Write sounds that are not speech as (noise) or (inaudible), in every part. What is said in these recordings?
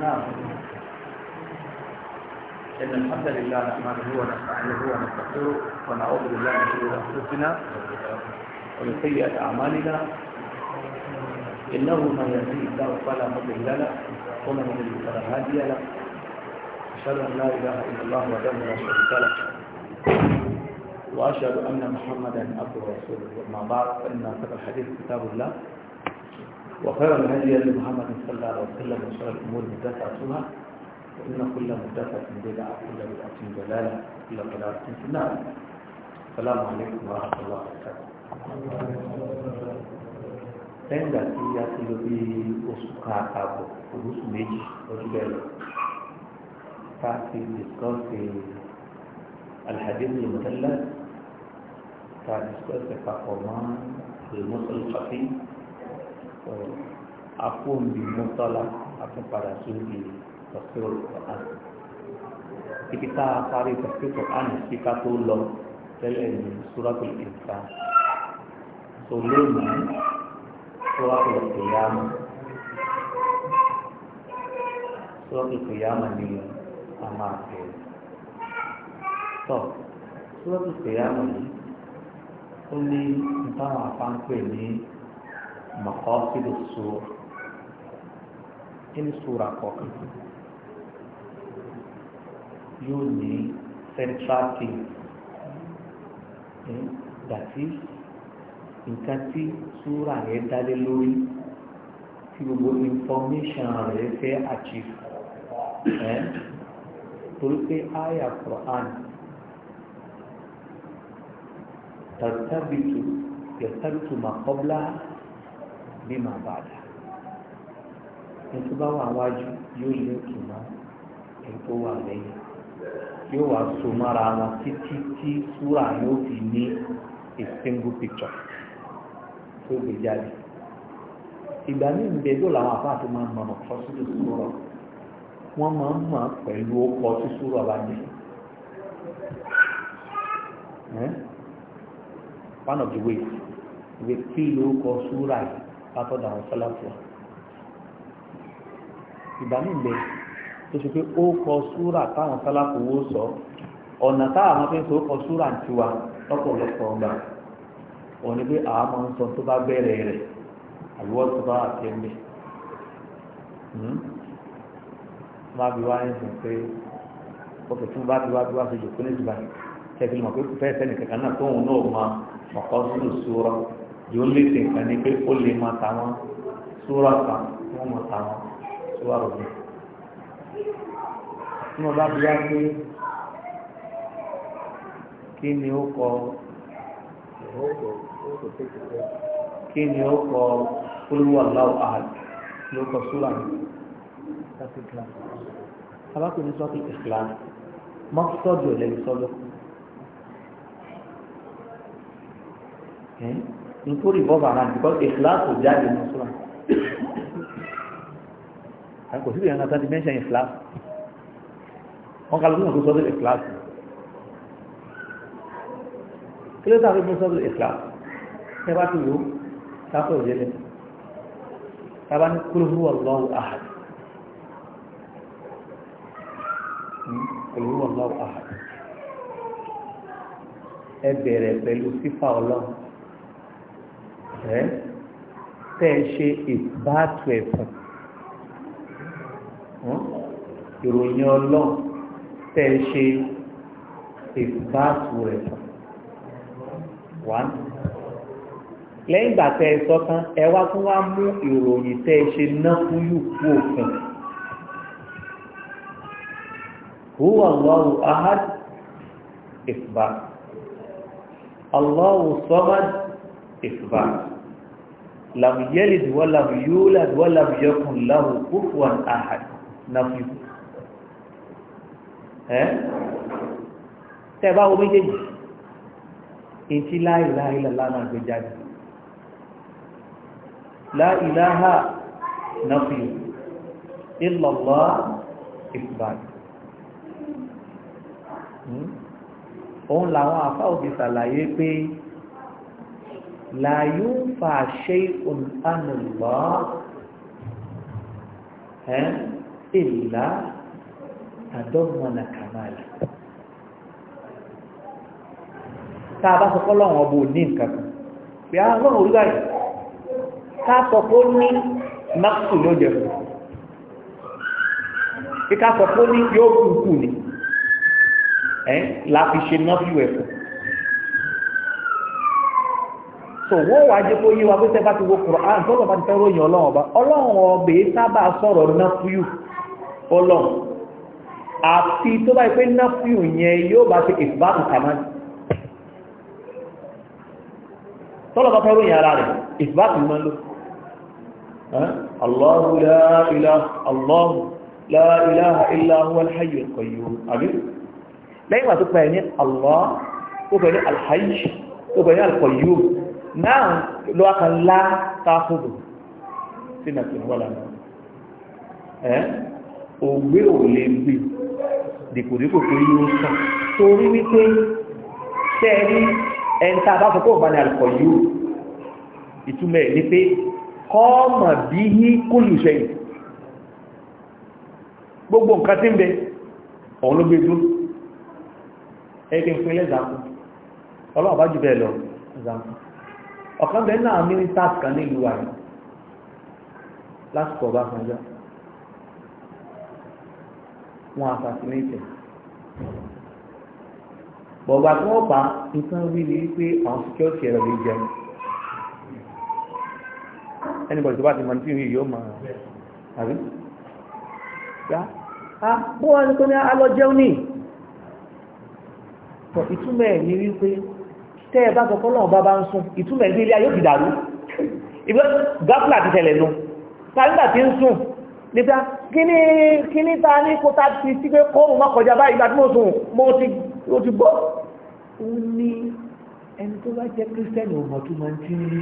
نعم إن الحمد لله نحمده ونستعينه ونستغفره ونعوذ بالله من شرور أنفسنا ومن سيئة أعمالنا إنه من يهدي الله فلا مضل له ومن يضلل فلا هادي له أشهد أن لا إله إلا الله وحده لا شريك له وأشهد أن محمدا عبده ورسوله أما بعد فإن هذا الحديث كتاب الله وخير الهدي هدي محمد صلى الله عليه وسلم وشر الامور مدافعتها وان كل محدثه بدعه وكل بدعه ضلاله وكل ضلاله في النار السلام عليكم ورحمه الله وبركاته lẹ́yìn في tí a ti lò bí oṣù kan àtààbọ̀ méjì al-musul Eh, aku di àtúnpadà pada tọ́sírò kọ̀ọ̀án ibi tá a kita tọ́sírò kọ̀ọ̀án sí kita, tó lọ tẹ́lẹ̀ ní sóràtò ìka tó lónìí sóràtò ìyáàmù sóràtò ìyáàmù ini a máa maqasidu sura nínú sura kọ̀ọ̀kan yóò ní central hmm? theme dàtí nǹkan tí sura yẹn dálé lórí tí gbogbo information rẹ̀ fẹ́ achieve ẹ́ hmm? torí pé aya Qur'an tàbí tàbí tù yẹ tàbí tù mà kọ́bla. bí màá bá dà ètò bá wà wájú yóò yí òkè mọ́ ètò wà yóò wá so mára wọn títí tí súrà yóò fi ní a single picture tó gbé jáde ìgbà míì ń yóò làwọn máa máa ń pẹ̀lú one of the ways súrà yìí. látọ̀dọ̀ àwọn sálàfíà ìbámu ìgbẹ́ tó ṣe pé ó kọ súrà táwọn sálàfù wó sọ ọ̀nà táwọn fi ń sọ kọ súrà ń tiwa lọ́pọ̀lọpọ̀ ọgbà òní pé àwọn máa ń sọ tó bá bẹ̀rẹ̀ rẹ̀ àbíwọ́ tó bá àti ẹgbẹ́ máa bí wá ń sìn pé ọkọ̀ tí wọ́n bá ti wá bí wá ṣe jòkó ní ìgbà tẹ̀sí mọ̀ pé kò fẹ́ sẹ́nì náà tóun náà máa mọ̀kọ́ sínú sóra yóò lè ṣe nǹkan ni pé ó lè máa ta wọn súra kan tí wọ́n máa ta wọn súra rọ̀ mi. tí wọ́n bá bí wá pé kí ni ó kọ kí ni ó kọ olúwa láwọ àhàdì ló kọ súra mi. alákùnrin sọ pé ìsìlámù mọ́tòdù ẹ̀ lẹ́yìn nítorí bọ́ọ̀bù àrà because ìfìlàsù jáde ní ọ̀ṣọ́ra àkọ́ síbi ìrìnà tán ti mẹ́ṣẹ́ ìfìlàsù wọ́n kálukú náà tó sọ́dọ̀ ìfìlàsù kí ló tàbí fún sọ́dọ̀ ìfìlàsù ẹ bá ti wò ó káfọ́ òjẹ́lẹ̀ tábà ní kúrò lọ́wọ́ àhàd kúrò lọ́wọ́ àhàd ẹ bẹ̀rẹ̀ pẹ̀lú sífà ọlọ́run ẹ́ tẹ́ ẹ ṣe ìbáàtú ẹ̀sìn hmm? ìròyìn ọlọ́run tẹ́ ẹ ṣe ìbáàtú ẹ̀sìn wá lẹ́yìn ìgbà tẹ́ ẹ sọ tán ẹ wá tún wá mú ìròyìn tẹ́ ẹ ṣe ná fún yù kú òfin huwa Allahu ahad ìfúbá Allahu samad ìfúbá lam yalid wa lam yulad wa lam yakun lahu kufuwan ahad nafi eh tẹ́ bá wo méjèèjì inti la ilaha illallah na gbé jáde la ilaha nafi illallah isbat hmm? òun làwọn afáwọ̀ fi ṣàlàyé pé la yunfa shay'un anillah illa tàdọ́mọ̀nà kàmáàlì tá a bá sọ fọ́lọ́wọ́n ọba òní nǹkan kan pé a lọ́rùn orí báyìí ká sọ pé ó ní mákùtù ló jẹ fún kí ká sọ pé ó ní yóò kúkú ni láti ṣe náà fi wẹ̀ fún so wọ́n wá jẹ́ kó yé wa pé sẹ́fà ti wo Qur'an tó lọ́ba ti fẹ́ ròyìn ọlọ́run ọba ọlọ́run ọbẹ̀ sábà sọ̀rọ̀ náfíù ọlọ́run àti tó bá pé náfíù yẹn yóò bá ṣe ìfìbáàmù kàmáà tó lọ́ba fẹ́ ròyìn ara rẹ̀ ìfìbáàmù máa lò Allahu la ilaha Allahu la ilaha illa huwa al-hayyul qayyum àbí lẹ́yìn wà tó pẹ̀lú Allah ó pẹ̀lú al-hayy ó pẹ̀lú al-qayyum náà ló wá kan lá táfòdò sí nàìjíríà wọ́la náà ẹ́ ògbé o lè gbé dìkòdìkò tó yíó sàn torí wípé tẹ́ẹ̀rí ẹ̀ntà bá fọ́pọ̀ bá ní àlùkọ̀ yóò ìtumẹ̀ ní pé kọ́ọ̀mọ̀ bí ní kólùṣẹ́ gbogbo nǹkan tí ń bẹ ọ̀hún ló gbé dún ẹgbẹ́ fún ilẹ̀ ìzàkùn jù bẹ́ẹ̀ lọ ìzàkùn ọ̀kan bẹ̀rẹ̀ náà ministers kan nílùú wa yìí lásìkò Ọbásanjọ́ wọn assassinate bọ̀gbà tí wọ́n pa nǹkan wí ni wípé àwọn security ẹ̀rọ lè jẹ anybody tó bá ti mọ nítorí yìí yóò mọ àbí yá a bó wà ní kò ní alọ jẹun ní ìtumọ̀ ẹ̀ wípé tẹ́ ẹ bá sọ fọ́lọ́ ọba bá ń sùn ìtumọ̀ ẹgbẹ́ ilé ayé òkè dàrú ìgbẹ́ gáfúlà ti tẹ̀lẹ̀ nu tàbígbà tí ń sùn nígbà kíní kíní ta ní kó ta ti sí pé kóòrùn má kọjá báyìí ìgbà tí mo sùn mo ti mo ti gbọ́. ó ní ẹni tó bá jẹ́ kírísítẹ́nì ọmọ tó máa ń tí ní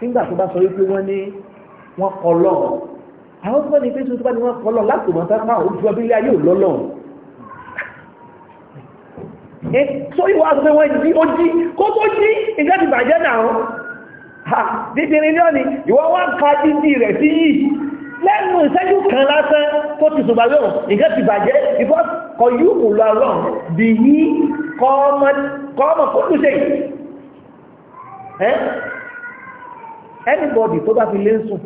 nígbà tó bá sọ wípé wọ́n ní wọ́n kọ lọ́ọ̀ àwọn tó bá ní pé tó bá ní wọ́n kọ lọ́ọ̀ láti mọ̀ sórí wà sọ pé wọ́n jí ó jí kó tó jí ìjẹ́ ti bàjẹ́ náà dídìrín náà ni ìwọ́n wá ka dídì rẹ̀ sí yìí lẹ́nu ìṣẹ́jú kan lásán tó ti sùn bàbá òun ìjẹ́ ti bàjẹ́ ìfọ́ kọ yóò kò lọ àwọn bí yí kọ́ọ̀mọ̀ kó lù ṣe anybody tó bá fi lé ń sùn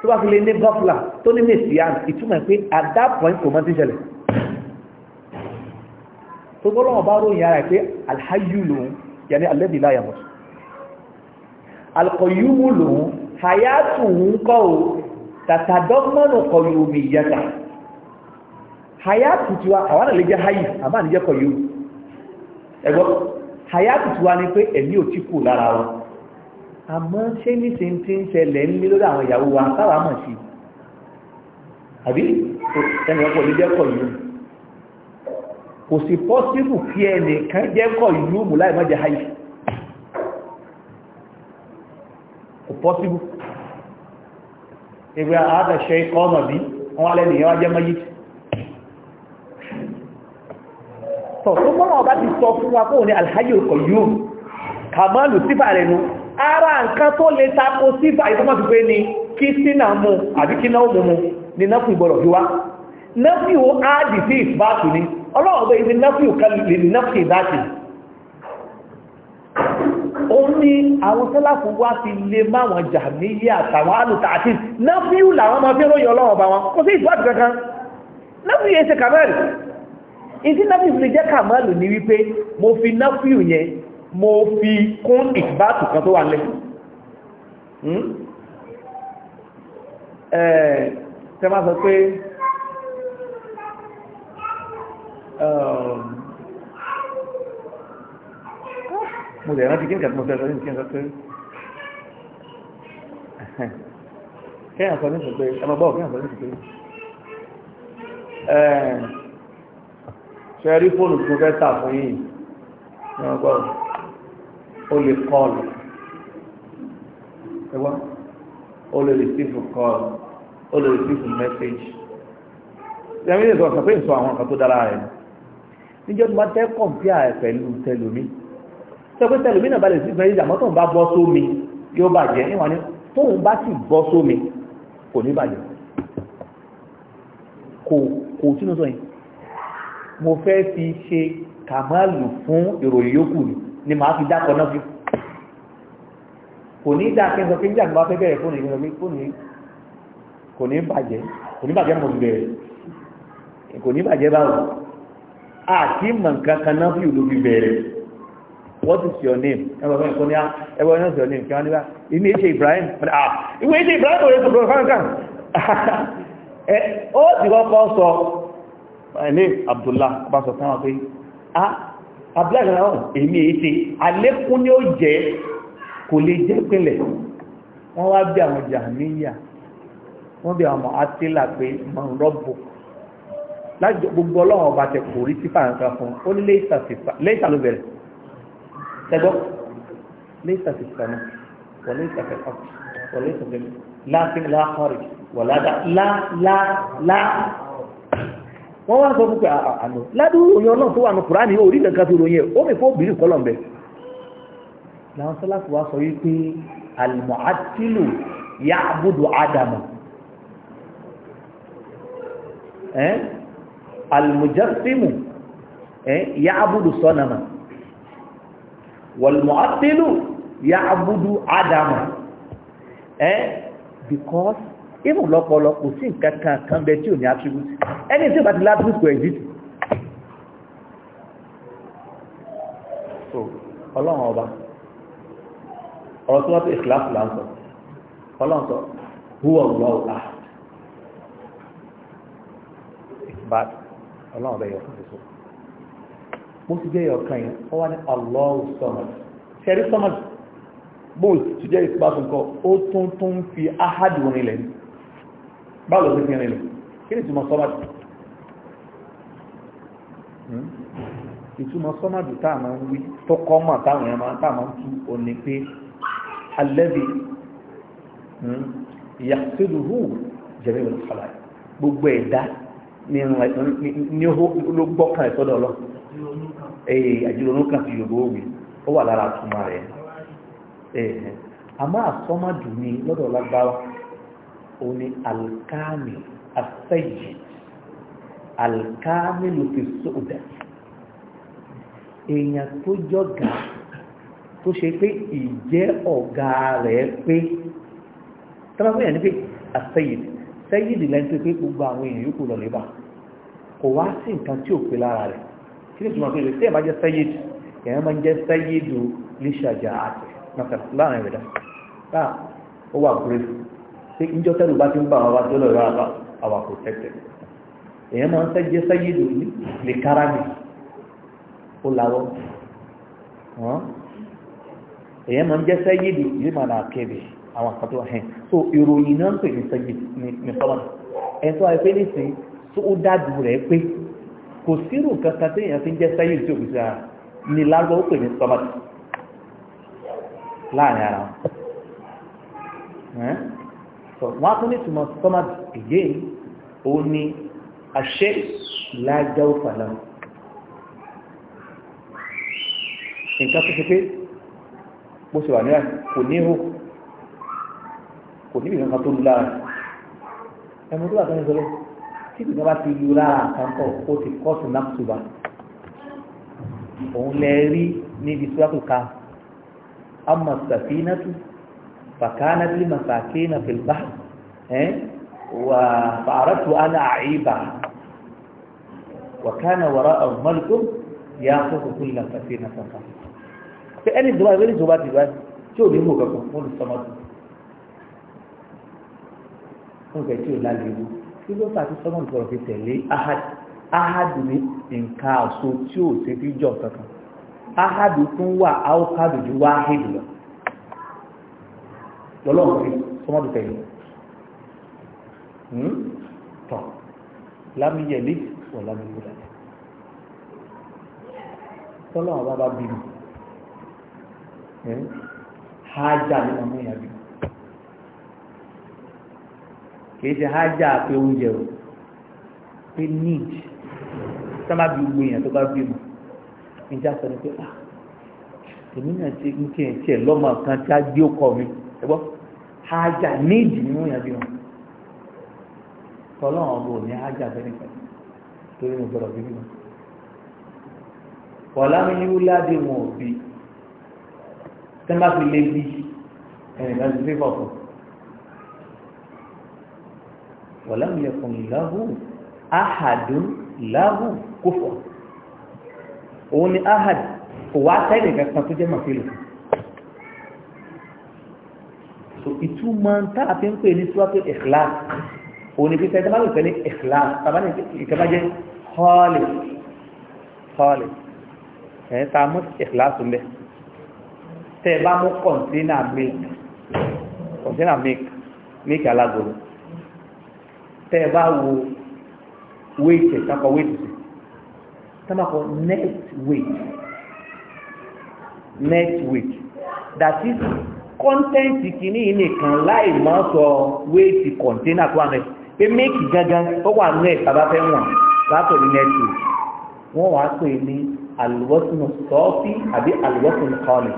tó bá fi lé ní gọ́fìlà tó ní mèsì àná ìtumọ̀ pé at that point kò mọ́ ti ṣẹlẹ̀ tó gbọ́dọ̀ wọn bá ròyìn ara ẹ̀ pé alhayu lòun yẹni alẹ́bí láyà mọ̀ alkọ̀yúmù lòun hayatu ń kọ́ o tàtàdọ́gbọ́nù kọ̀yúmù yẹta hayatu tiwa àwọn àlè jẹ́ hayi àmọ́ àlè jẹ́ kọ̀yúmù ẹgbọ́ hayatu tiwa ni pé ẹ̀mí ò tí kù lára wọn àmọ́ ṣé ní ṣe ti ń ṣẹlẹ̀ ń lé lórí àwọn ìyàwó wa táwa mọ̀ sí àbí ẹnì ọkọ̀ ló jẹ́ kọ̀yúmù kò sí pọ́síbù kí ẹnìkan jẹ́ kọ̀ ìlú mú láì mọ́jẹ̀ haì kò pọ́síbù ìgbé àádọ̀ṣẹ́ ikọ́ ọ̀nà bí wọ́n alẹ́ nìyàn ajẹ́ mọ́ yìí tọ̀ tó mọ́ ọba ti sọ fún wa kóò ní alhaji ọkọ̀ yóò kàmọ́lù sífà rẹ̀ nu ara nǹkan tó lè tako sífà ìfọ́mọ́ ti pé ni ni náà fún ìgbọ̀rọ̀ fi wá ni ọlọ́ọ̀bẹ ibi náfíù kalẹ̀ náfíì dájì ó ní àwọn sẹ́láfù wá fi lè máwọn jàmíyà àtàwọn alùta àti náfíù làwọn máa fi ròyìn ọlọ́ọ̀bá wọn kò sí ìfọ́ àtìkankan náfíù yẹn ṣe kàmẹ́lì ìdí náfíù fi jẹ́ kàmẹ́lì ní wípé mo fi náfíù mo fi kún ìbátù kan tó wà ẹ̀ẹ́ hmm? tẹ́ máa mo lè rántí kí n kàtúmọ̀ fẹ́ sọ ní kí n sọ pé kéèyàn sọ ní sọ pé ẹ máa gbọ́ kéèyàn sọ ní sọ pé ṣe rí fóònù tó fẹ́ tà fún yìí ní ọgbọ́ o lè kọlù ẹwà o lè rìsífù níjọ́ tó bá tẹ́ kọ̀m̀píà pẹ̀lú tẹlomi sọ pé tẹlomi náà balẹ̀ sí fẹ́ ìjà mọ́tò ń bá bọ́ sómi yóò bàjẹ́ ìwà ni tóun bá sì bọ́ sómi kò ní bàjẹ́ kò sínú sọ yìí mo fẹ́ fi ṣe kàmáàlù fún ìròyìn yòókù ni ni màá fi dákọ̀ náà fi kò ní dáa kí n sọ pé níjà tó bá fẹ́ bẹ̀rẹ̀ fóònù yìí sọ kò ní bàjẹ́ kò ní bàjẹ́ mọ̀ àti mọ̀ nǹkan kan náà fi ìlú bẹ̀rẹ̀ what is your name ẹgbẹ̀rún ẹ̀kọ́ ní ẹgbẹ̀rún ẹ̀kọ́ ní your name kí wọ́n níbà ìní ìṣe Ibrahim ah ìwé ìṣe Ibrahim kò lè sọ lọ́rọ̀ fáńkàn (laughs) ó ti kọ́kọ́ sọ Abdullah bá sọ táwọn ah Abdullah ìgbà náà èmi èyí ṣe àlékún ni ó jẹ kò lè jẹ́ pínlẹ̀ wọ́n wá bí àwọn jàmíyà wọ́n bí àwọn àtìlà pé mọ̀ láti gbogbo ọlọ́run ọba tẹ kò rí sífà nǹkan fún ó ní léṣà ló bẹ̀rẹ̀ tẹgbọ́ léṣà ti sọ̀nà wọ léṣà fẹ́ ọ̀ wọ léṣà fẹ́ láti láhọ́rì wọ ládá láláá wọ́n wá sọ fún pé ah, ah, àná ládùúgbò òyìn ọlọ́run tó wà ní kùránì yóò rí nǹkan tó ròyìn ẹ̀ ó almujassimu eh, ya'budu sanama walmu'attilu ya'budu adama eh, because even lọ́pọ̀lọ́ kò sí nǹkan kan kan bẹ tí ò ní attribute ẹni tí ó bá ti exist so ọlọ́run ọba ọ̀rọ̀ tí wọ́n tó ìsìláàfù là ń sọ huwa Allahu ahad but ọlọ́run bẹ́ẹ̀ yọ fún ṣoṣo bó ti jẹ́ yọ̀ọ̀kan yẹn wọ́n wá ní Allahu Samad ṣẹ́rí Samad bó ti jẹ́ ìsúbàtún kọ ó tún tún fi ahadu rinlẹ̀ báwo ló ti fi rinlẹ̀ kí ni ìtumọ̀ Samad hmm? ìtumọ̀ sọ́màdù tá a máa ń wí tó kọ́ mọ̀ táwọn èèyàn máa tá a máa ń tú o pé alẹ́bí ìyàsílùú jẹ̀rẹ̀ ìwọ̀n kọlá gbogbo ẹ̀dá ní ló gbọ́kàn ẹ̀sọ́dọ̀ lọ èyí àjíronú kan ti yògbó òwe ó wà lára àtúmọ̀ rẹ̀ ẹ̀ẹ̀ a máa sọ́mọ́dù ní lọ́dọ̀ lágbára o ní alkami asẹ́yì alkami ló fi sóòdà èèyàn tó jọ́gà tó ṣe pé ìjẹ́ ọ̀gá rẹ̀ pé tọ́lá fún yà ní pé asẹ́yì sẹ́yì lẹ́yìn tó pé gbogbo àwọn èèyàn yókù lọ lébàá kò wá sí nǹkan tí ò pé lára rẹ̀ kí ni ìtumọ̀ pé tí ẹ̀ bá jẹ́ sẹ́yìd ẹ̀yẹ́ máa jẹ́ Na líṣàjà àti láàrin rẹ̀ dá ó ń protected jẹ́ sẹ́yìdù yìí máa nà àwọn so ìròyìn náà ń pè ní ní ẹ̀ tó tó ó dájú rẹ̀ pé kò sírù kankan tí èèyàn fi ń jẹ́ sẹ́yìn tí òkúta ní lágbọ́ ó pè ní stomach láàrin ara wọn wọ́n á tún ní túnmọ̀ stomach èyí ó ní àṣẹ lájọ́ òfàlà nǹkan tó ṣe pé bó ṣe wà nílá kò ní hó kò níbi nǹkan tó lù lára ẹ̀mọ́ tó lọ́wọ́ tí kò bá ti lu lára àkàkọ ó ti kọ́ọ̀tù nákùtùbà òun lẹ rí níbi sùràtù ká amma safinatu fakanat li masakin fil bahr eh wa fa'aratu ana a'iba wa kana wara'ahu malikun ya'khudhu kulla safinatin fa ẹni dubai ẹni dubai dubai tí ò ní mú kankan fún olùsọmọdún fún ìgbẹ́ tí ò lálẹ́ ìlú tí ló tà sí sọ́nà ìgbọ̀rọ̀ fi tẹ̀lé ahadu ní nǹkan àṣọ tí ò ṣe fi jọ kankan ahadu tún wà áwòkádù ju wáhídù lọ lọ́lọ́run fi sọ́mọ́dù tẹ̀lé hmm? tọ̀ lámìyẹ̀lì wọ̀ lámìyẹ̀lì tọ́lọ́run bá bá bí mi hmm? hájà nínú ọmọ ìyàbí kìí ṣe hájà pé oúnjẹ o pé need sábà bí gbogbo èèyàn tó bá bímọ ìjà sọ ni pé ah èmi náà ti ń tiẹ̀ tiẹ̀ lọ́mọ kan tí a gbé ọkọ mi ẹ gbọ́ hájà need ni wọ́n yàn bímọ tọ́lọ́run ọ̀bọ ní hájà bẹ́ẹ̀ nìkan torí mo gbọ́dọ̀ bí bímọ wàlámi yúládé wọn ò bí tẹ́ bá fi lé bí ẹnìkan ti fi fọ̀ fún un. walam yakun lahu ahadun lahu kufuwan òun ni ahad kò wá sẹ́yìn kankan tó jẹ́ màfílù so ìtumọ̀ tá a fi ń pè ní sọ́tò ikhlas òun ni fi sẹ́yìn tábàlù pẹ̀lú ikhlas tábàlù ìkẹ́bà jẹ́ họ́ọ̀lì họ́ọ̀lì ẹ̀ tá a mú ikhlas mbẹ́ tẹ́ ẹ bá mú kọ̀ǹtínà milk kọ̀ǹtínà milk milk alágolo tẹ́ ẹ bá wo wéètì takọ wéètì sí tẹ́lẹ̀kọ net weight net weight that is content kìíní yìí nìkan láì má sọ wéètì kọ̀ńténà tó wà mẹ́ pé make gangan ó wà nú ẹ̀ tàbá fẹ́ wọ̀n látọ̀ ní net weight wọ́n wàá pè ní alwọ́sùn sọ́ọ́fì àbí alwọ́sùn kọ́lẹ̀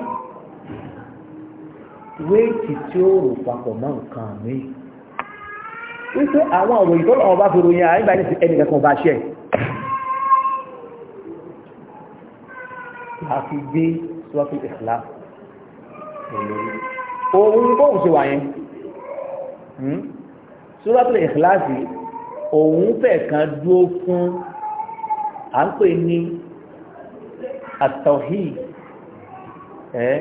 wéètì tí ó rò papọ̀ mọ́ nǹkan mìíràn wípé àwọn òròyìn tó lọ́wọ́ bá fi ròyìn àárín báyìí sí ẹnì kankan bá ṣẹ́ àfi gbé sọ́fí ìsìlá òun tó ń ṣe wà yẹn sọ́fí ìsìlá sí òun fẹ́ kan dúró fún à ń pè ní àtọ̀hí ẹ́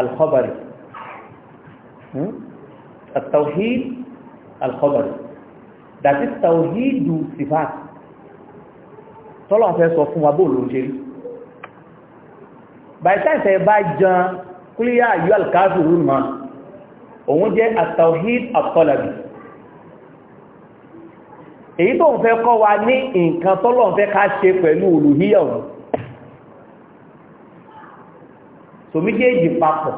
alkhabari التوحيد hmm? al-khabari that is tawhidu sifat tọ́lọ̀ àfẹ́ sọ fún wa bóòlù ṣe rí by time ṣe bá jan kúlíyà yóò alkazu rú ma òun jẹ́ at-tawhid at-talabi èyí tó ń fẹ́ kọ́ wa ní nǹkan tọ́lọ̀ ń fẹ́ ká ṣe pẹ̀lú olùhíyà òun so méjèèjì papọ̀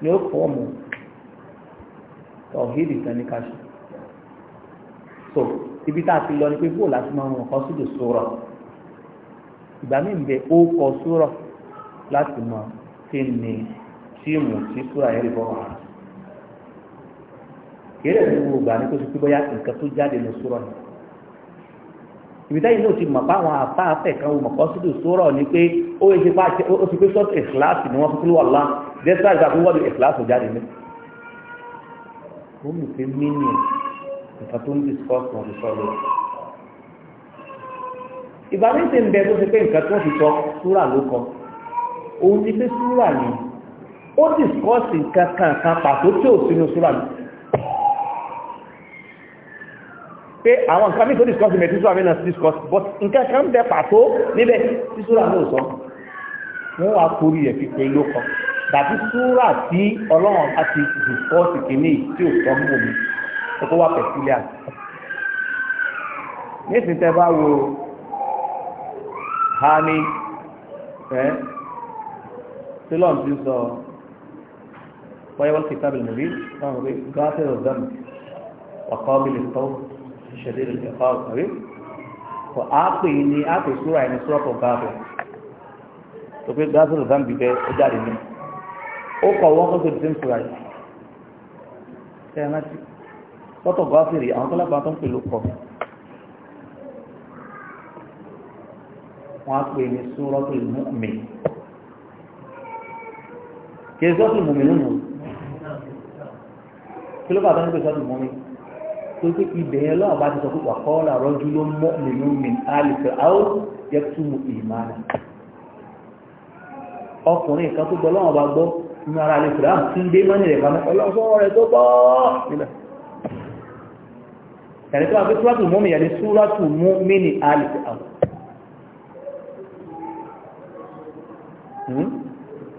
ni ó fọ́ọ̀mù tawhid ìtàníkàṣe so ibi tá a ti lọ ni pé bóòlù àti máa ń kọ́ sídò sórọ̀ ìgbà míì bẹ ó kọ sórọ̀ láti mọ kí ni tíìmù tí sóra yẹn lè bọ́ wà. kéré ní gbogbo ìgbà ni kó ti pé bóyá nǹkan tó jáde ní sórọ̀ ni ibi táyì náà ti mọ̀ fáwọn afáfẹ́ kan wọ́n mọ̀kọ́ sídò sórọ̀ ni pé nǹkan tó ń discuss wọn ti sọ lórí ìbámu ṣe ń bẹ tó ṣe pé nǹkan tó ti sọ súrà ló kọ òun ti pé súrà ni ó discuss nǹkan kan kan pàtó tí ò sínú súrà ni pé àwọn nǹkan mìíràn tó discuss ìmẹ̀ tí súrà mi náà discuss but nǹkan kan bẹ pàtó níbẹ̀ tí súrà ló sọ wọ́n wá torí ẹ̀ fi pé ló kọ dàbí súrà tí ọlọ́run bá ti discuss kìíní tí ò sọ mú omi kókó wà pẹ̀sílíà nísìnyí tẹ́ bá wo hami ẹ́ sílọ̀n ti sọ wáyéwọ́n kìtàbí nàbí náà wí gáàsẹ̀ ọ̀dọ́mù ọ̀kọ́bìlì tó ṣẹlẹ̀ ìjọba àwí kò ápè ní ápè súra ẹni súrọ́pọ̀ gáàbẹ̀ tó pé gáàsẹ̀ ọ̀dọ́mù bíbẹ́ ó jáde ní ó kọ̀ wọ́n kó tó ti ń yìí lọ́tọ̀ gọ́ọ̀fìrì àwọn tọ́lápàá tó ń pè ló kọ̀ wọ́n á pè ní suratul mu'min kìí suratul mu'min nínú kí ló bá tó ń pè suratul mu'min tó pé ibẹ̀ yẹn lọ́wọ́ bá ti sọ pé wà kọ́ ọ́ra rọ́jú ló mọ́ nínú mi alìfẹ́ áwọ́ yẹ tú mu ìmára ọkùnrin kan tó gbọ́ lọ́wọ́ bá gbọ́ nínú ara alìfẹ́ áwọ́ ń dé mọ́nì rẹ̀ bá mọ́ rẹ̀ tó bọ́ nílẹ̀ yàní tó wà pé mọ́mí yàní súrátù mọ́mí ni a lè fi àwọn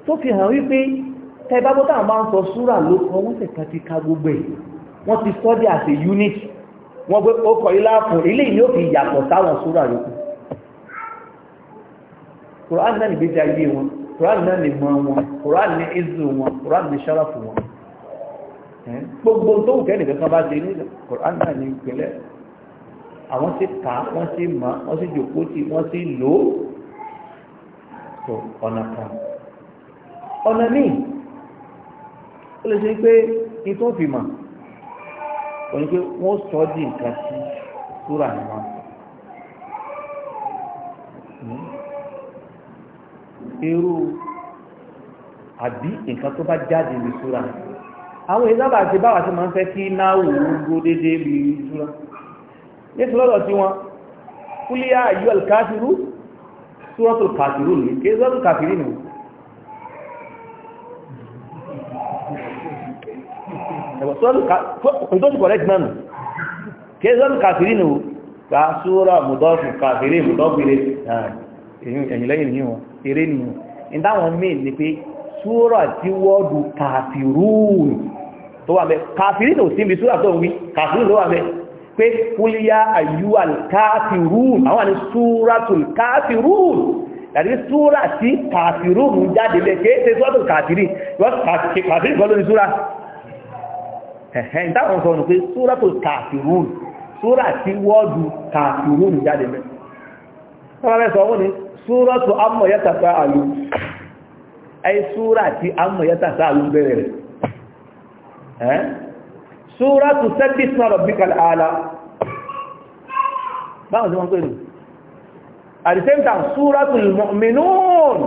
tó fi hàn wípé tẹ́bábọ́tà máa ń sọ súrà ló kọ́ wọ́n sì kan ti ka gbogbo ẹ̀ wọ́n ti sọ́ dí àti unit wọ́n gbé ọkọ̀ ilá fún ilé ìní ó fi yàtọ̀ sáwọn súrà yòókù Kùránì náà nìgbésí ayé wọn Kùránì náà nìmọ̀ wọn Kùránì ní izu wọn Kùránì ní ṣọ́ràfù wọn gbogbo tó wù kẹ́ni kankan bá ṣe ní Quran náà ní ìpínlẹ̀ àwọn ti kà á wọ́n ti mọ̀ wọ́n ti jòkó tì wọ́n ti lò ó tó ọ̀nà kan ọ̀nà míì ó lè ṣe pé ní tó fi mọ̀ wọ́n ní pé wọ́n sọ di nǹkan sí súrà ni wọ́n hmm? irú àbí nǹkan tó bá jáde ní súrà ni àwọn ìsábà ti báwà tí ma ń fẹ́ kí náwò gbogbo dédé bí i ìtura yẹ́sù lọ́dọ̀ tí wọ́n kúlíyà yíò alkafirú suratul kafiru ní kí suratul kafiru ní ìtọ́jú correct náà nù kí suratul kafiru ní ká súra mùdọ́fù kafiru mùdọ́fù ilé ẹ̀yìn lẹ́yìn ní wọn eré ní wọn ìdáwọn mí ní pé súra tí wọ́ọ̀dù tó wà mẹ́ kàfìrí tó sí ibi súrà tó wí kàfìrí ló wà mẹ́ pé kúlíyà àyúwàl káfìrún àwọn ni súratul káfìrún yàtí súrà tí kàfìrún jáde lẹ kéèké súratul kàfìrí kàfìrí kọ́ lórí súrà ẹ̀hẹ́ ìtàkùn sọ pé súratul kàfìrún súrà tí wọ́ọ̀dù kàfìrún jáde lẹ súrà tí amọ̀ yẹ́tàfà ṣúra tó sẹ́bí sọ́rọ̀ bí kàlàálà báwọn tí wọ́n pẹ̀lú at the same time ṣúra tó mọ̀mìnún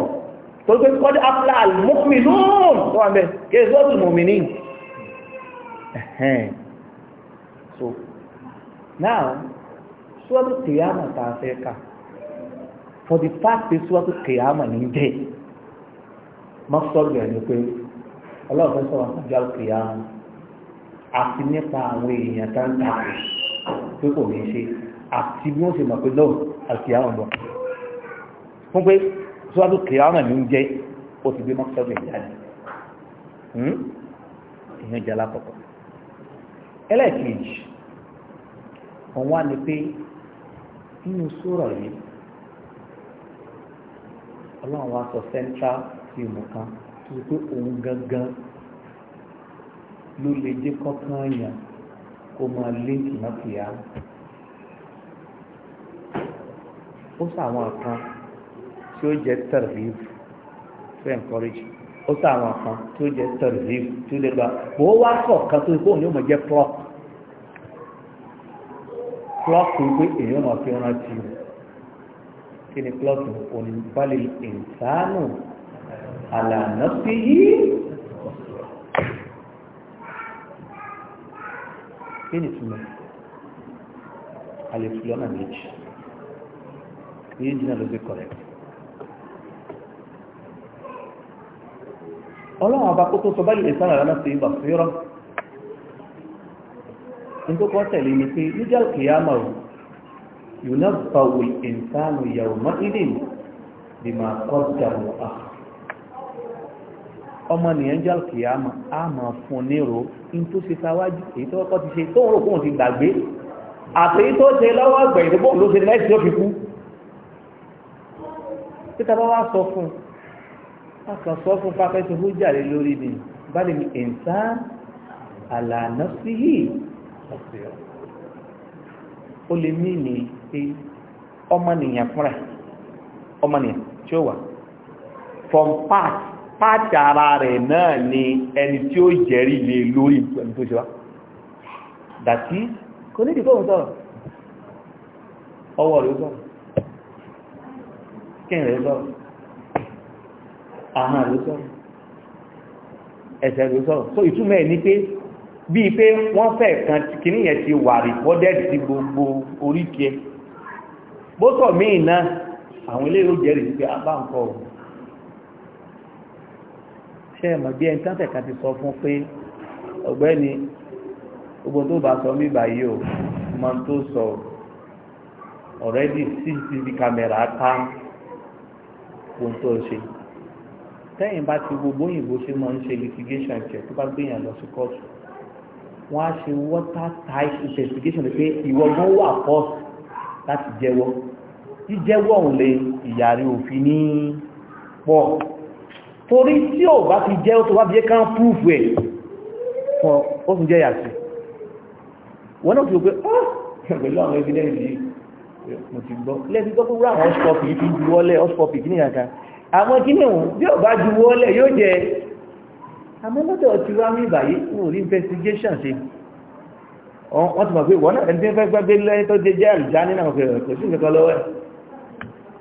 tó gbé kọ́ dí apla al-mọ̀mìnún tó wà mẹ́ kéè sọ́ tó mọ̀mìní so now suratul tó kìyàmà ta fẹ́ for the fact pé suratul tó kìyàmà ní jẹ́ mọ́sọ́rọ̀ ẹ̀ ní pé ọlọ́ọ̀fẹ́ sọ́wọ́n àjọ kìyàmà àti nípa àwọn èèyàn tá ń tààrí pé kò ní ṣe àti bí wọ́n ṣe mọ̀ pé lọ́wọ́ àti àwọn ọmọ fún pé síwájú kìíyàwó mi ń jẹ́ ó ti gbé mọ́kítọ́gbẹ̀ ìjáde èèyàn hmm? jẹ́ alákọ̀ọ́kọ́ ẹlẹ́ẹ̀kejì òun wá ní pé nínú sọ̀rọ̀ yìí ọlọ́run wá sọ central team kan tó pé òun gangan ló lè jẹ́ kọ́kàn yàn kó máa lé tìmọ́tìyà ó sàwọn kan tí ó jẹ́ tẹ̀rẹ̀lìf tó encourage ó sàwọn kan tí ó jẹ́ tẹ̀rẹ̀lìf tó lè gba bó wá kọ̀ọ̀kan tó kóhùn yóò mọ̀ jẹ́ plọ́k plọ́k wípé èèyàn máa fi rántí o kí ni plọ́k òní balẹ̀ ìsánù àlànà fi yí. kí ni túmọ̀ a lè tu lọ́nà méjì èyí jìnnà ló gbé correct ọlọ́run ọba kó tó sọ báyìí ìsára rẹ̀ láti ìgbà fẹ́rọ ní tẹ̀lé ni pé ní jẹ́ kìyàmà o yóò náà bá wo ìsánu ìyàwó mọ́ ìdí ni bí máa kọ́ dàrú àhà ọmọ nìyẹn jẹ́ àkìyàmọ̀ a máa fún nírò in tó ṣe sáwájú èyí tó kọ́ ti ṣe tó ń rò kóhùn ti gbàgbé àtèyí tó ṣe lọ́wọ́ àgbẹ̀ ìdìbò ló ṣe lẹ́sì tó fi kú títà bá wá sọ fún a sọ fún pápẹ́ tó hújà lé lórí ni bá lè ní àlànà sí yìí ó lè mí ní pé ọmọ nìyàn fúnra ọmọ nìyàn tí ó wà from past pàtì rẹ̀ náà ni ẹni tí ó jẹ́rí lè lórí ẹni tó ṣe wá dàtí kò ní ìdíkọ́ òǹtọ́ ọwọ́ rẹ̀ sọ́rọ̀ kí rẹ̀ sọ́rọ̀ ahọ́n rẹ̀ sọ́rọ̀ ẹsẹ̀ rẹ̀ sọ́rọ̀ so ìtumọ̀ ẹ̀ ni pé bíi pé wọ́n fẹ́ kan kìíní yẹn ti wà recorded sí gbogbo oríkẹ́ bótọ̀ míì náà àwọn ilé jẹ́rìí pé abá ah, ṣẹ́ẹ̀mọ̀ bí ẹni tẹ́ǹtẹ̀ kan ti sọ fún pé ọ̀gbẹ́ni gbogbo tó bá sọ mí báyìí o mọ tó sọ ọ̀rẹ́dì cctv kámẹ́rà ká ohun tó ṣe tẹ́yìn bá ti gbogbo òyìnbó ṣe máa ń ṣe litigation jẹ́ tó bá gbéyàn lọ sí kóòtù wọ́n á ṣe water tight investigation pé ìwọ gan wà force láti jẹ́wọ́ jíjẹ́wọ́ òun lè ìyàrí òfin ní pọ̀ torí tí ò bá ti jẹ́ tó bá bí ká ń púùfù ẹ̀ fún ó tún jẹ́ yàtì wọ́n náà ti rò pé ah (laughs) pẹ̀lú àwọn evidence yìí mo ti gbọ́ lẹ́sí tó kúrò àwọn ọ́sọ́pì yìí ti ju wọ́lẹ̀ ọ́sọ́pì kí nìyàn kan àwọn kíní òun bí ò bá ju wọ́lẹ̀ yóò jẹ àmọ́ lọ́dọ̀ ti wá mí ìbàyí wọn ò rí investigation ṣe wọ́n ti mọ̀ pé wọ́n náà ẹni tí wọ́n fẹ́ gbàgbé lẹ́yìn tó jẹ́ jẹ́ àlùjá nínú àwọn kò sí nǹkan lọ́wọ́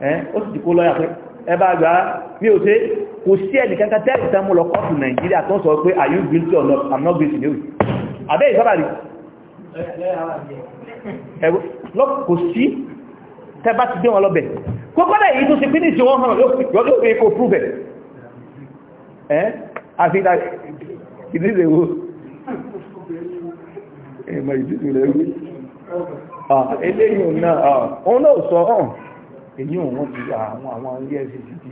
ẹ̀ ó sì ti pé ẹ kò sí ẹnìkan kan tẹ́lẹ̀ tán mú lọ kọ́ọ̀tù nàìjíríà tó ń sọ pé are you guilty or not i'm not guilty ní òyìn àbẹ́ ìsọ́bàrí kò sí tẹ́bá ti dé wọn lọ́bẹ̀ kókọ́lẹ̀ èyí tó ti pín ní ìṣòwò hàn lọ́dún pé kò prove ẹ̀ àfi ìdíje wo ẹ̀mọ̀ ìdíje rẹ̀ wí eléyìn náà òun náà sọ ọ̀hún èyí òun ti àwọn àwọn ilé ẹ̀sìn ti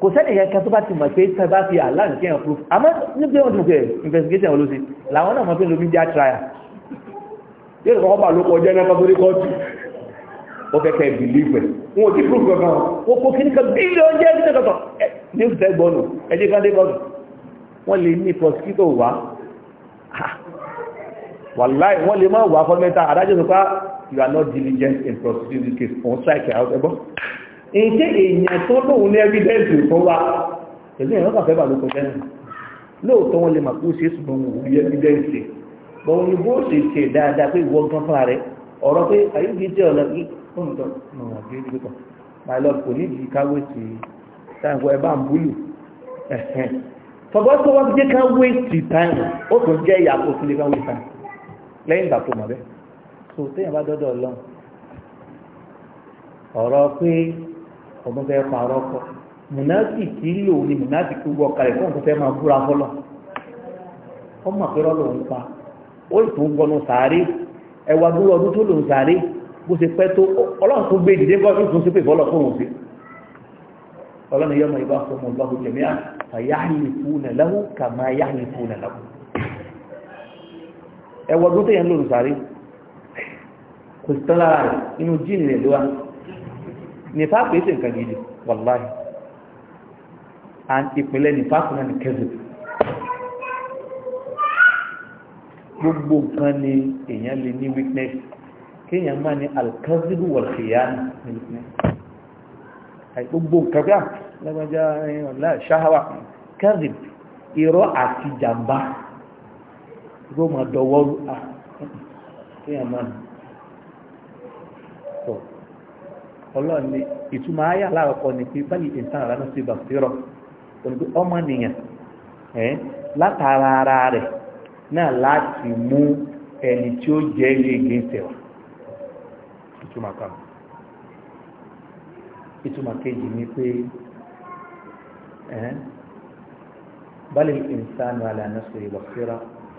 kò sẹ́ni yẹn kan tó bá ti mọ̀ pé tẹ́ bá fi àlá nìkẹ́ yẹn proof àmọ́ níbi wọn dùnkẹ́ investigation wọn ló sí làwọn náà mọ̀ pé lómi jẹ́ àtìráyà yóò kọ́kọ́ bá ló kọ jẹ́ náà kọ́tọ́rí kọ́ọ̀tù ó fẹ́ kẹ́ bìlífẹ̀ wọn ò tí proof kankan wọn kò kíní kan bílíọ̀n jẹ́ kíní kọ́tọ̀ ní ìfẹ́ gbọ́nù ẹjẹ́ kan dé kọ́tù wọ́n lè ní prosecutor wá wàláì wọ́n lè má wà fọ́mẹ́ta adájọ́ sọ pé ah, you are not diligent in prosecuting this case on strike out ẹgbọ́n èyíkẹ́ èèyàn tó lóun ní evidence tó wá pẹ̀lú èèyàn kàfẹ́ bà ló kọjá náà lóòótọ́ wọn lè mà kó ṣe ṣùgbọ́n wọn ò rí bọ́n ní bó ṣe ṣe dáadáa pé ìwọ gan fúnra rẹ ọ̀rọ̀ pé àyíkí jẹ́ ọ̀nà kí fóònù wọ́n gbé my lord kò ní ìdí káwé ti táìpọ̀ ẹ bá ń búlù ọdún fẹ́ parọ́ kọ mùnáàtì kì í lò ní mùnáàtì kí wọ́n kalẹ̀ fún òun fẹ́ máa búra fọlọ́ ọmọ àpérọ́ lòun pa ó sì tún gbọnu sàárè ẹwà gbúrú ọdún tó lòun sàárè bó ṣe pẹ́ tó ọlọ́run tó gbé ìdílé bọ́ọ̀dún tó ṣe pé fọlọ́ fún òun sí ọlọ́run yọmọ ìbá fún ọmọ ọlọ́run jẹ̀mí à fàyáhìlì nìfàkì èsì nǹkan gidi wàláhì and ìpìlẹ̀ nìfàkì náà ní kẹ́sì gbogbo nǹkan ni èèyàn lè ní weakness kéèyàn máa ní alkazibu wàlkìyàní ní weakness gbogbo nǹkan bí lẹ́gbẹ́já ọ̀la ṣáháwà kẹ́sì irọ́ àti jàmbá yóò máa dọwọ́rú kéèyàn máa ní. ọlọ́run ni ìtumọ̀ ayé aláàkọ́ ni pé báyìí ìtàn àrà náà ti bà fẹ́rọ̀ ọmọnìyàn látara ara rẹ̀ náà láti mú ẹni tí ó jẹ́ ilé ìgbé tẹ̀wà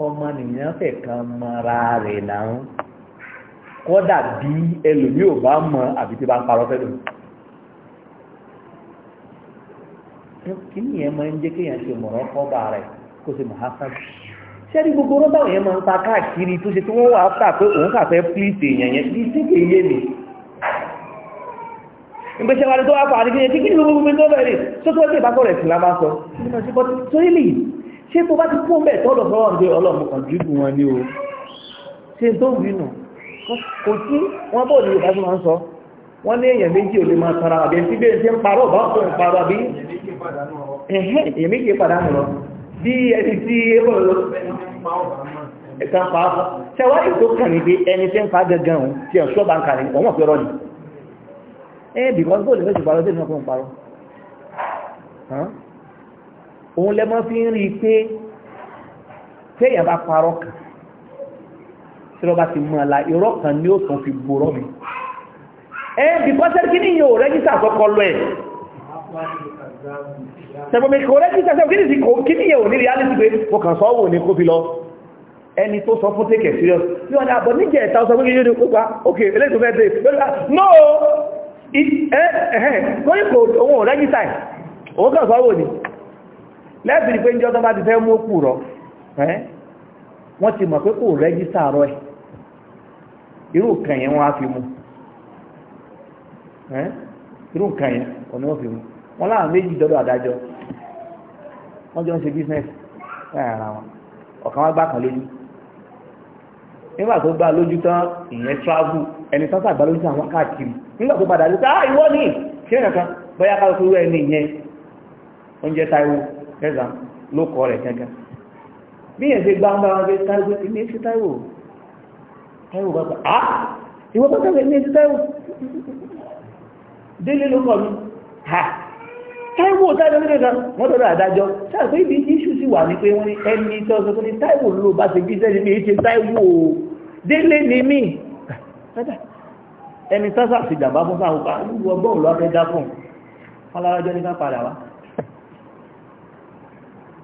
ọmọnìyàn fẹ̀ kan mọ́ra rẹ̀ náà kọ́dà bí ẹlòmí ò bá mọ̀ àbí tí bá ń parọ́ fẹ́lò kí ni ẹ máa ń jẹ́ kéèyàn ṣe mọ̀rọ́ kọ́bà rẹ̀ kó ṣe mọ̀hásán ṣẹ́rí gbogbo rọ́bà yẹn máa ń ta káàkiri tó ṣe tí wọ́n wà áfà pé òun kà pílìtì èèyàn yẹn bí tí kì í yé mi ìgbésẹ̀ wa ni tó wá fà á ní kí ni gbogbo mi tó bẹ̀rẹ̀ sótú ọjọ́ ìbákọ̀rẹ̀ sí la máa sọ ṣé tó bá ti kú ọmọ ẹ̀ tọ́lọ̀ fọwọ́n pé ọlọ́mọ kan jù wọn ni o ṣe tó wí nù kò tí wọ́n bọ̀ ní ìbáṣọ́ máa ń sọ wọ́n ní èèyàn méjì ò lè máa tara àbẹ̀ tí bẹ́ẹ̀ tí ń parọ́ bá ń fún ìparọ́ àbí èèyàn méjì pàdánù lọ bí ẹni tí ẹgbọ́n lọ ẹ̀ka pa á tẹwàá ètò kàn ní pé ẹni tí ń pa gangan òun tí ẹ̀ ṣọ́ bá ń kàrí ọmọ fi rọ́ọ̀lì ẹ bìkan bóòlù méjì parọ́ tí ìfún parọ́ òun lẹ́mọ́ fi ń rí i pé téèyàn bá parọ́ kàn tí wọ́n bá ti mọ́ ọ̀la irọ́ kan ní ó tún fi gbòrọ́ mi ẹ́ bìkọ́sẹ́ kí ní yóò rẹ́gísà àkọ́kọ́ lọ ẹ̀ tẹ̀bọ̀mí rẹ́gísà sẹ́wọ̀n ní sí ní reality pé mo kàn sọ́wọ́ ní kó fi lọ ẹni tó sọ fún take serious no torí kò òun rẹ́gísà òun kàn sọ́wọ́ ní lẹ́bìrì pé ń wọ́n ti mọ̀ pé kò rẹ́gísà rọ ẹ̀ irú nǹkan yẹn wọ́n á fi mu irú nǹkan yẹn wọ́n ni wọ́n fi mu wọ́n láwọn méjì dọ́dọ̀ adájọ́ wọ́n jọ ń ṣe bísínẹ́sì láàrin ara wọn ọ̀kan wá gbá kan lójú nígbà tó gbá lójú tán ìyẹn travel ẹni tán sàgbà lójú àwọn káàkiri nígbà tó padà lójú ah ìwọ ni ṣé èèyàn kan bóyá ká lóko rẹ ní ìyẹn oúnjẹ táìwò ẹ̀sán ló kọ́ rẹ̀ gángan bí yẹn ṣe gbá ń bá wọn gbé táìwò ilé ṣe táìwò táíwò bá pẹ̀ á ah, ìwọ́n bá kẹ́kẹ́ ní ẹjú táíwò délé ló kọ̀ mí ha táíwò táíwò nílé kan wọ́n tọ́lọ́ àdájọ́ sáà pé ibi iṣu sì wà ní pé wọ́n ní ẹni tó sọ pé ní táíwò ló bá ti jíṣẹ́ ní èyí ṣe táíwò délé ni mí ẹni tásà sì jàmbá fún sáà wọ́pá wọ́ bọ́ọ̀lù akẹ́dá fún alárájọ́ ní ká padà wá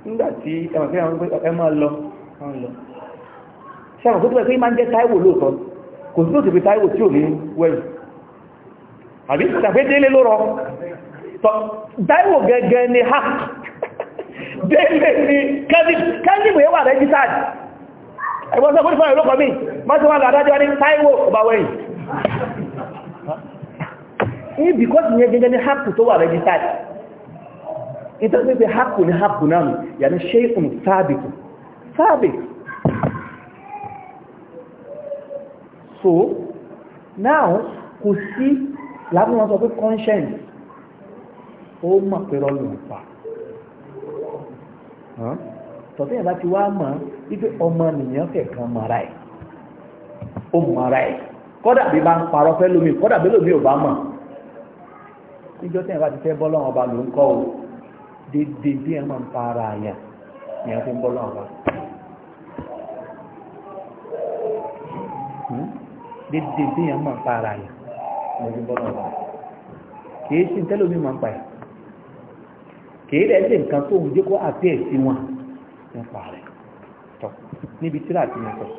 nígbà tí ẹmọ̀ fẹ́ ẹ máa lọ ṣẹ́wọ̀n tó tẹ́wẹ́ pé máa ń jẹ́ táíwò lóòtọ́ kò sí òtìpé táíwò tí ò ní wẹ́yìn àbí tàbí délé ló rọ táíwò gẹ́gẹ́ ni ha délé ni kẹ́lìmù yẹ́wà rẹ́gítàdì ẹgbọ́n sọ fún ìfẹ́ ìlú kọ̀mí má ti wà lọ adájọ́ ní táíwò ọba wẹ́yìn ni hapù tó wà rẹ́gítàdì ìtọ́sí pé ni hapù náà yà ní ṣe ìfún sáàbìtù sáàbìtù so now kò sí lábẹ́ wọn sọ pé conscience ó mọ̀ pé rọlù ń pa tọ́tí yẹn bá ti wá mọ̀ wípé ọmọ nìyẹn kẹ̀kan mara ẹ̀ ó mara ẹ̀ kọ́dà bí bá ń parọ́ fẹ́ lómi kọ́dà bí lómi ò bá mọ̀ níjọ́ tí yẹn bá ti fẹ́ bọ́ lọ́wọ́ ọba ló ń kọ́ o dédé bí yẹn máa ń para àyà ni yẹn fi ń bọ́ lọ́wọ́ ọba. dédé tí yẹn mọ̀ ń pa ara yẹn lójú bọ́lá ọ̀la kìí ṣe tẹ́lómi mọ̀ ń pa ẹ̀ kìí rẹ̀ ṣe nǹkan tó ń jẹ́ kó àti ẹ̀sìn wọn nípa rẹ̀ tọ́ níbi tí láti yẹn tọ́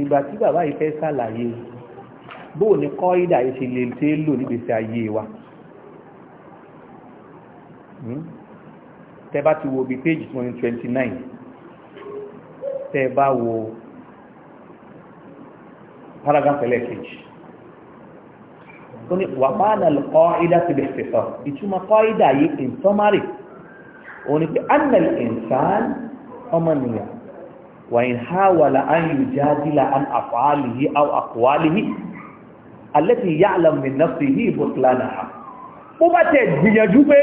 ìgbà tí bàbá yìí fẹ́ ṣàlàyé bóò ní kọ́ ìdá yìí ṣe lè ṣe é ayé wa hmm? tẹ́ bá ti wo bíi péjì twenty tẹ́ bá wo paragraph ẹlẹ́ẹ̀kejì ó ní wàbáàdà lọ́kọ́ ìdá ti lè fẹ̀sọ̀ ìtumọ̀ kọ́ ìdá yìí in summary ó ní pé annal insan ọmọnìyàn wà ní hawala an yujadila an af'alihi aw aqwalihi allati ya'lam min nafsihi butlanaha bó bá tẹ̀ gbìyànjú pé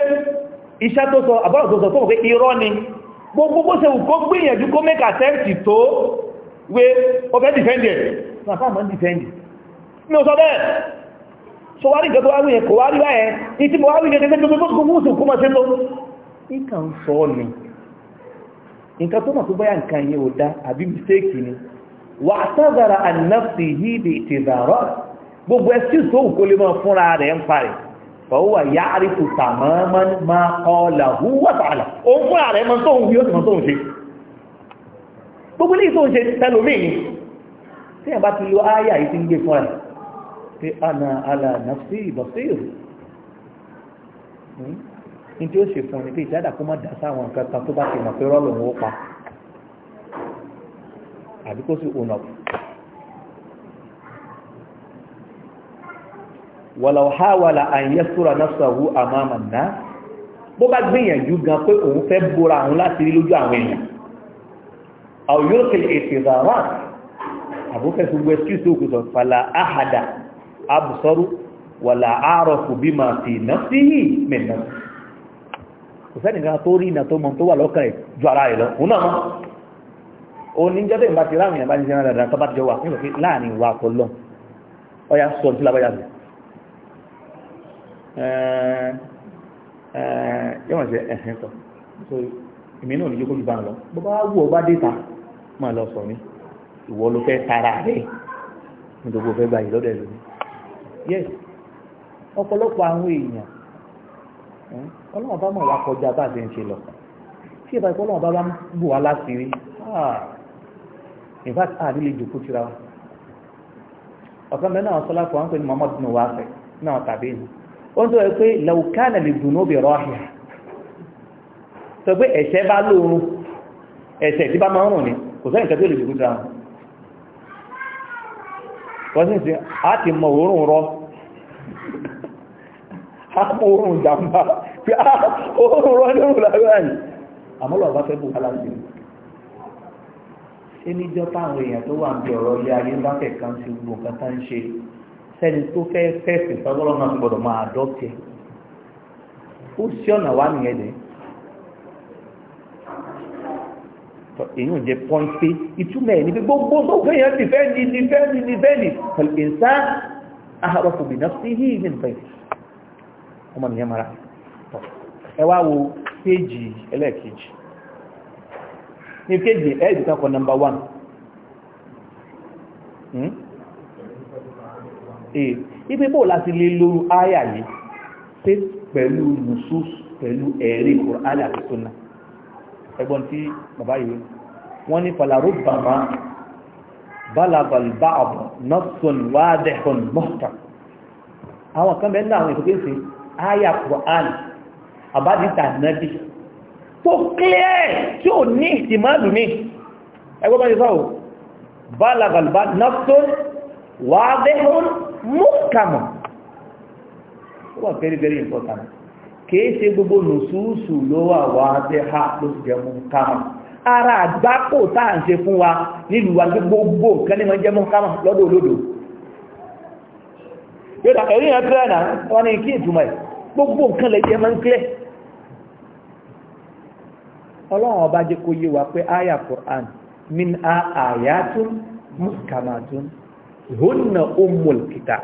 iṣẹ́ tó sọ àbáwọ̀ tó sọ fún òfin irọ́ ni gbogbo bó ṣe wù kó gbìyànjú kó make attempt tó wé ó fẹ́ nàfà mọ́ dìfẹ́ndì mi ò sọ bẹ́ẹ̀ so wá rí nǹkan tó wá wíyẹn kò wá rí báyẹn ìtí mo wá rí nǹkan tó tó kó mùsùn kó mọ̀ sí lọ ìkà ń sọ ni nǹkan tó mọ̀ tó báyà nǹkan yẹn ò dá àbí mistake ni wà á tàgàrà ànáfsì yìí di ìtìdàrọ́ gbogbo ẹsí tó ń kó lè mọ́ fúnra rẹ̀ ń parí fọwọ́ yá àríkù tàmọ́mọ́ máa kọ́ làhú wàtàlà òun fúnra rẹ̀ mọ́ tó ń wí ó sì mọ́ tó ń ṣe gbogbo ilé ìtò ń ṣe tẹlómi tí ẹ̀bá ti lo áyà yìí ti ń gbé fún ẹ̀ pé ana ala nafsi basir hmm? ní tí ó ṣe fún ẹni pé ìjádà kó má dá sáwọn nǹkan kan tó bá ti mọ̀ pé rọ́ọ̀lù ń pa àbí kó sì ònà wàlà ọ̀háwàlà àyẹ́ sóra nafsahu amama nnas bó bá gbìyànjú gan pé òun fẹ́ bóra òun láti rí lójú àwọn èèyàn àwọn ètè ìdàrán àbúkẹ́ sí gbogbo ẹ̀sìkì tó kùsọ̀ fàlà áhàdà abùsọ́rú wàlà àárọ̀kù bí máa fi iná sí yìí mẹ́nà kò sẹ́nìkan tó rí iná tó mọ tó wà lọ́kàn ẹ̀ ju ara rẹ̀ lọ òun náà mọ́ oníjọ́ tó ń bá ti ráhùn yẹn bá ti sẹ́nà dáadáa tó bá ti jọ wà nígbà pé láàrin ìwà àkọ́ lọ ọyà sọ ní sílábàyà mi yóò wọ́n ṣe ẹ̀hìn tọ̀ èmi náà ò ní jókòó ju bá ń lọ bó bá wù ọ bá dé ta máa lọ sọ ìwọ ló fẹ́ tara rẹ̀ nítorí o fẹ́ gba yìí lọ́dọ̀ ẹlòmíì yes ọ̀pọ̀lọpọ̀ àwọn èèyàn ọlọ́wọ́n bá mọ̀ wá kọjá bá a ti ń ṣe lọ tí ìbá ìpọ́lọ́wọ́n bá bá bù wá láṣìírí ah, in fact àdí lè jòkó tira wa ọ̀kan mẹ́rin àwọn sọ́lá kan pé ní Muhammad bin wafẹ́ náà tàbí ni ó ń sọ pé laukana lè dùn ó bẹ̀rọ àhìá sọ pé ẹ̀ṣẹ̀ bá lóorun ẹ̀ṣẹ̀ tí bá máa ń rùn ni kò sẹ́yìn kan tó lè jòkó tira wọn wọ́n sì sí a ti mọ̀ òórùn rọ́ (laughs) a mọ̀ òórùn jàmbá pé a òórùn rọ́ ní òun lára yìí àmọ́lọ̀ bá fẹ́ bù wá láti rí ṣé níjọ́ táwọn èèyàn tó wà ń bí ọ̀rọ̀ ilé ayé bá fẹ́ kan sí gbogbo nǹkan ń ṣe sẹ́ni tó fẹ́ fẹ́ẹ̀sì sọ́gbọ́lọ́ náà gbọ́dọ̀ máa dọ́tẹ̀ ó sí ọ̀nà wá nìyẹn dẹ̀ èyí ò jẹ́ point pé ìtumọ̀ ẹ̀ ní pé gbogbo tó fẹ́ yẹn ti fẹ́ ni. ní fẹ́ ní ní fẹ́ ní pẹ̀lẹ́sà ahàrọ̀kùnbí náà sí hí ní nǹkan ìsìn ọmọ nìyẹn mara ẹ wá wo péjì ẹlẹ́ẹ̀kejì ní péjì ẹ̀ẹ́dì kan kọ nọmba one hmm? ee eh, ibi bó láti lè lóru áyà yìí pé pẹ̀lú nùsùs pẹ̀lú ẹ̀rí kùránì àti sunnah ẹgbọ́n tí bàbá yìí wọ́n ní falaru bàbá balabalba ọ̀bọ̀ nọ́sùn wádẹ́hùn mọ́ta àwọn kan bẹ́ẹ̀ láwọn ìfòkè sí àyà Qur'an àbádìta nàbí tó clear tí ò ní ìtìmáàlù ní ẹgbọ́n bá ti sọ́wọ́ balabalba nọ́sùn wádẹ́hùn mọ́ta mọ́ ó wà very very important kìí ṣe gbogbo nùsùsù ló wà wá bẹ́ ha ló sì jẹ́ mú kámà ara àgbákò tá à ń ṣe fún wa nílùú wa gbogbo nǹkan ní ma jẹ́ mú kámà lọ́dọ̀ olódò yóò dà ẹ̀rí yẹn pẹ́ẹ́nà wọn ni kí ìtumọ̀ ẹ̀ gbogbo nǹkan lè jẹ́ máa ń kílẹ̀ ọlọ́run ọba jẹ́ kó yé wa pé aya Qur'an min a àyàtún muhkamatun hunna ummul kitab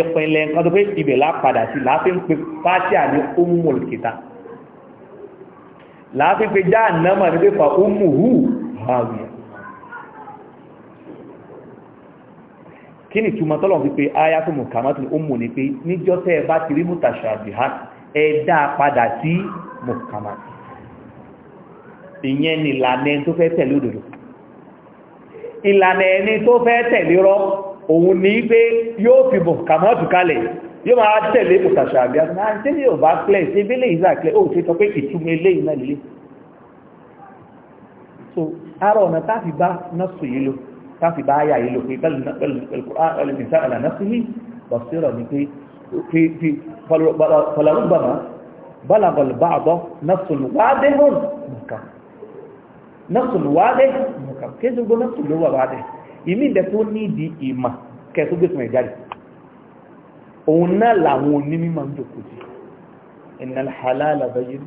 ìpínlẹ̀ nǹkan tó pé ibẹ̀ lápadà sí láàfin pé fátíà ní ummul kitab láàfin pé já nàmà ní pé fa ummuhu hawiya kí ni túmọ̀ tọ́lọ̀ fi pé aya tó mú kàmátì ummu ni pé níjọ́ tẹ́ ẹ bá ti rí mutashabihat ẹ dá padà sí muhkamati ìyẹn ni ìlànà ẹni tó fẹ́ tẹ̀lé òdodo ìlànà òun ní pé yóò fi bọ̀ kàmọ́tù kalẹ̀ yóò máa tẹ̀lé mùsàṣà àbí àti ṣé ní òbá clẹ̀ ṣé bí lè ìzà clẹ̀ ó ṣe sọ pé ìtumọ̀ eléyìí náà lè so ara ọ̀nà táfi bá nọ́ọ̀sù yìí lò táfi bá ayà yìí lò pé pẹ̀lú ìsá àlà nọ́ọ̀sù yìí bọ̀sírọ̀ ni pé fi fọlọ́rùgbàmà bọ́làbọ̀lù bá àbọ̀ nọ́ọ̀sù lùwádé mọ̀ọ̀kà nọ́ọ̀sù lùwádé mọ̀ọ̀kà kéjì gbogbo nọ́ọ̀sù lówà wádé ìmí ìdẹ tó ní ìdí ìmà kẹ tó gbèsè ìjáde òun náà làwọn onímọ̀ ń jòkó sí inna al-halala bayyin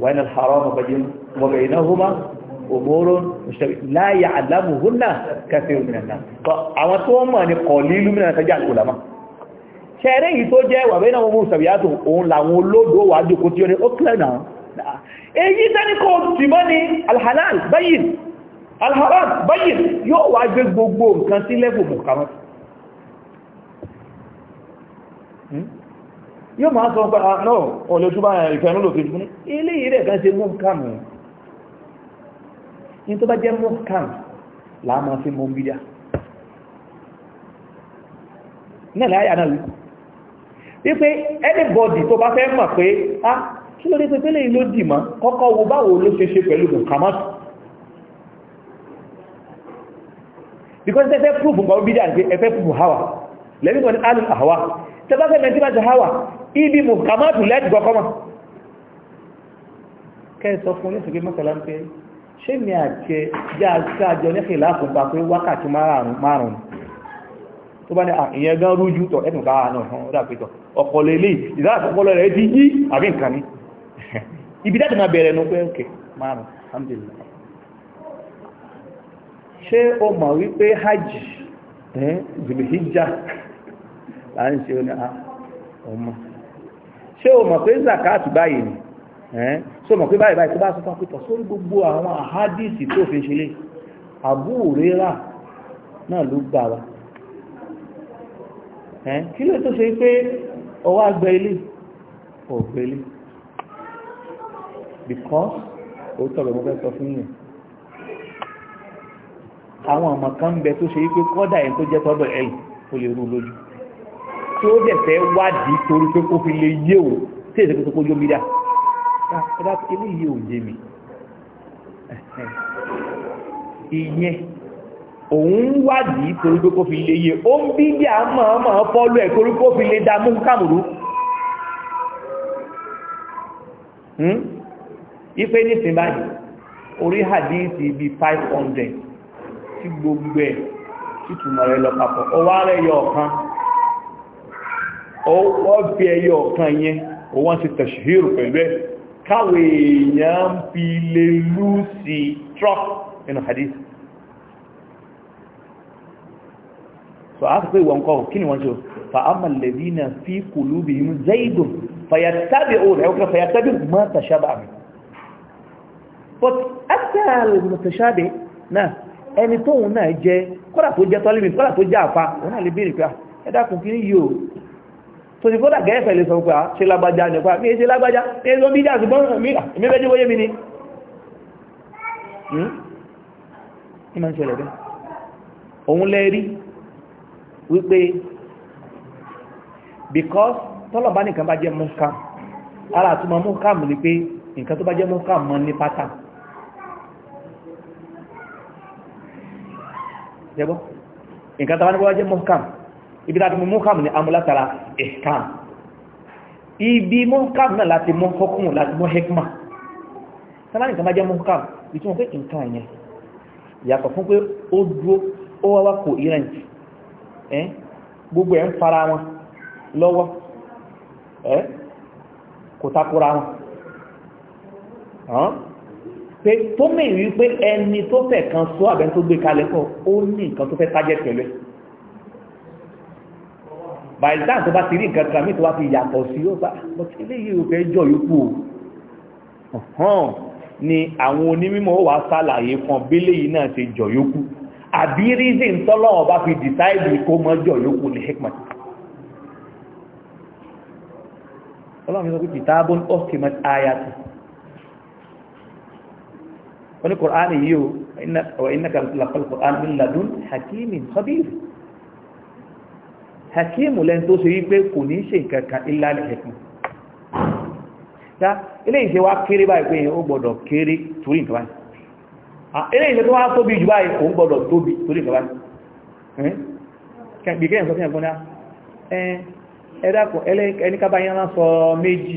wa inna al-harama bayyin wa baynahuma umurun la ya'lamuhunna kathirun minan nas àwọn tó mọ̀ ní qalilu minan tajal ulama ṣẹ̀rẹ́ yìí tó jẹ́ wà bẹ́ẹ̀ náà wọ́n òun làwọn olóòdó wà jòkó tí ó ní ó náà èyí sẹ́ni kò ni al-halal alharam báyìí yóò wá gbé gbogbo nǹkan sí lẹ́bù mọ̀kàmọ́ hmm? yóò máa sọ pé ah, náà ọlọ́túbá eh, ìfẹ́nú lòfin fún ilé ìrẹ́ kan ṣe mú kàmù ní tó bá jẹ́ mú kàmù láàmà fi mú bídá wípé anybody tó bá fẹ́ mọ̀ pé ah kí ló dé pé pẹ́lẹ̀ ìlú kọ́kọ́ wo báwo ló ṣe ṣe pẹ̀lú mọ̀kàmọ́tù because they say proof nǹkan bí dáa ní pé ẹfẹ́ proof hawa lẹ́yìn kan ní alùn àwa tẹ́bàfẹ́ mẹ́tí máa ti hawa ibi mú kàmáàtù come gọkọ́mà kẹ́ẹ̀sọ fún oníṣègbè mọ́sàlá ń pé ṣé mi àti jáàjọ ní ṣe láàfún pa pé wákàtí márùn-ún tó bá ní ìyẹn gan rújú tọ̀ ẹ̀kùn káà náà hàn rà pé to ọ̀pọ̀lẹ̀ ilé ìdáàtọ̀ ọpọlọ rẹ̀ ti yí àbí nǹkan ní (laughs) ibi dáàtì máa bẹ̀rẹ̀ nú pé ok márùn-ún alhamdulillah ṣé o mọ̀ wípé hajj zulhijja là ń ṣe oní ah, ọmọ ṣé o mọ̀ pé zakat báyìí ni ṣé o mọ̀ pé báyìí báyìí tó bá sọ fún akútọ̀ sórí gbogbo àwọn àhádìsì tó fi ṣe lé Abu Huraira náà ló gbà wá kí ló tó ṣe pé ọwọ́ àgbẹ̀ ilé ọ̀gbẹ̀ ilé because òótọ́ rẹ̀ mo fẹ́ sọ fún yìí àwọn ọmọ kan ń bẹ tó ṣe wípé kọ́dà ẹ̀ tó jẹ́ tọ́dọ̀ ẹ̀ ó lè rú lójú tí ó dẹ̀ fẹ́ wádìí torí pé kó fi lè yé o tí èsì pé kó jó mi dá ẹ̀dá ilé yìí ò yé mi ìyẹn òun ń wádìí torí pé kó fi lè yé ó ń bí bí àmọ́ ọmọ fọ́lú ẹ̀ torí kó fi lè dá mú kàmùrú hmm? ife nísìnyí báyìí orí hadithi bíi five hundred tí gbogbo ẹ̀ títùmọ̀ rẹ̀ lọ papọ̀ ọwá rẹ̀ yọ ọ̀kan ọwọ́ bí ẹyọ ọ̀kan yẹn wọ́n ti tẹ̀ṣìhìrù pẹ̀lú ẹ̀ káwé èèyàn fi lè lú sí trọ́ nínú hadith so a pè wọn kọ́ kí ni wọ́n ṣe fa amàlẹ̀bí na fi kùlú bí i zaidun fayatabi o rẹ̀ ọkọ̀ fayatabi mọ́ tàṣàbà mi but after al-mutashabi náà ẹni tóun náà jẹ́ kọ́dà tó jẹ́ tọ́límì kọ́dà tó jẹ́ àpá òun náà lè bèèrè pé ẹ̀dàkùn kí ní yóò tó ti kọ́dà gẹ́ẹ̀fẹ̀ lè sọ pé ṣe lágbájá nípa mi ṣe lágbájá ẹ̀ẹ́sọ́ bí mi bẹ́jú bóyé mi ni ìmọ̀ hmm? ń ṣẹlẹ̀ bẹ́ẹ̀ òun lẹ́ rí because tọ́lọ̀ bá nìkan bá jẹ́ mú ká ara àtúmọ̀ mú ká mú ni ẹgbọ́ nǹkan tàbí wọ́n jẹ́ muhkam ibi láti mú muhkam ní amúlátara ihkam ibi muhkam náà láti mú hukum láti mú hikma tàbí nǹkan bá jẹ́ muhkam ìtumọ̀ pé nǹkan yẹn yàtọ̀ fún pé ó dúró ó wá wá kò ìrẹ̀ǹtì gbogbo ẹ̀ ń fara wọn lọ́wọ́ kò takora wọn pé tó mèrì wípé ẹni tó fẹ́ kan sọ àbẹ́ tó gbé kalẹ̀ fún ó ní nǹkan tó fẹ́ tájẹ́ pẹ̀lú ẹ̀ bàìlítà tó bá ti rí nǹkan kan mí tó wá fi yàtọ̀ sí ó bá mo ti lè yíò fẹ́ jọ yókù hàn ni àwọn onímọ̀ wà sàlàyé fún bílé yìí náà ṣe jọ yókù àbí rízì ń tọ́lọ́wọ́ bá fi dìtáìdì kó mọ́ jọ yókù ní hikmat ọlọ́run sọ pé kìtàbọ́n ọ́kìmọ̀t ayatì wani ƙur'ani yau wa inna ka lafal ƙur'an min ladun hakimin khabir hakimu lẹ́n tó ṣe yí pé kò ní ṣe kankan illa li hikma ta ilé ìṣe wa kéré báyìí pé ó gbọ́dọ̀ kéré torí nǹkan báyìí ilé ìṣe tó wá tóbi jù báyìí ó gbọ́dọ̀ tóbi torí nǹkan báyìí kẹ́gbẹ̀kẹ́ ìṣọ́fíà fún ẹ ẹ̀ẹ́dàkùn ẹni kábáyán sọ méjì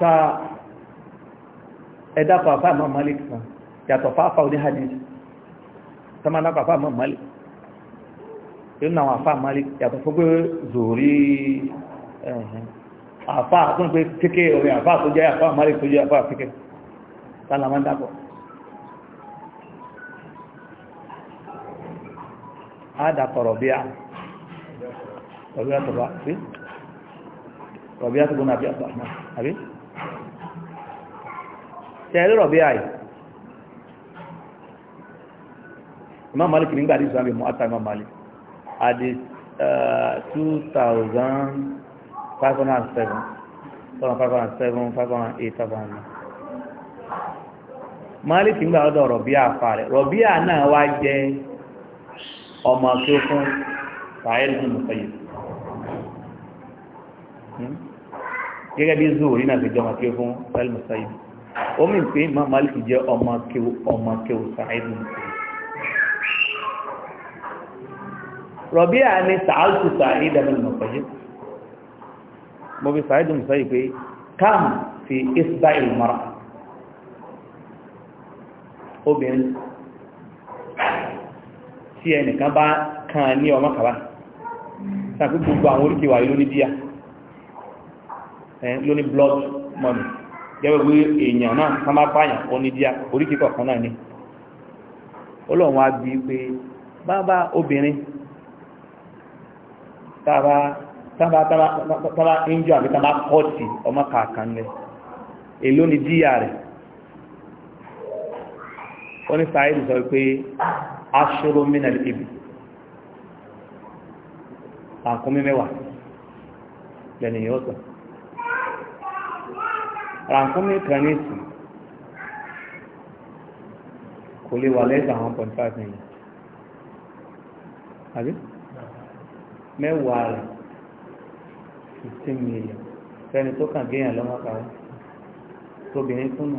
ta ẹ̀dá fàáfà àmà malik kan yàtọ̀ fàáfà oní hadith tọ́mà náà fàáfà àmà malik inú àwọn àfà malik yàtọ̀ fún pé zòrí àfà tó ń pé kéèké orí àfà tó jẹ́ àfà malik tó jẹ́ àfà kéèké tánàmà dápọ̀ àdàpọ̀ rọ̀bíà rọ̀bíà tó bá sí rọ̀bíà tó gbọ́nà àbí àbí tẹ̀rí rọ̀bí àì imam malik nígbà àdìsí àmì mọ́ta imam malik àdì 2507 507 508 509 ọdọ̀ rọ̀bí àfà rọ̀bí à náà wá jẹ́ ọmọ tó fún fàáìlì nínú fẹ́yì gẹ́gẹ́ bí zuhuri náà fi jọmọ̀ tí ó fún fẹ́lì ó mì pé Imam Malik jẹ́ ọmọ kéwù ọmọ kéwù Sa'idu Rabi'a ni sàálùtù Sa'id ibn Musayyib mo fi Sa'idu Musayyib pé kam fi isba'il mara obìnrin tí ẹnìkan bá kan ni ọmọ kàbá tàbí gbogbo àwọn oríkèwà ló ní díà ló ní blood money jẹ́wọ́ pé èèyàn náà kán bá pààyàn ó ní díà náà ni ọlọ́run wá pé obìnrin injọ àbí tábà kọ́ọ̀tì ọmọ kàkàn lẹ èló ni díà rẹ̀ ó ní sáyẹ́dì sọ pé aṣọ́rọ̀ ràǹkúnmí kan ní ìsìn kò lè wà lẹ́sà one point five million àbí mẹ́wàá rẹ̀ fifteen million fẹ́ni tó kàn géèyàn lọ́mọ kàwé tóbìnrin tún nù.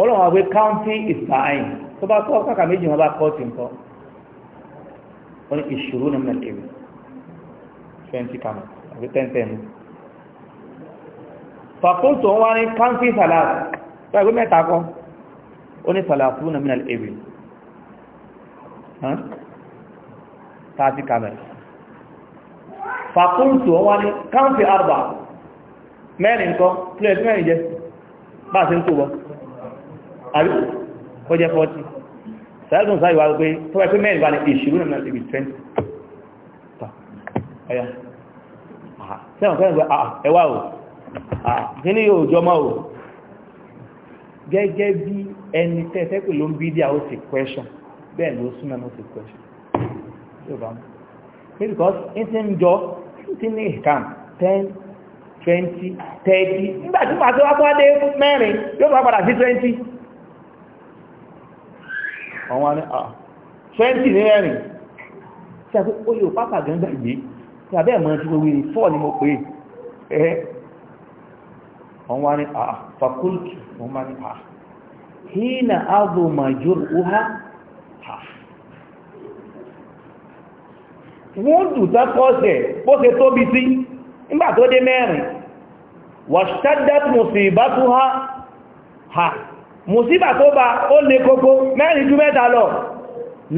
ọlọ́run àwọn káùntì ìsàáyìn tó bá kọ́ kàkà méjì wọn bá kọ́ sí nǹkan wọ́n ní ìṣòro náà mẹ́kẹ̀rẹ̀ twenty kamẹ́tì àbí tẹ́ntẹ́n ní fàkóso wá ní káńtì sàlàtù pẹ̀lú mẹ́ta kọ́ ó ní sàlàtù náà mìíràn èrè tààtì kàmẹ́rì fàkóso wá ní káńtì àrùbà mẹ́rin kọ́ plẹ̀tì mẹ́rin jẹ́ bá ṣe ń kó bọ́ àbí ó jẹ́ 40 sẹ́lẹ̀dùn sáyíwá pé tó wẹ́ pé mẹ́rin bá ní ìṣirú náà ti bí sẹ́wọ̀n kẹ́rin pé ẹwà o ah, kí ni yóò jọmọ́ o gẹ́gẹ́ bí ẹni tẹ́tẹ́ pẹ̀lú ń bí díà ó sì question bẹ́ẹ̀ ló súnmọ́ ní ó sì question yóò bá mú because n ti ń jọ n ti ní ìkàm ten twenty thirty nígbà tí màá tó wá tó wá dé mẹ́rin yóò bá padà sí twenty àwọn ah, twenty ní mẹ́rin ṣe àpò oyè ò pápá gẹ́gẹ́ gbàgbé tàbí ẹ̀mọ́ tí mo wí fọ́ ni mo pè é wọ́n wá ní àà fakultu wọ́n wá ní àà hínà áàbò màjòrò wá wọ́n dù tápọ́sẹ̀ bó tóbi sí nígbà tó dé mẹ́rin wàṣádát mùsíbà tó ha ha mùsíbà tó bá ó lè kókó mẹ́rin ju mẹ́ta lọ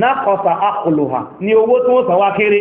náà kọfà ákùlù ha ni owó tó ń sàwá kéré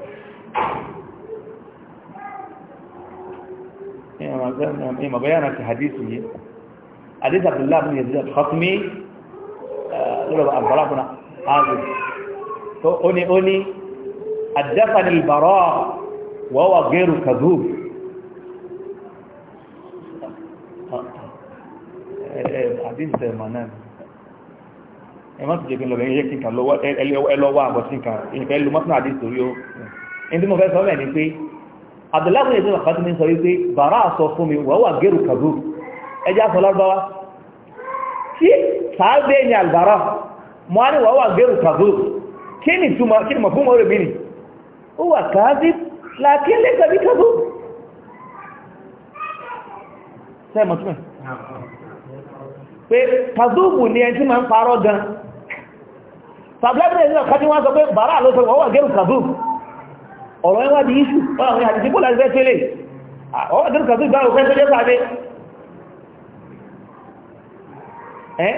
ìmọ̀báyà náà ti hadisi yìí hadisi abdullahi bin yazid al-khatmi lọ́rọ̀ àgbàrá fún ààrẹ tó ó ní ó ní àdáfàní ìbàrọ̀ wọ́wà gẹ́rù kàzú hadisi tẹ̀mọ̀ náà ẹmọ́ ti jẹ́gbẹ́ lọ́gbẹ̀ yẹ́ kíkà lọ́wọ́ ẹlọ́wọ́ àbọ̀síkà ìfẹ́ lùmọ́sán hadisi torí ó abdullahi bin ìsìn àkàtí mi sọ wípé bàrá sọ fún mi wọ́wà gẹ́rù kàbú ẹjá sọ lọ́rọ́báwá tí sàábé ní albàrá mọ́ ní wọ́wà gẹ́rù kàbú kí ni túmọ̀ kí ni mọ̀ fún mọ́rẹ̀ mi ni ó wà káàzí láti lè gàbí kàbú sẹ́mọ̀ túnmọ̀ pé kàzúùbù ni ọ̀rọ̀ ẹwà di iṣù wọ́n àwọn àti sípò láti fẹ́ tẹ́lẹ̀ ọdún kan tó gbá òfẹ́ tó jẹ́ pàdé ẹ́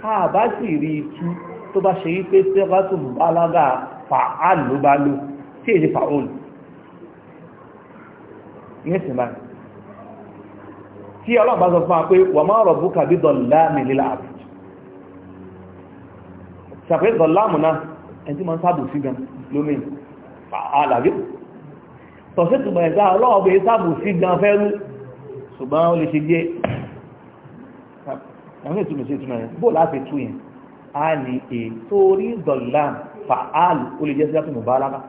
káàbá sì rí ikú tó bá ṣe wípé sẹ́fàtún bálága fàálùbálò tí èdè fàún nísìnbá tí ọlọ́pàá sọ fún wa pé wà máa rọ̀bù kàbí dọ̀lá mi ẹni tí ma ń sáàbù sí lómìnì alàbí tọ̀sí tùmọ̀ ẹ̀dá ọlọ́ọ̀bẹ̀ sáàbù sí gan fẹ́rú ṣùgbọ́n ó lè ṣe jẹ́ ẹ̀mí ìtumọ̀ sí ìtumọ̀ yẹn bó láti tú yẹn a fa'al ó lè jẹ́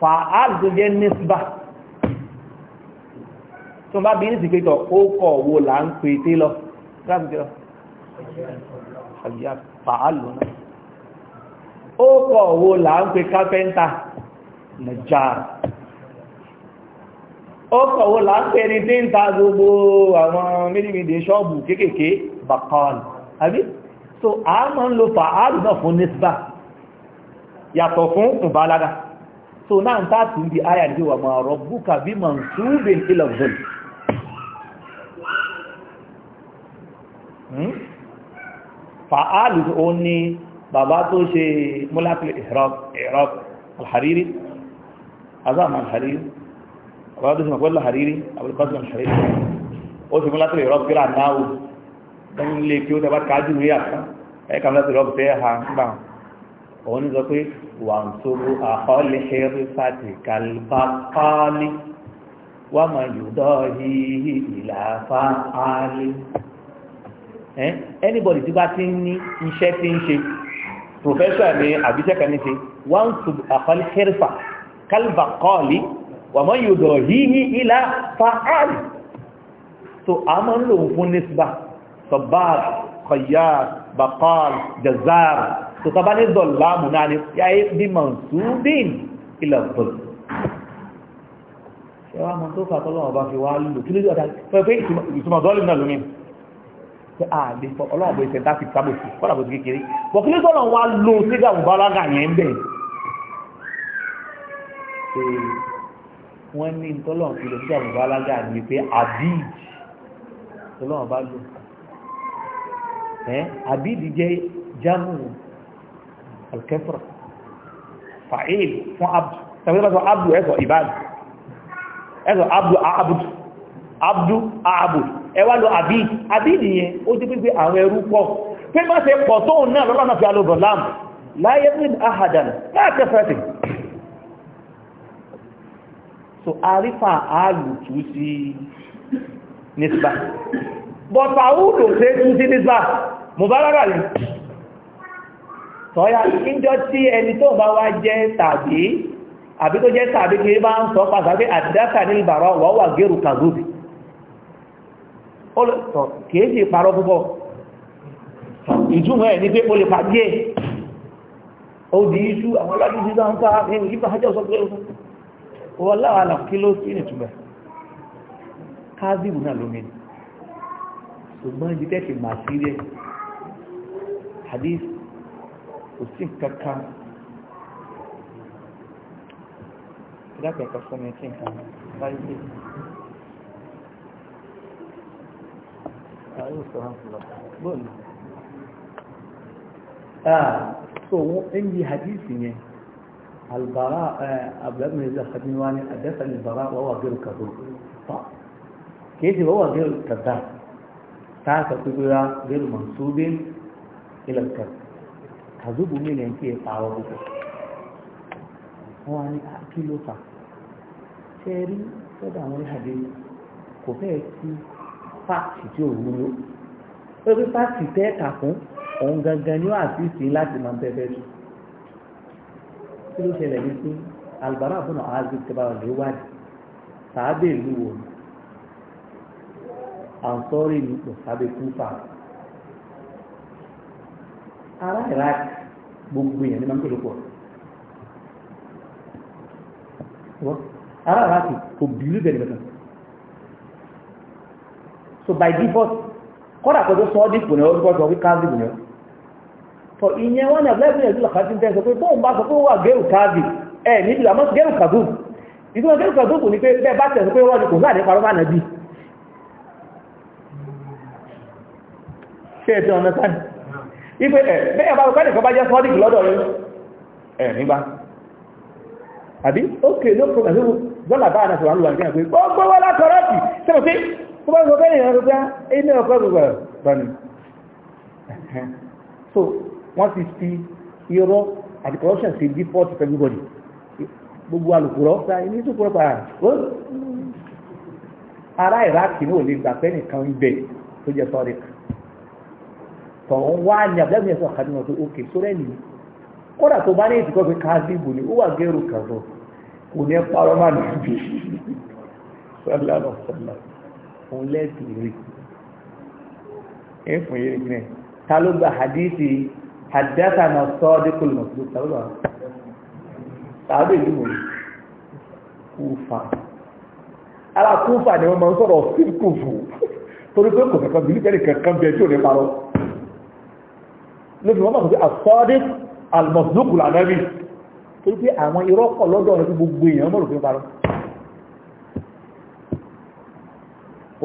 fa'al tó jẹ́ nísbà tó bá bí nísì pétọ̀ ó kọ̀ wo là ń pè té lọ fa'al lọ náà ó kọ̀ wo là ń pè kápẹ́ńtà Najjar ó kọ̀wọ́ láńpẹ́ ni tí ń ta gbogbo àwọn mídìmídì ṣọ́ọ̀bù kéékèèké bakal àbí so a máa ń lo fàáàlù náà fún nisba yàtọ̀ fún ìbálága so náà ń tààtì ń di àyà ní wà máa rabbuka bí màá túbìn ilẹ̀ zol fàáàlù ó ní bàbá tó ṣe múlákìlì ìrọ̀ alhariri azam al-hariri ọba tó sì mọ̀ pẹ́lú hariri abúlùkọ́sùn al-hariri ó sì mú láti rẹ̀ rọ́bù kíra náà wọ́n lè kí ó tẹ́bá kájú rí àkán ẹ̀ka láti rọ́bù fẹ́ ha ń gbà òun ní sọ pé wà ń sọ́rọ̀ àkọọ́lẹ̀ ṣẹ́rí sáti kalifáàlì wà máa yóò dọ́ọ̀hí ìlàfà áàlì anybody tí bá ti ní iṣẹ́ tí ń ṣe professor ni àbíṣẹ́kẹ́ ní ṣe wà ń sọ́rọ̀ àkọọ́lẹ̀ ṣẹ́rí sáti kálbàkọ́ọ̀lì wàmọ́ yóò híhí ilá fa'áàlì so a máa ń lò fún nisba sabbal khayyar bakal jazar so ta bá ní dọ̀lá múná ní ya yi bí mansubin ilẹ̀kùn ẹwà mọ̀ tó fà tọ́lọ́wọ́ bá fi wá lò kí ló dí ọ̀dá fẹ́ ìtumọ̀ dọ́lì náà lómi pé a lè fọ ọlọ́wọ́ bó ṣe dá sí sábòsí kọ́lá bó ti kékeré wọ́n kí ló dọ́lọ́ wa lo sígá mùbálágà yẹn bẹ́ẹ̀ pé wọ́n ní tọ́lọ̀ fi lọ sí àbùbá alága ní pé abid tọ́lọ̀ bá lò ẹ́ abid jẹ́ jámù alkefra fa'il fún abdu tàbí bá sọ abdu ẹ sọ ibad ẹ sọ abdu abdu abdu abud ẹ wá lọ abid abid yẹn ó ti pípé àwọn ẹrú pọ̀ pé má ṣe pọ̀ tóun náà lọ́lọ́nà fi alóbọ̀ láàmù láyé ní ahadan láàkẹfẹ́ so àrífà àlùtù sí nísbà but fàúlù ṣe tún sí nísbà mùbárára rí sọ́yà níjọ tí ẹni tó bá wá jẹ́ tàbí àbí tó jẹ́ tàbí kí bá ń sọ pàtàkì àdáka ní ìbàrọ̀ wọ́n wà gẹ́rù kàzúbì kìí sì parọ́ púpọ̀ ìjúmọ̀ ẹ̀ ní pé o lè pàdé ó di iṣu àwọn alájú sí sáńkà ní ìgbà àjọ́ sọ pé ó sọ wallahu alam kí ló kí nìtúbẹ̀ káàzìbù náà ló mìí ṣùgbọ́n ibi tẹ́ ti máa sí rẹ̀ hadith kò sí kankan ìdápẹ̀ kan fún mi tí nǹkan báyìí dé ààrẹ òṣèrè ah so wọ́n ń yí hadith البراء أبو ابن الخدمي واني حدثني البراء وهو غير كذوب كيف هو غير كذاب ساعة تقول غير منسوب إلى الكذب كذوب من ينتهي تعوضه wọ́n ní kí ló fà ṣe rí sọ́dọ̀ àwọn ìhàdé kò fẹ́ẹ̀ sí fáàtì tí ò wúlò ó fi fáàtì tẹ́ẹ̀ka fún òun gangan ní wàásù sí láti máa bẹ́ẹ̀ bẹ́ẹ̀ tù kí ló ṣẹlẹ̀ ní pé Al-Bara ibn Azib ti bá lè wá di sàábẹ̀ ìlú wò ni àǹsọ́rì ní ipò sàábẹ̀ kúfà ará Iraq gbogbo èèyàn ní máa ń pèlú pọ̀ ará Iraq kò bìlú bẹ̀rẹ̀ bẹ̀rẹ̀ so by default kọ́dà kọjọ́ sọ́ọ́dí kò ní ọdún kọjọ́ wí káàdì kò tọ ìyẹn wọn náà lẹ́gbẹ̀ẹ́ ìlú lọ́kàn tí ń tẹ́sọ pé bóun bá sọ pé wà gẹ́rù káàdì ẹ̀ níbi àmọ́ gẹ́rù kàdù ìtumọ̀ gẹ́rù kàdù kò ní pé bẹ́ẹ̀ bá tẹ̀sọ pé wọ́n ti kò láàrin parọ́ máa nàbí ṣé ẹ̀tọ́ ọ̀nà sáà ipe ẹ̀ bẹ́ẹ̀ bá rọ̀kọ́ nìkan bá jẹ́ sọ́dìkì lọ́dọ̀ rẹ̀ ẹ̀ nígbà àbí ókè ló kò tàbí dọ́là bá àná sọ̀rọ̀ àlùwà pé gbogbo wọn látọ̀rọ̀ sí sẹ́mọ̀ pé tó bá gbogbo ẹ̀yìn rẹ̀ rẹ̀ pé ah, ilé ọ̀pẹ́ gbogbo wọ́n ti fi irọ́ àti corruption ṣe default for everybody gbogbo alùpùrọ̀ ta ní ìtúkúrọ̀ pa ara iraki náà lè gbà pé nìkan ń bẹ tó jẹ sọ́ọ̀rì kan tọ̀hún wá ní abẹ́mi ẹ̀sọ́ kan nínú ọdún òkè sórẹ́ nìyí kódà tó bá ní ìdíkọ́ fi káàdìbò ní ó wà gẹ́rù kan lọ kò ní parọ́ máa nìyí sọ́lá lọ sọ́lá òun lẹ́ẹ̀tì rí ẹ̀fún yìí rí ta ló gba hadithi حدثنا الصادق المصدوق تعالوا تعالوا يجيبوا كوفة ara kúfà ni wọ́n máa ń sọ̀rọ̀ sí kúfù torí pé kò kankan bìí tẹ́lẹ̀ kankan bẹ tí ò ní parọ́ lóbi wọ́n máa sọ asọ́dí almasdúkù lànàbí torí pé àwọn irọ́ pọ̀ lọ́dọ̀ rẹ̀ tí gbogbo èèyàn mọ̀ lòfin parọ́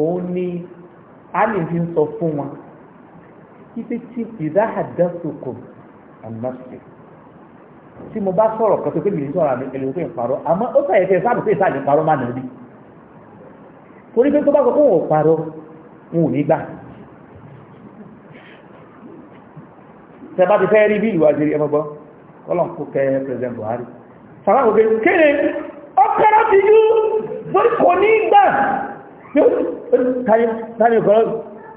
òun ni a lè fi sọ fún wọn wípé tí ìdáhàdásokò ànásì tí mo bá sọ̀rọ̀ kọ́tọ́ pé mi ní sọ̀rọ̀ àmì ẹlẹ́wọ̀n pé ìparọ́ àmọ́ ó sàyẹ̀ fẹ́ sáàbù pé ìsàlẹ̀ ìparọ́ máa nàbí torí pé tó bá sọ pé òun ò parọ́ n ò ní gbà tẹ bá ti fẹ́ rí bí ìlú àjẹrí ẹmọ gbọ́ kọ́lọ̀ kó kẹ́ president Buhari sàrà òkè kéde ọkọ̀rọ̀ ti yú lórí kò ní gbà tani ọkọ̀rọ̀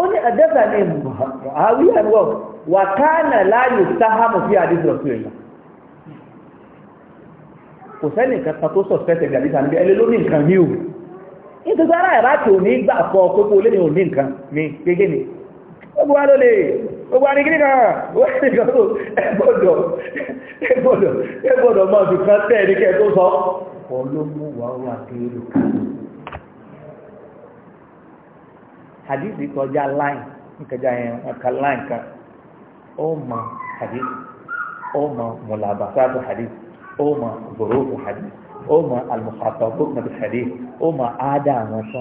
ó ní àdẹ́sà ní àwíyà wọ́n wà káànà láàyò sáhámù sí àdísọ̀ sí ẹ̀yà kò sẹ́ni kàtà tó sọ fẹ́sẹ̀ bí àdísà níbi ẹlẹ́ lóní nǹkan ní ara ẹ̀rá tí ní gbà fọ kókó lé ní òun ní nǹkan ní gẹ́gẹ́ ni ó bu ló lè gbogbo anigiri náà ó sì gbọ́dọ̀ ẹgbọ́dọ̀ ẹgbọ́dọ̀ ẹgbọ́dọ̀ mọ́ hadithi kọjá line nkẹjá yẹn line kan ó hadithi ó mọ hadithi ó mọ hadithi ó mọ alùpàtàbù hadithi ó mọ àádá àwọn tí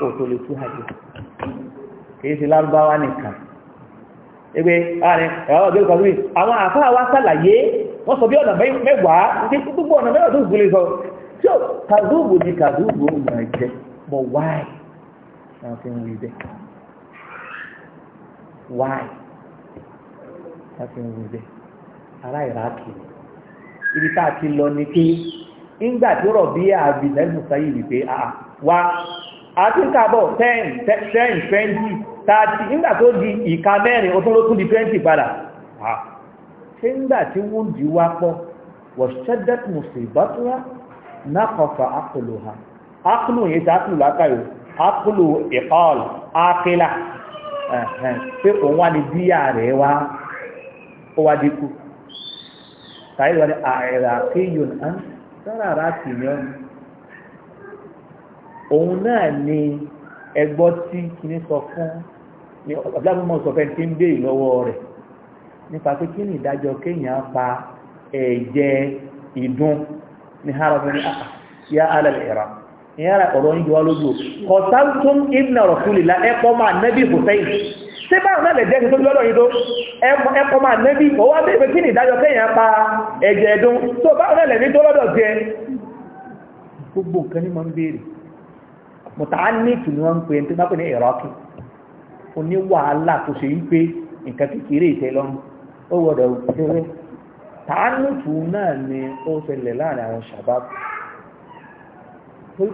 wọn hadithi kìí ṣe lárúbáwá nìkan ebe àárín na ọ̀gbẹ́ wa náà fi why? wí bẹ́ẹ̀ wáì náà fi ń wí bẹ́ẹ̀ ará ìrákì ni ibi tá ti lọ bi pé ńgbà tí ó rọ̀ pe àbí lẹ́nu sáyé wípé wá àti 10 10 20 30 nígbà to di ìka mẹ́rin ó tún ló tún di 20 padà ṣe nígbà tí wọ́n di wá pọ̀ wọ̀ṣẹ́dẹ́kùn sí ìbátúrá náà kọfà ápùlù ha ápùlù yìí tá ápùlù lákàyò akulu ìkọ́l akila pé òun wá ní díyà rẹ̀ wá ó wá dínkù tàbí wọ́n ní àìrà kéyòn án sára ara sì ní ọ́nà òun náà ni ẹgbọ́ tí kìíní sọ fún ní ọ̀dàbọ̀mọ̀ sọ fẹ́ tí ń béèrè lọ́wọ́ rẹ̀ nípa pé kí ni ìdájọ́ kéèyàn pa ẹ̀jẹ̀ ìdun ní harafin ah, ah, ya alẹ́ ìrà ìyára ọ̀rọ̀ yíyọ wá lójú kọ̀tàntún ibna rasulillah ẹ̀kọ́ máa nẹ́bí hussein tí báwọn náà lè jẹ́ tuntun lọ́dọ̀ yìí tó ẹ̀kọ́ ni ìdájọ́ kẹ́yìn apá ẹ̀jẹ̀ ẹ̀dùn tó báwọn náà lè ní tó lọ́dọ̀ jẹ gbogbo nǹkan ní máa ń béèrè mọ̀tà ni wọ́n ń pè ní tó ní ìrọ́kì ó ní wàhálà tó ṣe yí pé nǹkan kékeré náà ni ó ṣẹlẹ̀ láàrin àwọn ṣàbábù torí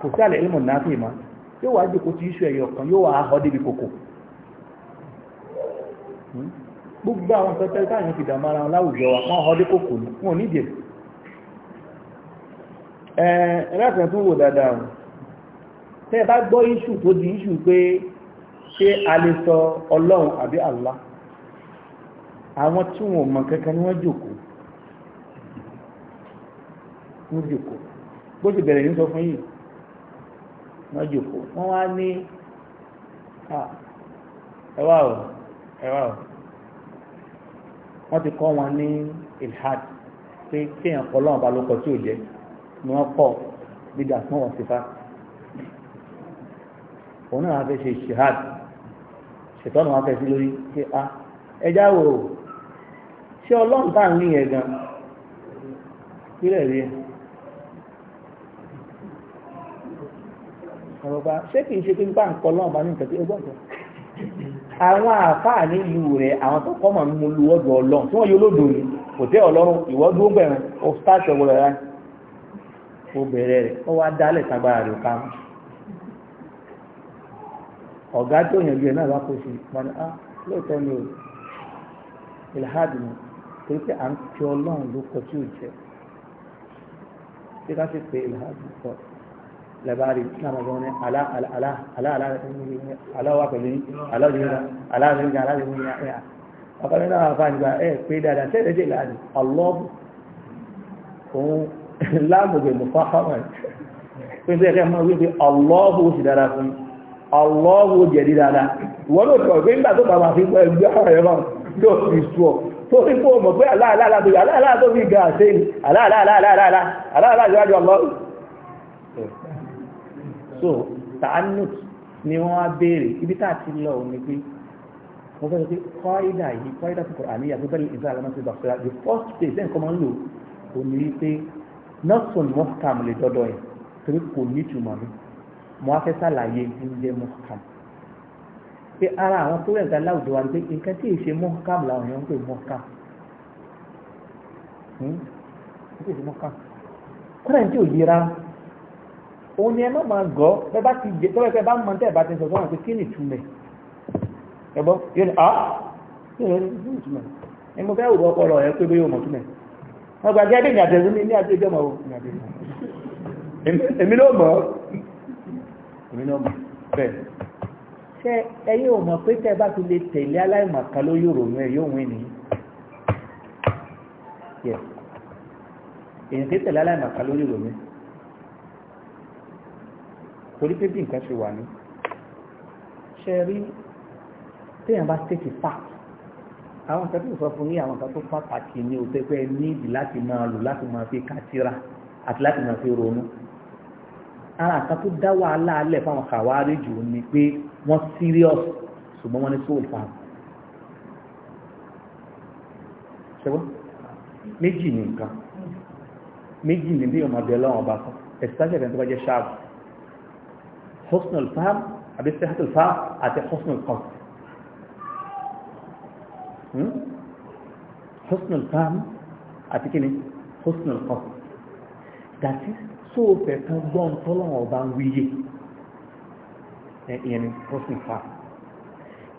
kò sí àlẹ́ ìmọ̀ náà fèèmọ́ yóò wá jòkó tí iṣu ẹ̀yọ̀ kan yóò wá ahọ́ kòkò hmm? gbogbo àwọn pẹpẹ táyàn ti dàmọ́ ara láwùjọ wa wọ́n ọdí kòkò wọn ò nídìí ẹ̀rẹ́fẹ́ tún wò dáadáa tẹ́ bá gbọ́ tó di iṣù pé a lè sọ ọlọ́run àbí bó ti bẹ̀rẹ̀ ní sọ fún yìí wọ́n jòkó wọ́n wá ní ẹwà o ẹwà o wọ́n ti kọ́ wọn ní ilhad pé kéèyàn kọ́ lọ́wọ́n bá ló kọ́ tí ò jẹ́ ni wọ́n kọ́ dídà fún wọn sífà òun náà wọ́n fẹ́ ṣe shihad ṣètọ́nù wọn fẹ́ sí lórí pé a ẹja wo ṣé ọlọ́run tá à ń ní yẹn gan kílẹ̀ rí ẹ. ọ̀rọ̀ pa ṣé kìí ṣe pé nípa lọ́wọ́ bá ní nǹkan tí ó gbọ́dọ̀ àwọn àáfàá rẹ̀ àwọn tó kọ́ màá mú ọlọ́run tí wọ́n yóò lòdò kò tẹ́ ọlọ́run gbẹ̀rún ó stáṣọ rẹ̀ ó bẹ̀rẹ̀ rẹ̀ ó wá dálẹ̀ rẹ̀ ká ọ̀gá tó yàn náà sí mọ́ni ah, á ló kọ tí ò jẹ́ labari tana zaune ala ala ala ala ala da tunani ala wa ka jini ala jini ala jini ala jini ya ya akwai yana amfani ba eh kai da da sai da jila ne Allah ko lamu bai mufahama kun sai kai ma wí Allah shi dara kun Allah jẹ́ dara wọ́n ló to gbé ngba tó bá ma fi gbe gbe ara e ba to fi so to fi ko mo pé ala ala ala to ala ala to fi ga se ala ala ala ala ala ala ala ala Allah so ta'anut ni wọ́n á béèrè ibi tá a ti lọ ni pé wọ́n fẹ́ sọ pé kọ́ídà yìí kọ́ídà tó kọ̀ọ̀ àníyàn tó bẹ́ẹ̀ ìzá alámọ́sí bàfẹ́ra the first place lẹ́yìn kọ́ máa ń lò ó ní wípé nọ́ọ̀sùn mọ́kàm lè dọ́dọ̀ ẹ̀ torí kò ní ìtumọ̀ mi mo á fẹ́ sàlàyé ń jẹ́ mọ́kàm pé ara àwọn tó rẹ̀ǹkà láwùjọ wa ni pé nǹkan tí ì ṣe mọ́kàm làwọn èèyàn ń pè mọ́kàm kúrẹ̀ ní tí ò yíra òun ni ẹ má máa gọ́ bẹ́ẹ̀ bá ti jẹ tọ́wọ́ ẹ bá mọ tẹ́ ẹ bá ti sọ sọ́wọ́n kí ni ìtumẹ̀ ẹ gbọ́ yóò ní à ah, kí ni ìtumẹ̀ ẹ mo fẹ́ wò ọkọ rọ ẹ pé bí yóò mọ̀ túmẹ̀ wọn gba gẹ́gẹ́ bí ní àtẹ̀sí ní àtẹ̀jọ́ mọ̀ èmi ló mọ̀ èmi ló mọ̀ bẹ́ẹ̀ ṣe ẹyẹ ò mọ̀ pé tẹ́ bá ti lè tẹ̀lé aláìmọ̀kan ló yóò rònú ẹ yóò wín nìyí èyàn tẹ́tẹ̀lé aláìmọ̀kan ló yóò rònú ẹ torí pé bí nǹkan ṣe wà ní ṣe rí téèyàn bá tètè pàtó àwọn nǹkan tó sọ fún ní àwọn nǹkan tó pàtàkì ní òtẹ́ pé níbi láti máa lò láti máa fi kátìrà àti láti máa fi ronú ara nǹkan tó dá wàhálà alẹ̀ fáwọn kàwárí jù ni pé wọ́n serious ṣùgbọ́n wọ́n ní soul farm ṣẹ́gbọ́n méjì ní nǹkan méjì ní bí ọmọ abẹ́lẹ́ ọ̀hún ọba fún ẹ̀sítàṣẹ̀ tó bá jẹ́ ṣáàbù husnul faham àbí sihhatul faham àti husnul qasd husnul faham àti kíni husnul qasd that is so fẹ́ kan gbọ́n tọ́lọ́wọ́ bá ń wíyé ìyẹn ni husnul faham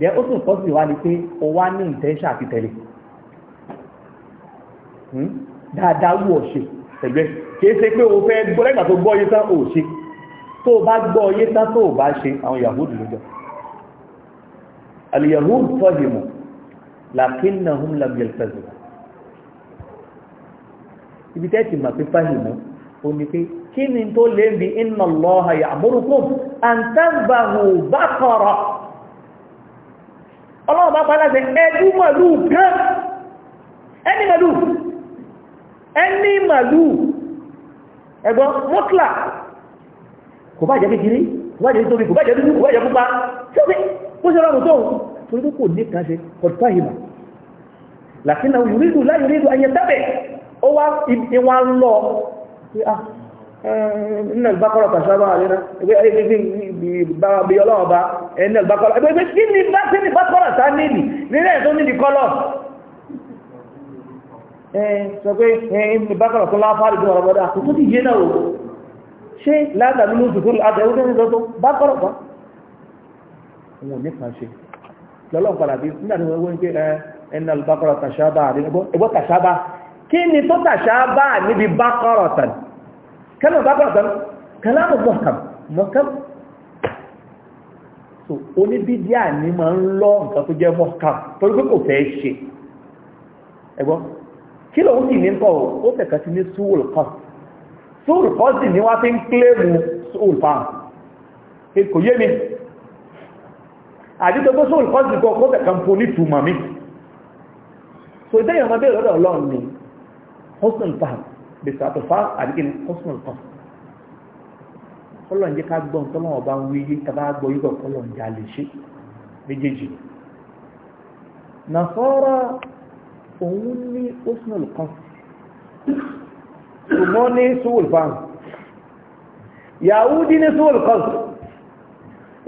yẹ husnul qasd wá ni pé o wá ní intention àti tẹ̀lé dáadáa wù ọ́ ṣe pẹ̀lú ẹ̀ kì í ṣe pé o fẹ́ gbọ́ lẹ́gbàá tó gbọ́ yìí tán o ṣe tó bá gbọ́ oyé tá tó bá ṣe àwọn yahudu lójọ́ aliyahud tọ́jìmọ̀ lakinnahum lam yaltazu ibi tẹ́ ti mọ̀ pé fáhìmọ̀ ó ní pé kí ni tó lè ń bi inna Allaha ya'murukum an tadhbahu baqara ọlọ́run bá pàdà sí ẹdú màlúù kan ẹni màlúù kò bá jẹ́ kékeré kò bá jẹ́ tóbi kò bá jẹ́ dúdú kò bá jẹ́ pupa tóbi ó ṣe rọrùn tóun torí pé kò ní kan ṣe kọ̀tà ìmọ̀ làkínà yòrídù láì yòrídù ayẹ tẹ́bẹ̀ ó wá ìwà ń lọ pé ah nínú ìbákọ́rọ̀ pàṣẹ́bà àríná ẹgbẹ́ ẹgbẹ́ bí ọlọ́run bá ẹnú ìbákọ́rọ̀ ẹgbẹ́ kí ni bá sí ní ìbákọ́rọ̀ tá nílì nílẹ̀ tó nílì kọ́lọ̀ ẹ eh, sọ pé ìbákọ́rọ̀ eh, tó láfáàrí bí ọ̀rọ̀ bọ́dá àkókò tí yé náà ṣé ládàá ló dùkúrú àtẹ̀wé tó ń sọ tó bá kọ́rọ̀ kan wọn ò ní kàn ṣe lọ́lọ́run padà bí nígbà tí wọ́n wọ́n ń pé ẹnà bákọ́rọ̀ tàṣábà àti ẹgbọ́ tàṣábà kí ni tó tàṣábà níbi bákọ́rọ̀ tàn kẹ́lọ̀ bákọ́rọ̀ tàn kẹ́lámù mọ̀kàm mọ̀kàm so oníbídíà ní ń lọ nǹkan tó jẹ́ mọ̀kàm torí pé kò fẹ́ ṣe ẹgbọ́ kí lóun sì ní kọ́ ó fẹ̀kà sí ní súwòl kọ́sì sóòlù pọ́sì ní wá fi ń kílèmù sóòlù pàm kò yé mi àdítọ́gbó sóòlù pọ́sì kọ́ kó kẹ̀kẹ́ ń fún ìtumọ̀ mi so ìdẹ́yìn ọmọdé lọ́dọ̀ ọlọ́run ni hosnul pàm bèsè àtọ̀fà àdíkìní hosnul pàm kọ́lọ̀ ń jẹ́ ká gbọ́ nàfọ́rọ̀ òun ní hosnul pàm ṣùgbọ́n ní sùúrù fáwọn Yahudi ní sùúrù kọ́sù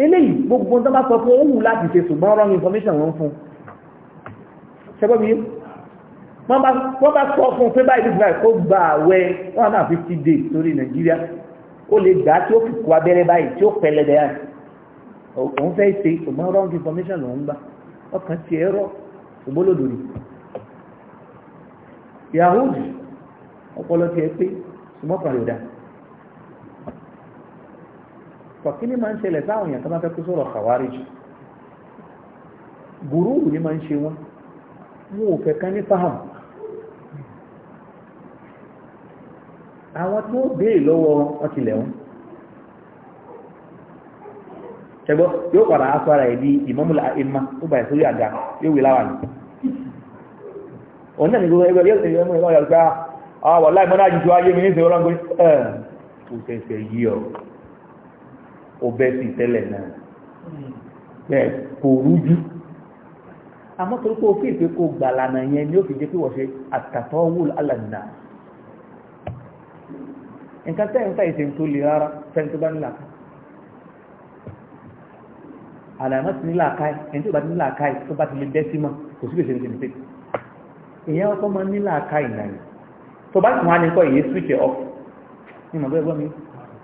eléyìí gbogbo tó bá sọ fún òun láti ṣe ṣùgbọ́n wrong information wọ́n fún ṣẹgbọ́n mi wọ́n bá sọ fún pé báyìí nígbà kó gba àwẹ̀ one hundred and fifty days sórí Nàìjíríà ó lè gbà tí ó fi kó abẹ́rẹ́ báyìí tí ó pẹlẹ dẹ́yà òun fẹ́ ṣe ṣùgbọ́n wrong information lòun gbà ọkàn tiẹ̀ rọ̀ ògbólódò ni Yahudi ọpọlọ tiẹ̀ pé ṣùgbọ́n kan lè dá fọ̀kíní máa ń ṣẹlẹ̀ táwọn èèyàn tó máa fẹ́ kó sọ̀rọ̀ kàwáríjì gùrúùrù ni máa ń ṣe wọn wọn ò fẹ́ kán ní fáhàm àwọn tó béèrè lọ́wọ́ wọn ti lẹ̀ wọn yóò padà aṣọ ara ẹ̀ di ìmọ̀múlà ìmá tó bàyẹ̀ sórí àga yóò wí láwàní òun náà ní gbogbo ẹgbẹ́ yóò tẹ̀lé ọmọ ìlọ́yọ̀ gbá àwọn wà láìmọ́ náà jùjọ ayé mi ní ìṣẹ́ ọlọ́gbé ẹ̀ tó ṣẹ̀ṣẹ̀ yí ọ ó bẹ́ sí tẹ́lẹ̀ náà ẹ̀ kò rújú àmọ́ torí pé òfin ìpè kò gbàlànà yẹn ni ó fi jẹ́ pé wọ́n ṣe àtàtọ́ wò lálànà nǹkan tẹ́ ń fàyè ṣe ń tó le rárá fẹ́ni ọkọ̀ máa nílà káì náà tó bá tún wá ní kọ́ èyí switch off ní mọ̀ bẹ́ẹ̀ gbọ́ mi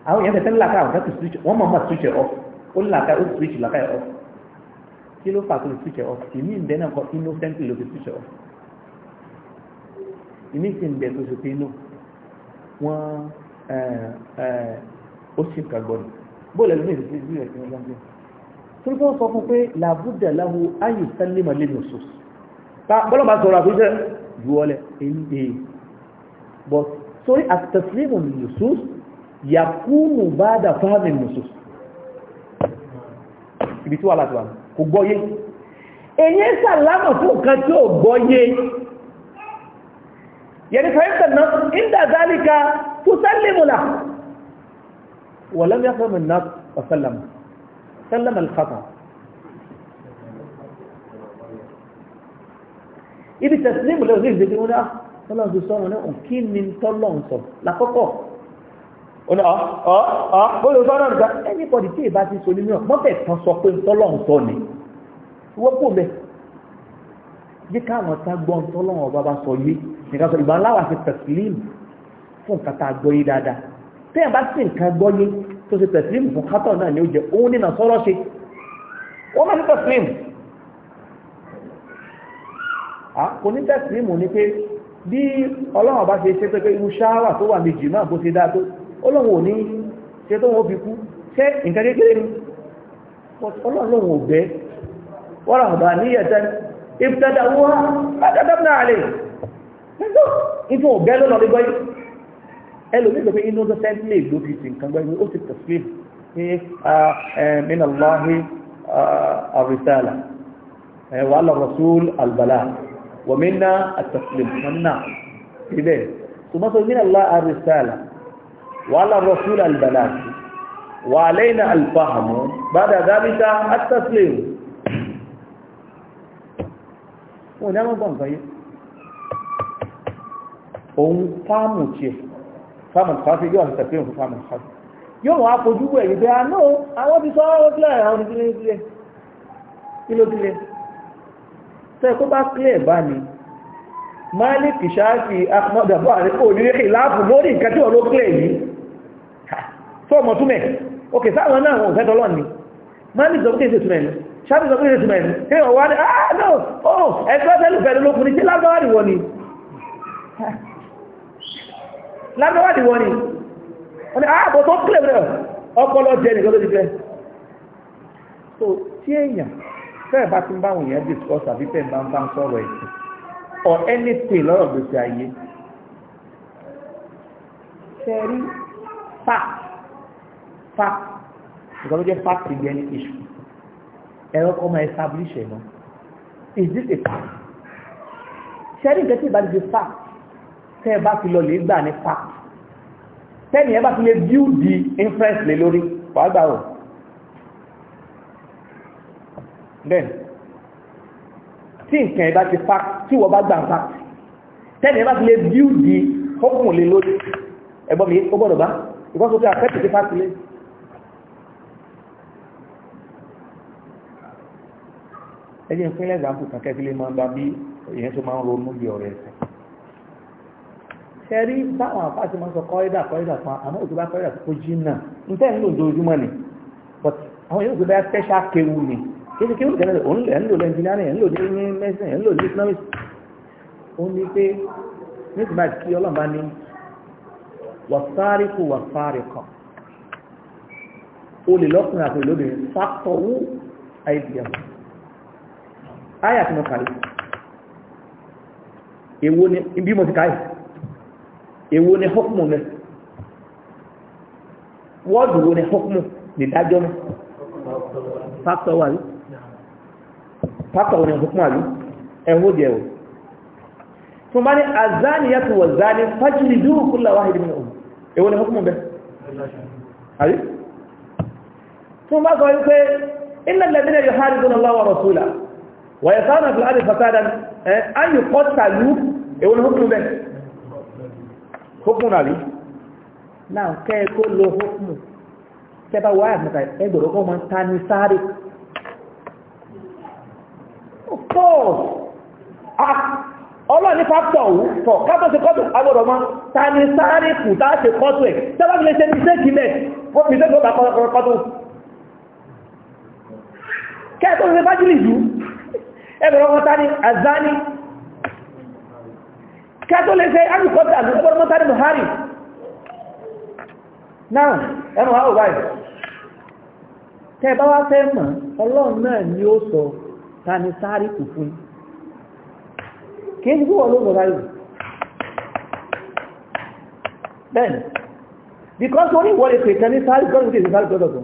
àwọn èèyàn tẹ̀sẹ̀ ńlá káwọn tẹ̀sẹ̀ switch wọ́n mọ̀ mọ̀ switch off ó ńlá ká ó switch lọ́ká ẹ̀ off kí ló fà tó lè switch off ìmí ìbẹ́ náà kọ́ innocent ló fi switch off ìmí ìsìn ìbẹ́ tó ṣe pé inú wọ́n ó sì kà gbọ́dọ̀ bóòlù ẹlòmí ìdíje bí rẹ̀ kìíní lọ́gbìn tó ló sọ fún pé làbúdà láwo ayé sálẹ̀ mọ̀lẹ́ nù sọ̀s bọ́lá bá sọ̀rọ̀ àfojúsẹ́ ju ọlẹ̀ èyí but sorry àtẹ̀sílẹ̀mù nusus yakunu bada fahmi nusus ibi tí wà láti wà kò gbọ́yé èyí sàlámà fún nǹkan tí ó gbọ́yé yẹni fahimta náà inda zalika tusallimula wa lam yafham an-nas wa sallama sallama al ibi taslimu lẹ́wọ̀n tọ́lọ́n ti sọ̀rọ̀ náà kí ni tọ́lọ́n sọ lákọ́kọ́ ọ̀nà ọ̀ ọ̀ bóyá sọ̀rọ̀ nígbà ẹnìkọ̀dì tí ìbá ti sọ nínú ọ̀ mọ́tẹ̀ kan sọ pé tọ́lọ́n sọ ni wọ́pọ̀ bẹ́ẹ̀ yí káwọn tá gbọ́n tọ́lọ́n ọba bá sọ yé nìkan sọ ìgbà láwà ti tẹ̀sílíìmù fún nǹkan tá a gbọ́ yé dáadáa tẹ́yìn bá sì nǹkan gbọ́ yé tó ti tẹ̀sílíìmù fún kátọ̀ náà ni ó jẹ òun nínà sọ̀rọ̀ ṣe wọ́n máa ní tẹ̀sílíìmù kò ní tẹ̀sílíìmù ni pé bí ọlọ́run bá ṣe ṣe pé irú ṣáwà tó wà méjì máa bó ṣe dáa tó ọlọ́run ò ní ṣe tó wọ́n fi kú ṣe nǹkan kékeré ni ọlọ́run ò bẹ́ wọ́n ràn bá ní ẹ̀tẹ́ ìpìtàdà wọ́n adádọ́gbà àlè nítorí ọ̀bẹ́ lọ́nà lé gbọ́yé ẹlòmí pẹ̀lú inú tó sẹ́ńtìlẹ̀ ló fi ti nǹkan gbọ́yé ó ti tẹ̀sílẹ̀ ní minallahi ومنا التسليم منا ibẹ̀ ثم min الله الرسالة، risala الرسول ala وعلينا الفهم، بعد ذلك التسليم. al-fahm ba'da dhalika at-taslim wọn ni a máa gbọ́ nǹkan yìí òun fáàmù tiẹ̀ fáàmù kọ́fí yóò àti tàfihàn fún fáàmù kọ́fí yóò wọ́n apojú wẹ̀ bẹ́ẹ̀ àná ah, àwọn ti sọ ọ́ ọ́ sílẹ̀ àwọn ti sílẹ̀ tẹ́ kó bá clear bá ní máàlìkì ṣáàfì àpọ̀dàbọ̀ àríkò onírèkè láàpù lórí nǹkan tí ọ̀rọ̀ clear yìí fọ́ọ̀mọ̀ túnmẹ̀ òkè sáwọn náà wọn òfẹ́tọ́ lọ́ni máàlìkì sọ pé ìṣètùmẹ̀ ni ṣáàfì sọ pé ìṣètùmẹ̀ ni kí wọ́n wá ní ah no oh ẹgbẹ́ tẹ́lù fẹ́ lókùnrin tí lágbáwádìí wọ́n ni lágbáwádìí wọ́n ni ah, tí èèyàn tẹ́ẹ̀ bá ti ń bá àwọn èèyàn discuss àbí tẹ́ẹ̀ bá ń bá ń sọ̀rọ̀ ẹ̀sìn or anything lọ́rọ̀ gbèsè ayé sẹ́rí fact fact nǹkan ló jẹ́ fact ti gbẹ́ ní issue ẹ̀rọ kọ́ máa establish ẹ̀ náà is this a fact sẹ́rí nǹkan tí ìbáraẹni fact tẹ́ẹ̀ bá ti lọ lè gbà ní fact tẹ́ẹ̀ ní ẹ bá ti lè build the inference lé lórí wàá gbà wọ̀. then tí nǹkan ẹ̀bá ti fact tí wọ́n bá gbà fact tẹ́lẹ̀ ẹ̀bá ti lè bíú di ọkùn lè lórí ẹgbọ́n mi ó gbọ́dọ̀ bá ìgbọ́sọ pé àfẹ́ tètè fact lé ẹjẹ́ ìpínlẹ̀ ìgbàkù kàkẹ́ fi lè máa gba bí èyàn tó máa ń ronú bí ọ̀rẹ́ ẹ̀sẹ̀ ṣe rí báwọn àpá ti máa ń sọ kọ́rídà kọ́rídà kan àmọ́ òtún bá kọ́rídà tó kó jí náà ń tẹ́ ń lò ojoojúmọ́ ni but àwọn yóò tó bá special kéwu ni kéde kí ó tẹ̀lé òun lẹ̀ ń lò lẹ́ engineering ń lò ní medicine ń lò ní economics ó ní pé nígbà tí ọlọ́mọba ní wàsáríkù wàsáríkọ̀ olè lọ́kùnrin àti olóbìnrin fàtọ̀wú ibm ayé àti mọ̀kàlì èwo ni bí mo ti káyì èwo ni hókùmù mẹ́ wọ́ọ̀dù wo ni hókùmù lè dájọ́ mẹ́ fàtọ̀wú àbí pápá òní ọ̀sán fún àlú ẹ̀hún jẹ́ o tó bá ní azani yàtọ̀ wà zani fájìlì dúró kúlà wá ìdí mìíràn èwo ni hukumu bẹ àbí tó bá sọ wípé iná lẹ́bínà yóò hárí tó lọ́wọ́ rọ̀súlà wà yẹ sáwọn àfihàn àti fasada ayò kọ́ tàlú èwo ni hukumu bẹ hukumu nàbí náà kẹ́ ẹ kó tẹ́ bá wáyà mẹ́ta ẹgbẹ̀rún kọ́ mọ́ sáré course ah, ọlọ́ni fáktọ̀ ọ̀hún tọ̀ kápọ̀ sí kọ́tù agbọ́dọ̀ mọ́ ta ni sáré kù tá ṣe kọ́tù ẹ̀ tẹ́lá fi lè ṣe mistake ilẹ̀ ó fi ṣe gbọ́gbà kọ́tù azani kẹ́ẹ̀tọ́ lè ta ni sáré kù fún kí wọ́n ló lọ́ra yìí bẹ́ẹ̀ni because only ní wọ́n lè pèkẹ́ ní sáré gọ́dọ̀ tí èsì sáré gọ́dọ̀ tó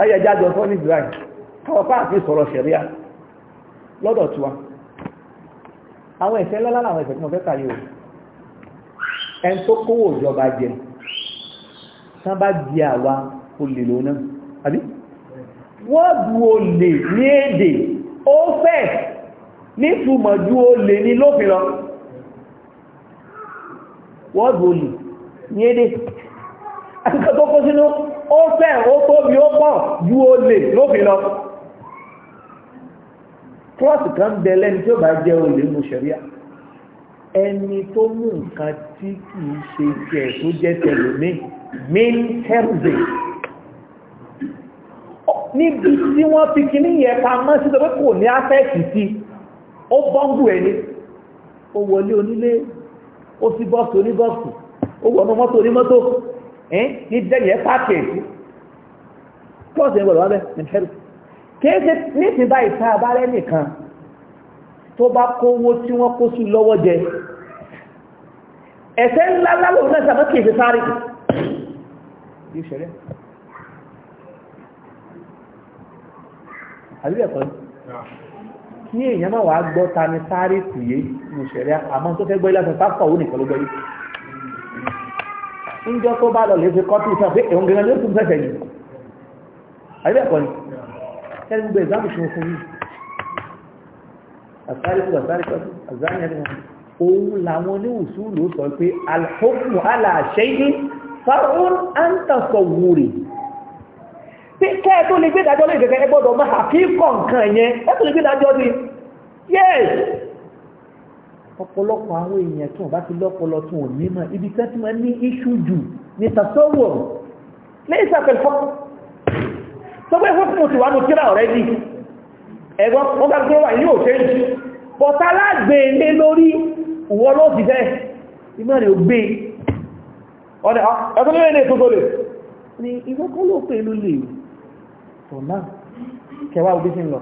ayé jájọ fún ní ìdúráì káwọn páàkì sọ̀rọ̀ ṣẹ̀ríà lọ́dọ̀ tiwa àwọn ẹ̀ṣẹ̀ lọ́lá làwọn ẹ̀ṣẹ̀ tí mo fẹ́ kà o ẹni tó kówó ìjọba jẹ tán di àwa olè lónà wọ́ọ̀dù olè ní èdè ó fẹ́ nítumọ̀ ju olè ní lófin lọ wọ́ọ̀dù olè ní èdè akẹ́kọ̀ọ́ tó kó sínú ó fẹ́ ó tóbi ó pọ̀ ju olè lófin lọ klọ́ọ̀sì kan bẹ lẹ́ni tí ó bá jẹ́ olè nù ṣẹ̀ríà ẹni tó mú nǹkan tí kìí ṣe tiẹ̀ tó jẹ́ tẹ̀lómi mí níbi tí wọ́n fi kí ní yẹ pamọ́ sí tó pé kò ní afẹ́ẹ̀kì sí ó bọ́ǹbù ẹni ó wọlé onílé ó sí bọ́ọ̀sì oníbọ́ọ̀sì ó wọ ọmọ mọ́tò onímọ́tò ní dẹ́yẹ pàkẹ́ẹ̀sì pọ́ọ̀sì ẹgbẹ̀rún wábẹ́ nìfẹ́rù kéèké nísìn báyìí tá a bá rẹ́ nìkan tó bá kówó tí wọ́n kó sí lọ́wọ́ jẹ ẹ̀sẹ̀ ńlá lálòó náà sàmọ́kì ìfẹ́sárì àbí ẹ̀kọ́ ní èèyàn máa wàá gbọ́ ta ni sáré tìyé mo ṣẹ̀rẹ̀ àmọ́ tó fẹ́ gbọ́ ilé ọ̀sán pásítọ̀ òun nìkan ló gbọ́ yìí ń jọ tó bá lọ lè fi kọ́tù sọ pé òun gẹ́gẹ́ ló tún fẹ́fẹ́ yìí àbí ẹ̀kọ́ ni kẹ́lí gbogbo ìzáàmù tí fún yìí àsáré tó àsáré kọ́tù àzáàmì ẹ̀dùn òun làwọn oníwùsù ló sọ pé alhókùn aláṣẹ́yìn fáwọn àǹtàfọ̀wùrì pé kẹ́ tó lè gbédájọ́ lè gẹ̀gẹ́ ẹgbọ́dọ̀ máa àkíkọ̀ nǹkan ẹ̀yẹn ẹ tó lè gbédájọ́ ní yes ọ̀pọ̀lọpọ̀ àwọn èèyàn tí wọ́n bá ti lọ́pọlọ tí wọ́n ní mọ̀ ibi tí wọ́n ti máa ní iṣu jù ní tasọ́wọ̀ lẹ́yìn sàpẹ̀lú fọ́ sọgbẹ́ fún mo ti wà ní kíra ọ̀rẹ́ ní ẹgbọ́n wọ́n bá gbé wà ní òṣèlú bọ̀tá lágbè lé lórí ìwọ ló ti fẹ́ ìmọ̀ rẹ̀ ló lè for now kẹwàá òbí sí ń lọ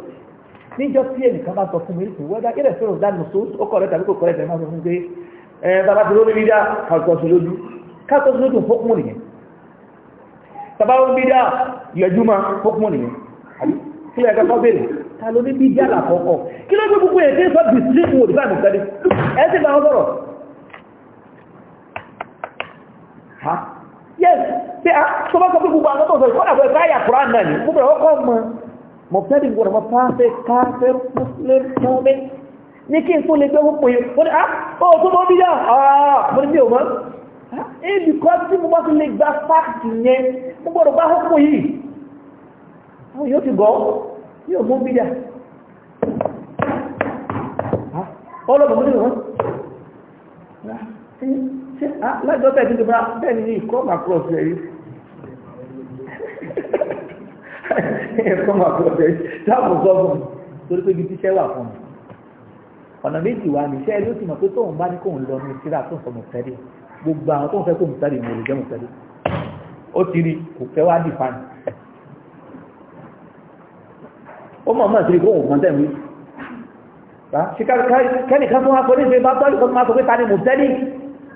níjọ tí ẹnìkan bá sọ fún mi nítorí wẹ́dà ilẹ̀ sọ̀rọ̀ dá nù sóòtú ọkọ̀ rẹ̀ tàbí kò kọ̀ rẹ̀ tẹ̀ máa sọ fún pé ẹ bàbá tó lórí bídà kàtọ́sọ lójú kàtọ́sọ lójú fọ́kùn nìyẹn bàbá lórí bídà yọjú máa fọ́kùn nìyẹn kí lóye kọ́kọ́ béèrè ta ló ní bídà làkọ́kọ́ kí ló gbé gbogbo ẹ̀ tẹ́ sọ bìsí fún òdìbà nìkan ẹ yes pé a tó bá sọ pé gbogbo àwọn tó sọ ìkọ́nà fẹ́ káyà quran náà ni gbogbo ọkọ̀ mọ mọ̀ fẹ́ ní gbogbo ọmọ fáfẹ́ káfẹ́ muslim mọ́mí ní kí n tó lè gbé púpọ̀ yìí wọ́n ni a ó tó mọ́ bí yá mo ní mi ò mọ́ ebi kọ́ tí mo bá tún lè gba fáàkì yẹn mo gbọ́dọ̀ bá púpọ̀ yìí àwọn yóò ti gọ́ yóò mú bí yá ọlọ́gbọ̀n mo ní mi wọ́n ṣe ah, lájọ́ tẹ̀ tí ìjọba bẹ́ẹ̀ ni come across rẹ̀ yìí come (laughs) across rẹ̀ yìí táàbù sọ fún mi torí pé ibi tíṣẹ́ wà fún mi ọ̀nà méjì wà ní iṣẹ́ ló ti mọ̀ pé tóun bá ní kóun lọ ní ìṣirà tó ń sọ mọ̀tẹ́rì gbogbo àwọn tó ń fẹ́ kóun sáré ìmọ̀ olùjẹ́ mọ̀tẹ́rì ó ti rí kò fẹ́ wá dìfà ní ó mọ̀ mọ̀ sí kóun mọ̀ tẹ̀wé ṣe kẹ́nìkan tó wá sọ ní ìṣe bá tọ́lù kan tó máa sọ pé ta ni mọ̀tẹ́rì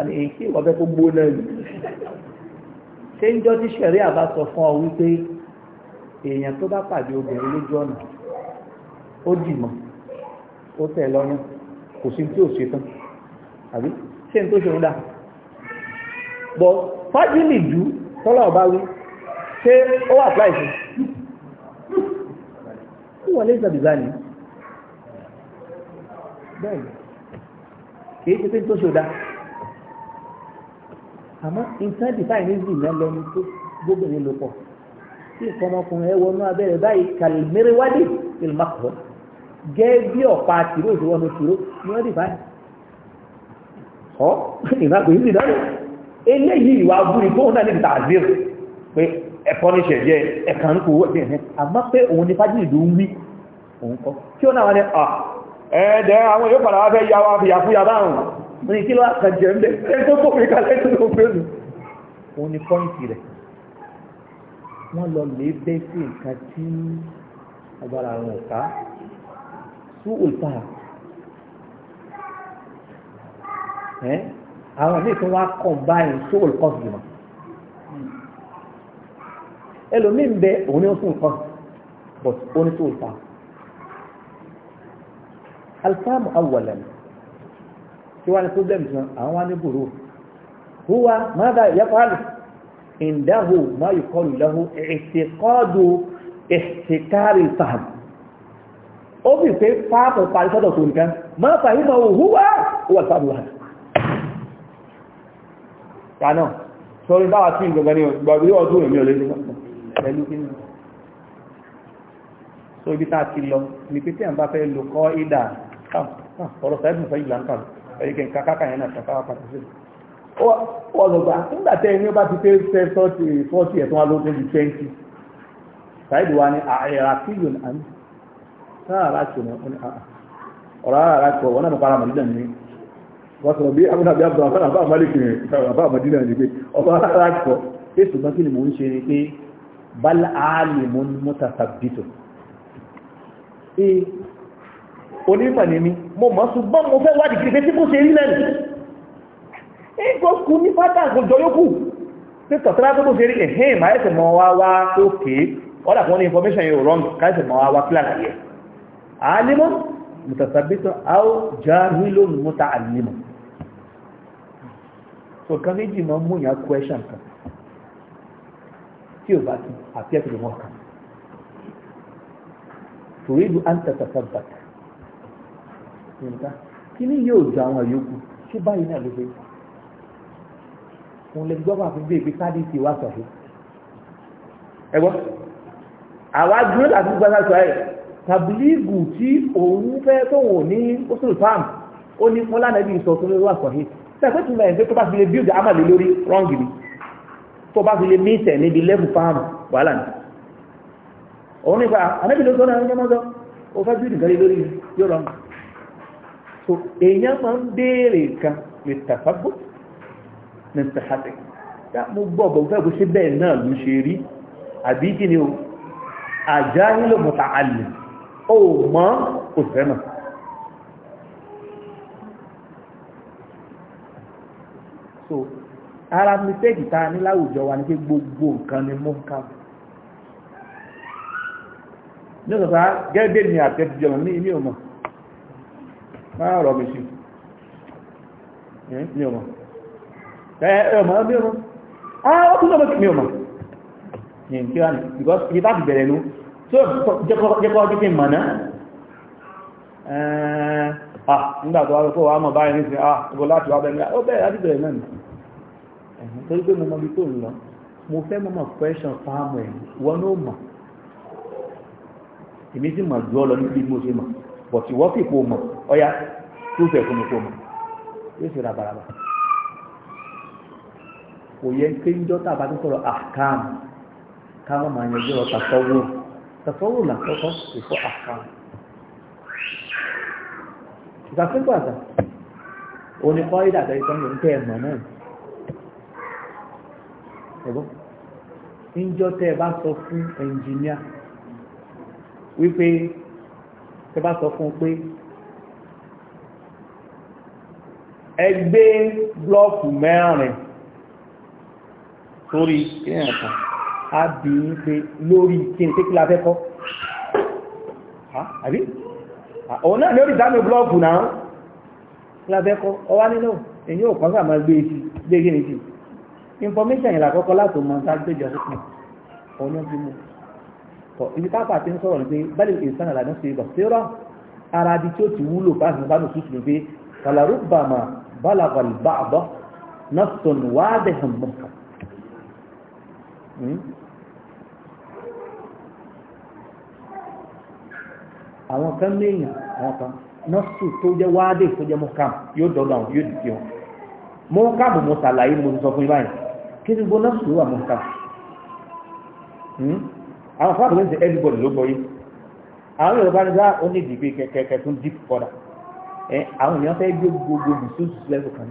àti èyí tí ìwọ́n fẹ́ kó gbóná ni ṣé ń jọ tí ṣẹ̀rí àbá sọ fún ọ wípé èèyàn tó bá pàdé obìnrin lójú ọ̀nà ó dìmọ̀ ó tẹ̀ lọ́nà kò sí tí ò ṣe tán àbí ṣé n tó ṣe ń dà bọ̀ fájìlì jù tọ́lá ọba wí ṣé ó wà apply sí ó wọlé ìsàbìbá ni bẹ́ẹ̀ kì ṣe pé n tó ṣe ò àmọ́ nǹkan dìfáì ní zìnà lẹni tó gbóbìnrin ló pọ̀ tí nǹkan ọmọkùnrin ẹ wọnú abẹ́rẹ́ báyìí kàlmẹ́rẹ́wádì ìlmàkọ̀ gẹ́gẹ́ bí ọ̀pá tìró ìṣòwọ́nù tìró ni wọ́n dìfáì ọ́ ìnáko yìí zìnà lọ eléyìí ìwà abúlé tó ń dà níbi tààzír pé ẹ̀kọ́ ní ṣẹ̀jẹ̀ ẹ̀kan ń kó owó ẹ̀kẹ́ àmọ́ pé òun ni fájìlì ń wí òun kọ́ kí ó náà wọ́n ní ẹ̀ẹ́dẹ̀ àwọn yóò padà wá fẹ́ yá wá fìyà báwọn ní kí ló àkàjẹ́ ń bẹ̀ ẹ tó kò fi kalẹ̀ tó ló fẹ́ lù òun ni pọ́ǹtì rẹ̀ wọ́n lọ lè bẹ́ sí nǹkan tí agbára àwọn ọ̀tá tú òlùpà ẹ́ àwọn míì tó wá kọ̀ báyìí tó òlùpà sí mọ́ ẹlòmíì ń bẹ òun ni ó tún nǹkan but ó ní tó òlùpà alfaamu awwalan kí wá ní problem tí wọn àwọn wá ní bùrú huwa mada yafalu indahu ma yuqalu lahu i'tiqadu ihtikari fahm ó bì pé fáàmù parí sọ́dọ̀ tó nìkan má fàhímà huwa huwa fáàmù wà kànà sọ́rí báwa tí ìgbẹ̀gbẹ̀ ní gbàgbé ọdún èmi olè pẹ̀lú kí ní so ibi tá ti lọ ní pé tí à ń bá fẹ́ lò kọ́ ìdà ọ̀rọ̀ sáyẹ́dùn fẹ́ ìlànkà lọ ẹ̀yìn kàkàkà yẹn náà kàkàkà pàtó sí ọlọ́gbà nígbà tẹ́ ẹni bá ti pé ṣe sọ́ọ̀tì fọ́ọ̀tì ẹ̀tún alógún ju twenty ṣáìdì wa ni àìrà kílò àmì sáà láti ọ̀rọ̀ ara kọ̀ wọn náà mọ̀ para màdínà ní wọ́n sọ̀rọ̀ bí abúlé àbí abúlé àbúlé àbá àmàlìkì rẹ̀ àbá àmàdínà ní pé ọ̀rọ̀ ara kọ̀ èso gan kí ni mò ń ṣe ni pé bal onímọ̀ ni mi mo mọ̀ ṣùgbọ́n mo fẹ́ wádìí kiri pé tí kò ṣe rí lẹ́nu ẹgbọ́n kú ní pátá àgbòjọ yókù pé tọ̀tọ́lá tó kò ṣe rí ẹ̀hìn máa ẹ̀sẹ̀ mọ́ wá wá ókè ọ̀dà fún ní information yóò wrong káìsẹ̀ mọ́ wá wá plan yẹ àálímọ́ mùtàtàbítọ̀ áó já nílò múta àlímọ̀ so kan méjì máa mú yàn question kan tí ò bá ti àti ẹ̀kọ́ mọ́ kan tòrídù àǹtàtàtàbàtà nǹkan kí ni yóò ju àwọn yòókù ṣé báyìí náà ló ṣe òun lè gbọ́ bá fi gbé ìgbé káàdì tí wàá sọ̀rọ̀ ẹ gbọ́ àwa dúró láti gbọ́ láti sọ̀rọ̀ ẹ̀ tàbílíìgù tí òun fẹ́ tóun ò ní ó sọ̀rọ̀ fáàmù ó ní mọ́lá nàbí ìsọ̀ tó ló wà sọ̀rọ̀ yìí sẹ́kọ̀ tún bẹ̀rẹ̀ pé tó bá fi lè bíúdì àmàlè lórí rọ́ǹgì ni tó bá fi lè mítẹ̀ níbi lẹ́bù fáàmù wàhálà ni òun nípa anábìlẹ̀ tó náà ń jẹ́ mọ́tọ́ ó fẹ́ bíúdì gẹ́lẹ́ lórí yóò rọ́ǹgì so èèyàn máa ń béèrè nǹkan lè tàfàgbọ́ ní tàfàgbọ́ mo gbọ́ bọ̀ gbẹ́gbẹ́ ṣe bẹ́ẹ̀ náà ló ṣe rí àbí kí ni o àjáhílò mọ̀ta alì o mọ́ òṣèrè náà so ara mistake ta ní láwùjọ wa ní pé gbogbo nǹkan ni mú ká ní ọ̀sán gẹ́gẹ́ ní àtẹ́jọ́ ní ilé ọmọ máa ah, rọ̀ mi sí mi ọmọ ẹ ọmọ bí ah ó tún lọ́mọ mi ọmọ ní kí wá ní because ibi bá ti bẹ̀rẹ̀ nú tó jẹ́kọ́ ọdún tí mọ̀ náà ah nígbà tó wá lọ́kọ́ wà mọ̀ báyìí ah ìbò láti wá bẹ̀rẹ̀ ah, ó bẹ̀rẹ̀ láti bẹ̀rẹ̀ náà ni torí pé mo fẹ́ mọ̀ mọ̀ question fáàmù ẹ̀ wọn ó mọ̀ èmi sì mọ̀ jù ọ lọ níbi mo ṣe mọ̀ bọ̀tí wọ́n sì mọ̀ ọ̀yá tí ó fẹ́ fún mi kó mọ̀ yóò ṣe rabaraba kò yẹ pé níjọ́ tá a bá ti sọ̀rọ̀ àkàm ah, káwọn máa yanjú ọ tàfọwọ́ tàfọwọ́ làkọ́kọ́ ìfọ́ àkàm ìfàsígbọ̀ àgbà òní kọ́ ìdàgbẹ́ ìtọ́jú ń tẹ́ ẹ̀mọ̀ náà ẹ̀gbọ́n níjọ́ tẹ́ ẹ bá sọ fún ẹnjìníà wípé tẹ́ bá sọ fún pé ẹgbẹ́ blọ́ọ̀kù mẹ́rin sórí ìrìn àkàn á bí i pé lórí kí n tẹ́kí láfẹ́ kọ́ àbí òun náà lórí ìdámi blọ́ọ̀kù náà láfẹ́ kọ́ ọwá nínú èyí ò kọ́ sàmọ́ gbé sí gbé gíní sí information ìlà kọ́kọ́ látò mọ́ tá gbéjọ fún òun náà bí mú tọ́ ibi káàpà ti ń sọ̀rọ̀ ní pé bẹ́ẹ̀ lè sàn àlànà sí ibà sí rọ́ ara bí tí ó ti wúlò bá àgbà bá nù tútù ní pé kàlàrúbàmà بلغ البعض نص واضح محكم hmm? àwọn kan léèyàn àwọn kan nọ́ọ̀sù tó jẹ́ wáádé tó jẹ́ mọ́kàm yóò dọ́dọ̀ àwọn yóò dìde wọn mọ́kàm mo ṣàlàyé mo sọ fún yín kí ni gbogbo nọ́ọ̀sù wà mọ́kàm hmm? àwọn fáwọn tó ń ṣe everybody ló gbọ́ yìí àwọn Yorùbá ní bá ó ní ìdìgbé kẹkẹkẹ tún deep further ẹ àwọn èèyàn fẹ́ gbé gbogbo bùsùsù lẹ́sùn kan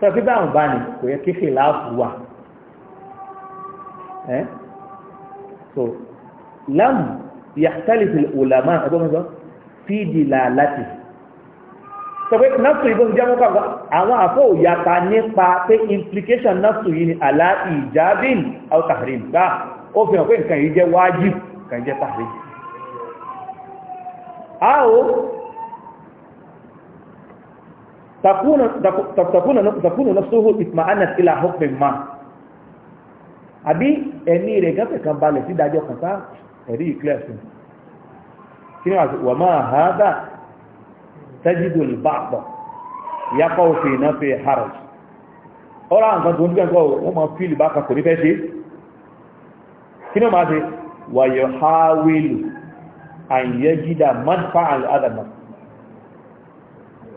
sọ pé báwọn bá ní kò yẹ kéfè láàfù wà ẹ so lámù yàtàlìfì òlàmà ẹgbẹ́ mi sọ fídì làlátì sọ pé nọ́ọ̀sù yìí bó ti jẹ́ mọ́ pàgọ́ àwọn àfọ òyàpá nípa pé implication nọ́ọ̀sù yìí ni àlá ìjábìn aw tahrim gbà ó fi hàn pé nǹkan yìí jẹ́ wájib kan jẹ́ tahrim takunu nafsuhu itma'anat ila hukmin ma àbí ẹ̀mí rẹ̀ gẹ́fẹ̀ kan balẹ̀ sí ìdájọ́ kan sáà ẹ̀rí ìkílẹ̀ fún kí ni wà máa ha dá tẹ́jìdò lè bá pọ̀ ìyápa fi haraj ọ́rọ̀ àǹkan tó ń gbẹ̀ kọ́ wọ́n máa fíìlì bá kan kò ní fẹ́ ṣe Kini ni wọ́n máa ṣe wàyọ̀ háwìlì àyẹ́jìdà al adam.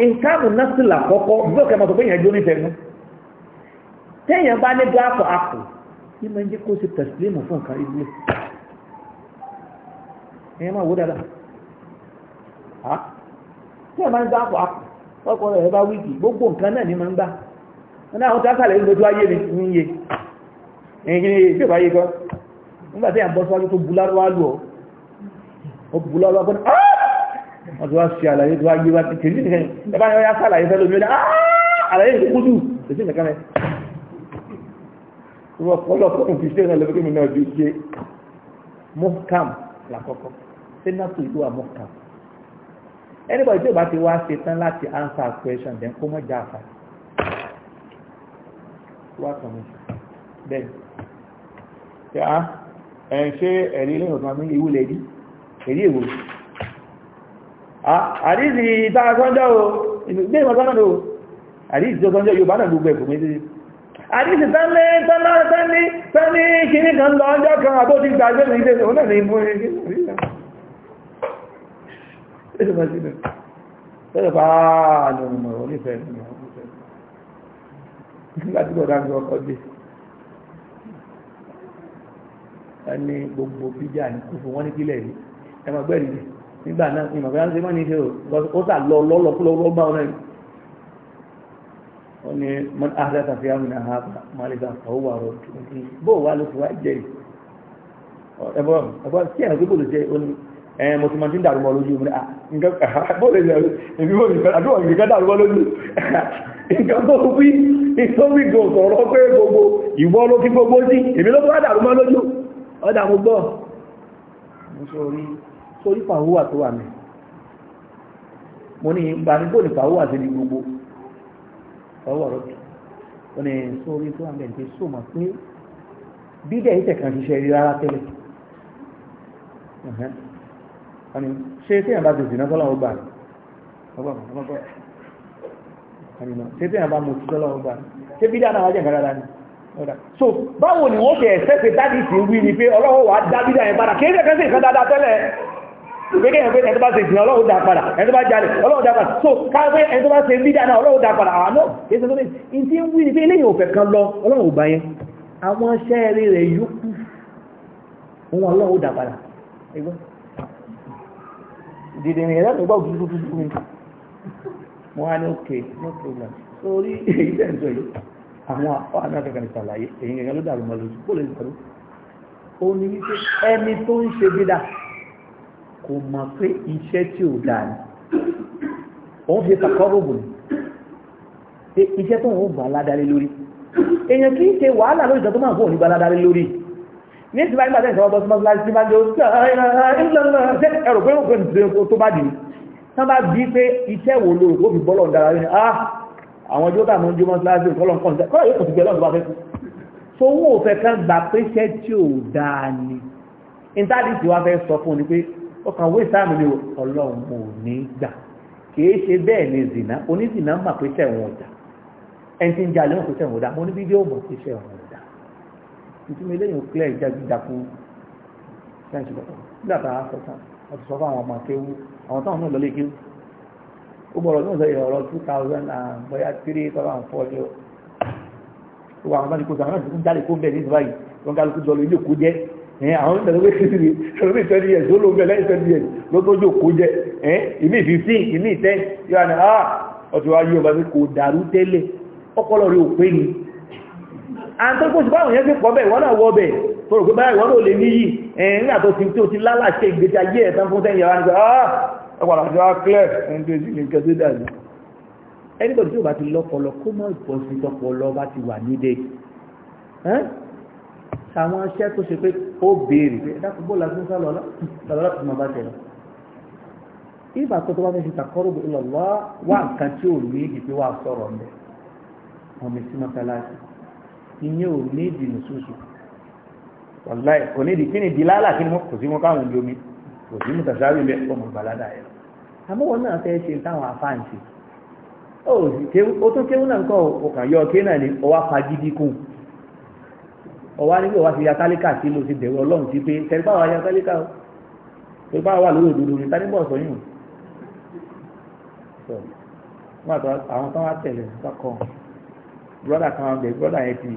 ìkàmù nọ́ọ̀sì làkọ́kọ́ bí òkè máa sọ pé èèyàn jó nífẹ̀ẹ́ nú téèyàn bá ní gíláàsì àpò kí máa ń jẹ́ kó ṣe tẹ̀sílímù fún nǹkan ilé èèyàn máa wó dáadáa á téèyàn bá ní gíláàsì àpò ọkọ̀ rẹ̀ bá wíìkì gbogbo nǹkan náà ni máa ń gbà wọn náà wọn ti ákàlẹ̀ ìlú tó ayé ní iye ẹ̀yìn ìgbé ìbáyé kan nígbà tí à ń bọ́ síwájú tó bu lárúwá lù ọ́ ó bu lárúwá wọ́n ti wá ṣe àlàyé tó wá yé wá kìí sí nìkan ẹ bá ní wọ́n yá sàlàyé fẹ́ lómi ó ní ah, àlàyé ìlú kúdù kìí sí nìkan rẹ̀ wọ́n fọlọ́ fọ́ọ̀mù kìí sí ẹ̀rọ lọ́wọ́ kí mi náà fi ṣe mọ́kàm làkọ́kọ́ sẹ́nàtò ìlú wa mọ́kàm anybody tí o bá ti wá ṣe tán láti answer question then kó mọ́ já àfà wá kàn mí bẹ́ẹ̀ ṣe ah, ẹ̀rí lẹ́yìn ọ̀tún àmì ìwúlẹ̀ rí èrí èwo Ah, àdíìsì ìtàkọ́jọ́ o gbé ìmọ̀sánàdò àdíìsì tó sọ́jọ́ yóò bá náà gbogbo ẹ̀kùn méjì àdíìsì tẹ́lẹ̀ tẹ́lẹ̀ tẹ́lẹ̀ kìíní kan lọ ọjọ́ kan àbó ti gbàgbé ní ilé ìwọ̀n náà ní imú ẹni gbogbo bíjà ní kúfù wọ́n ní kílẹ̀ yìí ẹmọ̀gbẹ́rì yìí nígbà náà ni màbí ránṣẹ́ mọ́ni ṣe ó sà lọ lọ́lọ́kúlọ́wọ́ ọ̀rẹ́ wọn ni mọ́n áhàdá tàfi àmìnà ha màlìkà fàwọ́wà rọ̀ bó wà ló fi wá jẹ́ ẹ̀bọ́ tí ẹ̀ mo ti gbọ́ mo sọ sórí fàwọ́wà tó wà mẹ́ mo ní ìgbà nígbò ní fàwọ́wà sí ní gbogbo fàwọ́wà rọ́bì ó ní sórí tó wà mẹ́ ní sọ mọ̀ pé bí dẹ̀ ìtẹ̀ kan ṣiṣẹ́ rí rárá tẹ́lẹ̀ ṣé tí yàn bá ti sìnà sọ́lọ́wọ́ gbà ṣé tí yàn bá mo ti sọ́lọ́wọ́ gbà ṣé bí dáná wájẹ̀ nǹkan dáadáa ni so báwo ni wọ́n ṣe ẹ̀sẹ̀ pé dádì ti wí ni pé ọlọ́wọ́ wàá dá bí dáa yẹn padà kí é ìgbéga ẹ̀yàn pé ẹni tó bá ṣe ìsìn ọlọ́run dá padà ẹni tó bá jalè ọlọ́run dá so káwé ẹni tó bá ṣe bídà náà ọlọ́run dá padà àwọn náà èsì tó ní ìdí ń wí ni pé eléyìí ò fẹ́ kan lọ ọlọ́run ò bá yẹn àwọn iṣẹ́ rí rẹ̀ yókù òun ọlọ́run dá padà ẹgbẹ́ dìde ní no problem sórí èyí tẹ̀ ń sọ yìí àwọn àwọn akẹ́kọ̀ọ́ ìṣàlàyé èyí gẹ́gẹ́ ló dàrú mọ́ lójú kó lè dàrú ó ní wípé ẹni tó ń ṣe bídà kò mọ̀ pé iṣẹ́ tí ò dáa ni òun fi kàkọ́rọ̀bù ni pé iṣẹ́ tó ń gbà ládàrí lórí èèyàn kì í ṣe wàhálà lórí ìjọba máa ń fò ní gbà ládàrí lórí ní ti bá nígbà tẹ́sí ọmọ bọ́sí mọ́sí láti máa ń jẹ́ ẹ̀rọ pé ó kò tó bá dì ní tán bá bí pé iṣẹ́ wo lórí kó fi bọ́lọ̀ dára rí ah àwọn ọjọ́ tàbí ojú mọ́sí láti rí kọ́lọ̀ nǹkan kọ́lọ̀ yóò kò sí gbẹ́lọ́ tó bá fẹ́ kú so owó òfẹ́ kan gbà pé iṣẹ́ tí ò dáa ni ọkàn wé sáàmì ni ọlọ́run ò ní gbà kìí ṣe bẹ́ẹ̀ ni zìnà onízìnà mà pé tẹ̀wọ̀n ọ̀dà ẹni tí ń jalè wọn kò tẹ̀wọ̀n ọ̀dà mo ní fídíò mọ̀ pé tẹ̀wọ̀n ọ̀dà ìtumọ̀ eléyìí ò clear ìjàgbìjà fún fẹ́ǹsì lọ́wọ́ nígbà tá a sọ tán a ti sọ fún àwọn ọmọ akéwú àwọn táwọn náà lọ lé kéwú ó gbọ́dọ̀ tó ń sọ ìrọ̀rọ̀ two thousand and bóyá three thousand four ẹ̀yìn àwọn ìtẹ̀lẹ́wé sísìrì ìtẹ̀lẹ́wé ìtẹ̀lẹ́ yẹn tó ló ń bẹ lẹ́yìn ìtẹ̀lẹ́ yẹn ló tó jò kó jẹ ẹ̀yìn ìmí fifteen ìmí ten yóò wá ní ah ọ̀tún wá yóò bá mi kò dàrú tẹ́lẹ̀ ọpọlọ rẹ ò pé ni. àǹtẹ́kùsù báwọn yẹn ti pọ̀ bẹ́ẹ̀ wọ́n náà wọ bẹ́ẹ̀ tó rò pé báyìí wọ́n náà lè níyì ẹ̀yìn nígbà tó ti tó ti lálàṣẹ ìgbésí ayé ẹ̀ tán fún sẹ́yìn yàrá nígbà ah ọ̀pọ̀lọpọ̀ ti wá clear ẹni tó ti ní nǹkan tó dàrú ẹnìkan tí ó bá ti lọ́pọlọ ti wà nídẹ̀ẹ́ àwọn iṣẹ́ tó ṣe pé ó béèrè pé dákun bó lásán sálọ lọ́lá tó máa bá jẹ lọ. ìgbà tó tó bá fẹ́ ṣe tàkọ́rọ̀ bó lọ wá wá nǹkan tí ò ní ìdí pé wà sọ̀rọ̀ ń bẹ̀ wọ́n mi sí mọ́sálásí ìyẹn ò ní ìdí nùsùsù wàláì kò ní ìdí kí ni ìdí lálà kí ni wọ́n kò sí wọn káwọn ìdí omi kò sí mú tàṣà rí bẹ́ẹ̀ ọmọ ìgbàládà yẹn àmọ́ náà fẹ́ ṣe táwọn afáǹsì ó tún kéwú náà nǹkan ò kàn yọ kéwú náà ni ọwọ́ afagídí kùn ọwá nígbà ọwa sí ya talika si ti si ọlọ́run sí pé tẹ̀lé báwa yatálíkà o tẹ̀lé lórí òdodo ní tani bọ́ọ̀ sọ́yìn o wọ́n àtọ́ àwọn kan wá tẹ̀lé wọ́n brọ́dà kan bẹ̀ brọ́dà yẹn ti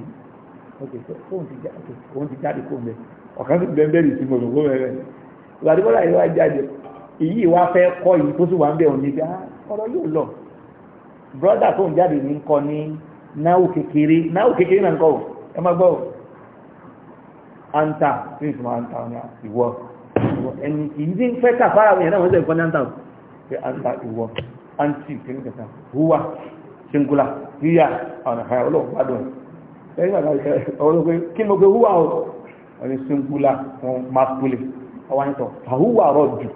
òun ti jáde kó mbẹ ọ̀kan dị bẹ́ẹ̀ bẹ́ẹ̀ sí mo lò ìwà tí brọ́dà wá jáde èyí fẹ́ lọ anta ní ìtumọ̀ anta ní ìwọ ẹni kìí tí ń fẹ́ kàfàrà wọn yẹ̀dá wọn sẹ́ ìkọ́ni anta pé anta ìwọ anti kìí kẹta huwa singular hiya ọ̀nà ha ọlọ́wọ́ ni mo pe huwa o ẹni singular fún masculine ọwọ́ ẹni tọ̀ huwa rọ̀ jù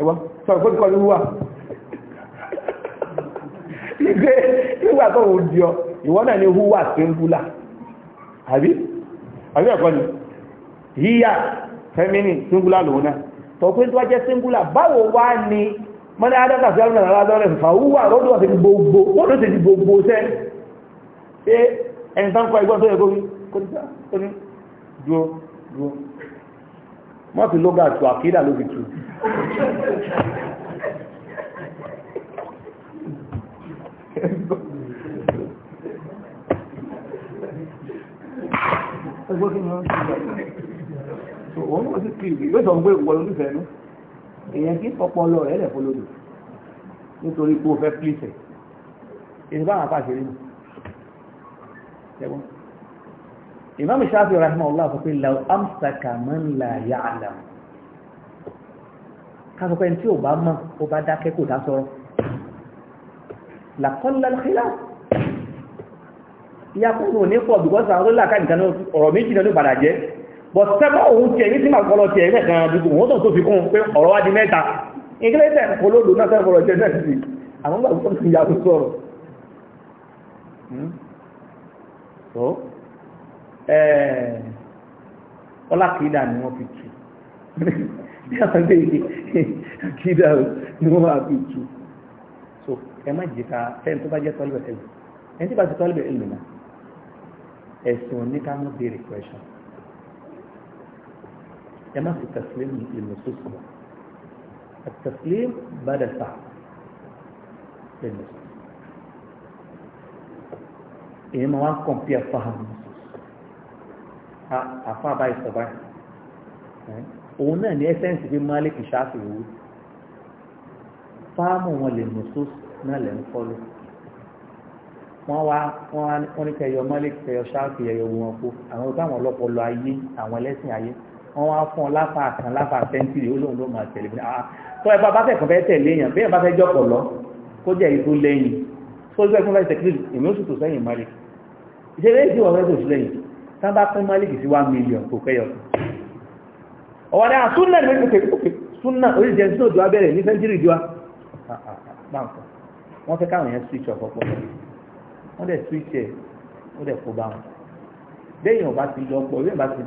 ẹgbọ́n sọ ìfọ́jú kọ́ ni huwa ìgbé ìwà tó wù ú ọ ìwọ náà ni huwa singular àbí àbí ẹ̀kọ́ ni yíyà fẹ́mínì síngúlà lòun náà tọ́pín tó jẹ́ síngúlà báwo wá ní mọ́ní adágbàsí alùnà aládọ́rẹ̀ fàúwà rọ́dọ̀ sí gbogbo rọ́dọ̀ sí gbogbo sẹ́ pé ẹni tán kọ ẹgbọ́n tó yẹ gómi kó ní dúó dúó mọ́ fi lóga àtù àkídà ló fi ẹgbẹ́ kí ni wọ́n ń ṣe ìgbà tó wọ́n mọ̀ sí kiri yóò sọ pé ìwọ lórí fẹ́ẹ́ nú èèyàn kí ọpọlọ rẹ̀ lẹ̀ fọlọ́dọ̀ nítorí pé o fẹ́ pílíṣẹ̀ èyí bá àpá ṣe rí mi ìmáàmù Ṣáfi'í rahimahullah sọ pé law amsaka man la ya'lam káfọ́ pé tí ò bá mọ̀ ó bá dákẹ́ dá sọ̀rọ̀ làkọ́ńlá lọ́kìlá ìyàkùnrin ò ní pọ̀ bìkọ́sì àwọn tó làkà nìkan ọ̀rọ̀ méjì náà ló padà jẹ́ bọ̀ sẹ́kọ̀ òun tiẹ̀ ní tí màá kọ́ lọ tiẹ̀ ilẹ̀ kan dùkú wọ́n tó tó fi kún pé ọ̀rọ̀ wá di mẹ́ta ìgbésẹ̀ olóòdó náà sẹ́kọ̀ lọ tiẹ̀ náà sì àwọn gbà tó ti yà tó sọ̀rọ̀ eh, ọlákìídà ni wọ́n fi tù bí àwọn déyìí kìídà ni wọ́n fi ẹni tó bá jẹ́ tọ́lẹ̀ ẹ̀lú ẹni tí bá ti tọ́lẹ̀ ẹ̀lú náà ẹ̀sìn òní ká mú béèrè question ẹ má fi taslim ìlú sùsùn التسليم بعد الساعة للنصوص èyí máa wá kọ̀m̀pìà fáhàmù àfa báyìí sọ báyìí òun náà ní ẹ́sẹ̀ǹsì bí Malik ṣáàfì wò fáàmù wọn lè nùsùs náà lè ń fọ́lọ́ wọ́n wá wọ́n ní kẹyọ mọ́lẹ̀ kẹyọ ṣáàfì ẹ̀yọ wọn kó àwọn táwọn ọlọ́pọlọ ayé àwọn ẹlẹ́sìn ayé wọ́n wá fún ọ láfa kan láfa sẹ́ńtìrì ó lóun ló máa tẹ̀lé bí náà tọ́ ẹ bá bá fẹ̀kùn fẹ́ tẹ̀lé yàn bẹ́ẹ̀ bá fẹ́ jọ̀pọ̀ lọ kó jẹ́ èyí tó lẹ́yìn tó jẹ́ fún fẹ́ẹ́ tẹ̀lé èmi ó sì tò sẹ́yìn mọ́lẹ̀ ìṣẹ̀lẹ̀ èyí wọ́n fẹ́ tò sílẹ̀yìn tán bá pín mọ́lẹ̀ sí one million kò kẹyọ ọ̀wọ́ ni àsúnà ah, ní súnà oríṣiríṣi tó dùn abẹ́rẹ́ ní sẹ́ńtìrì dùn wa wọ́n fẹ́ káwọn yẹn switch off ọpọlọ wọ́n dẹ̀ switch ẹ̀ wọ́n dẹ̀ kó bá wọn bẹ́ẹ̀ yóò bá ti lọ ọpọlọ yóò bá ti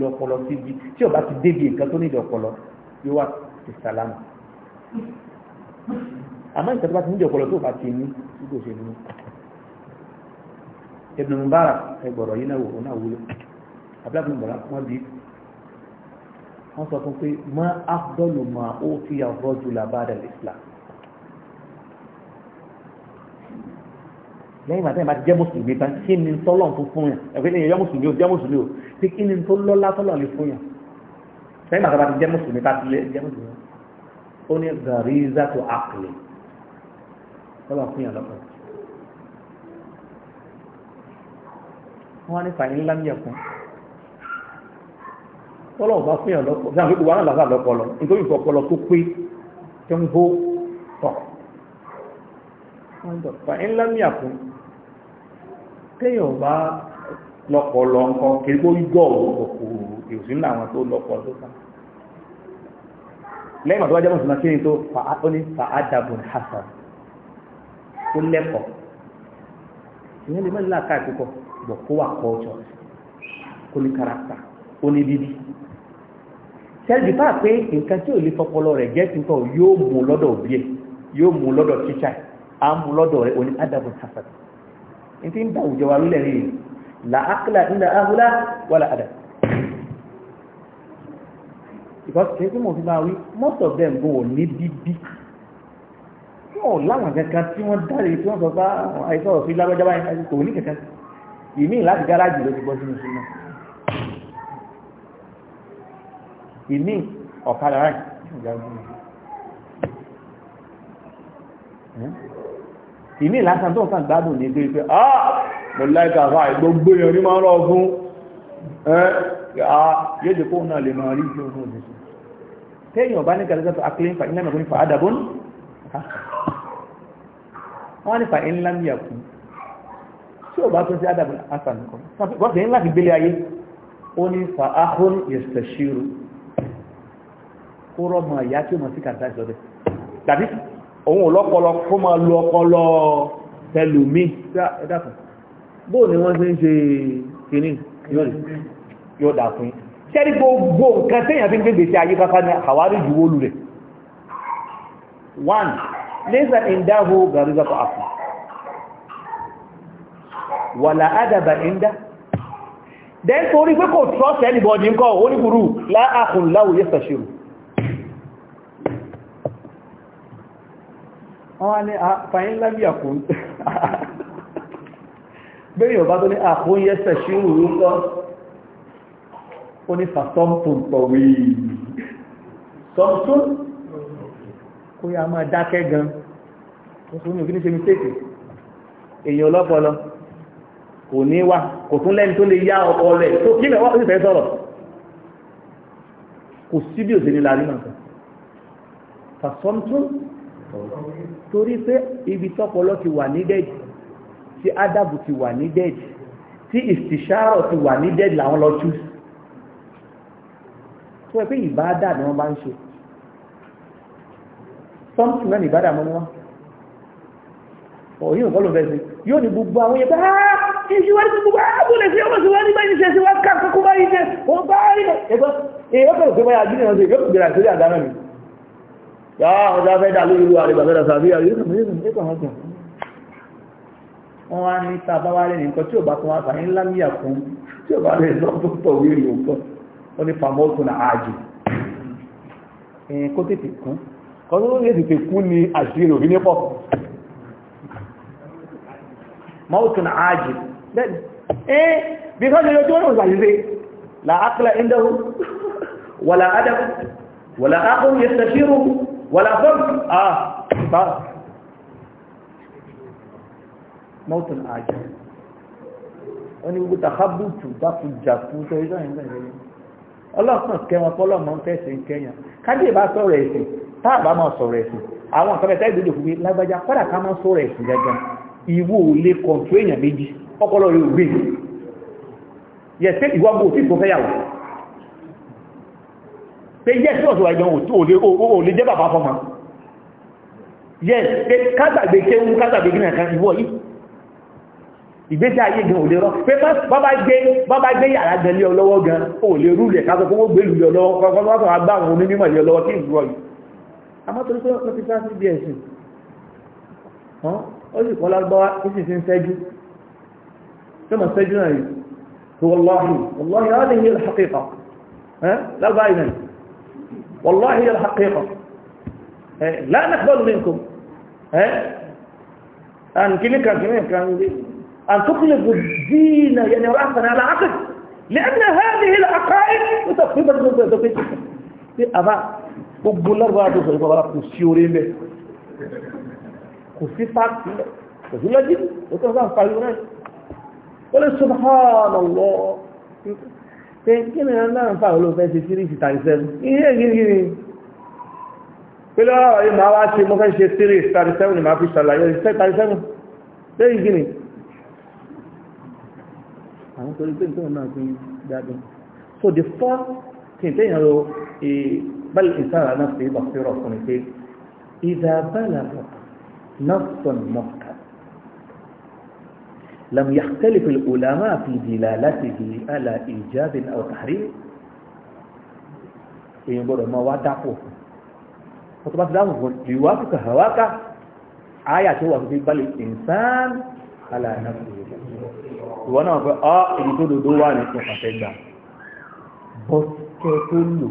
lọ ọpọlọ síbi tí yóò bá ti débi nǹkan tó nílò ọpọlọ yóò wá ti sàlámù àmọ́ ìtàn tó bá ti nílò ọpọlọ tó bá ti ní tí kò ṣe nínú Ibn Mubarak ẹgbọ̀rọ̀ yìí náà wò ó náà wúlò abúlábùn bọ̀rọ̀ wọn bí wọ́n sọ lẹ́yìn ìgbà tẹ́yìn bá ti jẹ́ mùsùlùmí tán kí ni tọ́lọ́n tó fún yàn ẹ̀fẹ́ lẹ́yìn jẹ́ mùsùlùmí o jẹ́ mùsùlùmí o tí kí ni tó lọ́lá tọ́lọ́n lè fún yàn lẹ́yìn ìgbà tẹ́yìn bá ti jẹ́ mùsùlùmí tá ti lé jẹ́ mùsùlùmí ó ní gàrí zato àkùlẹ̀ tọ́lọ́n fún yàn lọ́kàn. wọ́n á ní fàyín ńlá ń yẹ̀kún tọ́lọ́n bá fún yàn lọ́kọ̀ sáà gbogbo wàhálà làbà lọ́pọlọ nítorí ìfọpọlọ tó téèyàn bá lọ́pọ̀lọ́ nǹkan kìí kó yíjọ́ òkú ìrùsùn àwọn tó lọ́pọ̀ tó kàn lẹ́yìn àti wájú mùsùlùmí kí ni tó ó ní fàádàbò hasan tó lẹ́kọ̀ọ́ ìyẹn lè má nílá ká àkókò bọ̀ kó wà kọ́ọ̀tọ̀ kó ní kárátà ó ní bíbí sẹ́ẹ̀dì bá pé nǹkan yóò mú lọ́dọ̀ òbí ẹ̀ yóò mú lọ́dọ̀ tíṣà á mú lọ́dọ̀ rẹ̀ ó ní ádàbò ní ti ń da àwùjọ wa lulẹ̀ rèé la akla illa ahula wala adab because kìí fún mọ̀fí máa wí most of them go ní bíbí tí wọ́n láwọn kankan tí wọ́n dáre tí wọ́n sọ fá ah, àìsàn òfin lágbájáwá yẹn kò ní kankan ìmí láti gáràjì ló ti bọ́ sínú sínú ìmí ọ̀kadà ráì ìmí ìlàsàn tó kàn gbádùn ní pé pé ah mo láìka fà gbogbo èèyàn ní máa ń lọ fún yóò jẹ́ kóun náà lè máa rí ìṣòro fún òṣìṣẹ́ téèyàn bá ní kàlẹ́sà tó akílẹ̀ fa iná mẹ́kún fa àdàbọ́n wọ́n ní fa ńlá ní àkú tí ó bá tún sí àdàbọ́n àṣà nìkan wọ́n fi ńlá fi gbélé ayé ó ní fa ahun yẹ̀sẹ̀ ṣírò kó rọ́ mọ̀ ìyá tí ó mọ̀ sí kàlẹ́sà ìjọba tàbí òun ọlọ́pọlọ kó máa lo ọpọlọ tẹlùmí ẹ̀dàkùn bóò ni wọ́n ti ń ṣe kìíní yóò dà fún ṣẹ́rí gbogbo nǹkan tẹ́yàn fi ń gbé sí ayé pápá ní àwárí ìjúwó lù rẹ̀ one laser indahu garizako afu wàlà adaba inda then torí pé kò trust anybody nǹkan ó ní burú láàkùn láwòye sàṣírù wọ́n ní àfàyín ah, lábíà kò bẹ́yìn ọba tó ní àkó ń yẹ́sẹ̀ ṣírù rúkọ́ ó ní fàtọ́mtùn pọ̀wé sọ́mtún kó yá máa dákẹ́ gan ó tún ní òkínní ṣe mi tètè èèyàn ọlọ́pọlọ kò ní wà kò tún lẹ́ni tó lè yá ọkọ rẹ̀ tó kí lẹ́wọ́ sì fẹ́ sọ̀rọ̀ kò sí bí òṣèlú la rí màtọ́ fàtọ́mtùn torí pé ibi tọ́pọlọ ti wà ní dẹ́ẹ̀dì tí ádàbù ti wà ní dẹ́ẹ̀dì tí ìsìṣàrọ̀ ti wà ní dẹ́ẹ̀dì làwọn lọ tú tó ẹ pé ìbáadà ni wọ́n bá ń ṣe sọ́mùtù náà ní ìbáadà mọ́ wọn òyìn òkọ́ ló fẹ́ sí yóò ní gbogbo àwọn yẹn bá ah, ìṣíwájú gbogbo àbúlé ah, sí ọmọ síwá nígbà yìí ṣe síwá káàkókó báyìí jẹ òun bá rí ẹgbẹ́ èyí ó fẹ́ òkè báyà jí yà ọ̀dá fẹ́ dà lórí ìwà àrẹ̀gbàgbẹ́dà sàbíyà yóò kàn mẹ́rin nípa ọ̀gàn wọ́n wá ní ta bá wá lẹ́nu nǹkan tí ò bá tún wá sàyín ńlá ní àkún tí ò bá lè lọ tó tọ̀ wí ìlú nǹkan ó ní pamọ́tò náà ààjò kó tètè kún kọ́tọ́ tó lè tètè kún ní àṣírí òbí nípọ̀ mọ́tò náà ààjò bẹ́ẹ̀ ẹ́ bí kọ́ ṣe lójú ọ̀nà ṣàṣìṣe là ákìlá ẹ̀ńdẹ́hùn wàlà ádàbù wàlà ákùn yẹ wàlá fọ́ọ̀mù ah bá mọ́tún àjẹ́ wọ́n ní gbogbo tàbátù jákujàku tó ẹjọ́ ìgbà ìrẹ́lẹ́ ọlọ́pàá kẹwọn pọ́lọ́mọ́ tẹ́sẹ̀ kẹyàn kájí ìbá sọ̀rọ̀ ẹ̀sìn táàbá máa sọ̀rọ̀ ẹ̀sìn àwọn nǹkan mẹ́ta ìdójò fún mi lágbájá kọ́dà ká máa sọ̀rọ̀ ẹ̀sìn gẹ́gẹ́ ìwọ ò lè kọ̀ǹtù èèyàn méjì ọpọlọ rẹ̀ ò gbé yẹ pé yes tí ọ̀sọ̀wà ìgbọ̀n ò lè jẹ́ bàbá fọ́mà yes pé kátàgbé kéhùn kátàgbé gínà kan ìwọ̀ yìí ìgbésí ayé gan ò lè rọ́ pé bábá gbé yàrá gan lé ọlọ́wọ́ gan ò lè rú lẹ̀ kásọ fún ó gbé lù ọlọ́wọ́ kọ́kọ́ agbá àwọn onímọ̀ lé ọlọ́wọ́ tí ìgbọ́ yìí àmọ́ torí pé wọ́n ti sá sí bs ó sì kọ́ lágbáwá ó sì ti ń sẹ́jú tó mọ̀ sẹ́jú náà yìí tó wọ́n lọ́hìn wọ́n lọ́hìn والله هي الحقيقة لا نقبل منكم أن كلك أن تقلب الدين يعني رأسا على عقل لأن هذه العقائد تقريبا تقريبا أما gbogbo lọ́gbà tó sọ ìfọwọ́ra kò sí orí mẹ́ kò sí fáàkì lẹ̀ kò sí lọ́jí ó tọ́ pé kí ni aláǹfà olóòfẹ́ ṣe síríìsì tàbí sẹ́nu iye gírígírí pé lọ́wọ́ yìí máa wá ṣe mo fẹ́ ṣe síríìsì tàbí sẹ́nu ni máa fi ṣàlàyé ìṣẹ́ tàbí sẹ́nu lẹ́yìn gíní àwọn torí pé nítorí náà fi dáadọ́ so the first thing tẹ́yìn lọ bẹ́ẹ̀ ìsára náà fi bàfẹ́rọ̀ fún mi pé ìdàbàlà náà sọ̀nù náà لم يختلف العلماء في دلالته على إيجاب أو تحريم èyàn gbọ́dọ̀ máa wá dápò wọ́n tó bá ti dáhùn fún ìwà fún kàhàwáká àyà tó wà fún bíbálẹ̀ ìsán aláàrẹ̀ ìwọ́n náà fẹ́ ọ́ èyí tó dòdó wà ní ọ̀pàtẹ́ gbà bọ́kẹ́ tó lò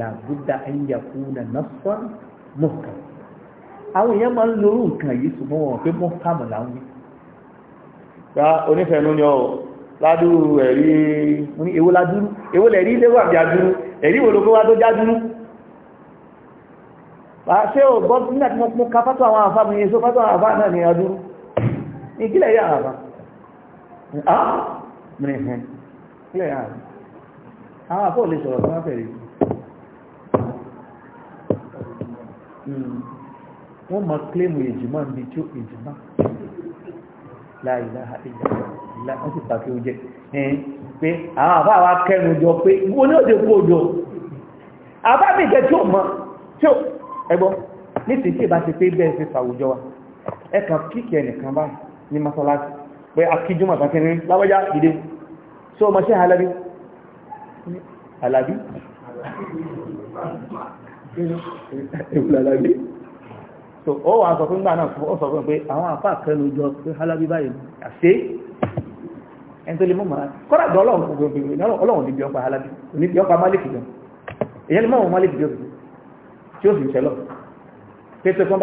làbúdà ayàkú na nọ́sán mọ́kàn àwọn èèyàn máa ń lórú nǹkan yìí sùgbọ́n wọn pé mọ́kàmù láwọn ya onífẹ̀ẹ́nú ni ọ̀ ládúrú ẹ̀rí ní ewó ládúrú ewó lẹ̀rí léwà bí adúrú ẹ̀rí wò ló kó wá tó jádúrú ṣé ò gbọ́ nígbà tí wọ́n ká fátó àwọn àfá mi èso fátó àwọn àfá náà ni adúrú ìkílẹ̀ yà àfá àwọn àfá ò lè sọ̀rọ̀ tó wọ́n fẹ̀rí hmm. wọ́n ma kílẹ̀mù ìjìmá ń bí tí ó ìjìmá láìláha ìlà wọ́n sì pàkí oúnjẹ pé àwọn àbá wa kẹrùn jọ pé wo ní òde kó jọ àbá mi jẹ tí ó mọ tí ó ẹgbọ́n ní ti tí ìbá ti pé bẹ́ẹ̀ sí fàwùjọ wa ẹ kàn kíkì ẹnìkan báyìí ní mọ́sálásí pé akíjúmọ̀ kankan láwọ́já so ó wà sọ fún gbà náà ó sọ fún pé àwọn àfà kẹnu jọ pé halabi báyìí àṣẹ ẹni tó lè mú màá kọ́dà gbọ́ ọlọ́run níbi ọpa halabi níbi ọpa málìkì jọ èyí ni mọ́wọ́n málìkì jọ tí ó sì ń ṣẹlọ pẹ́tẹ́ kan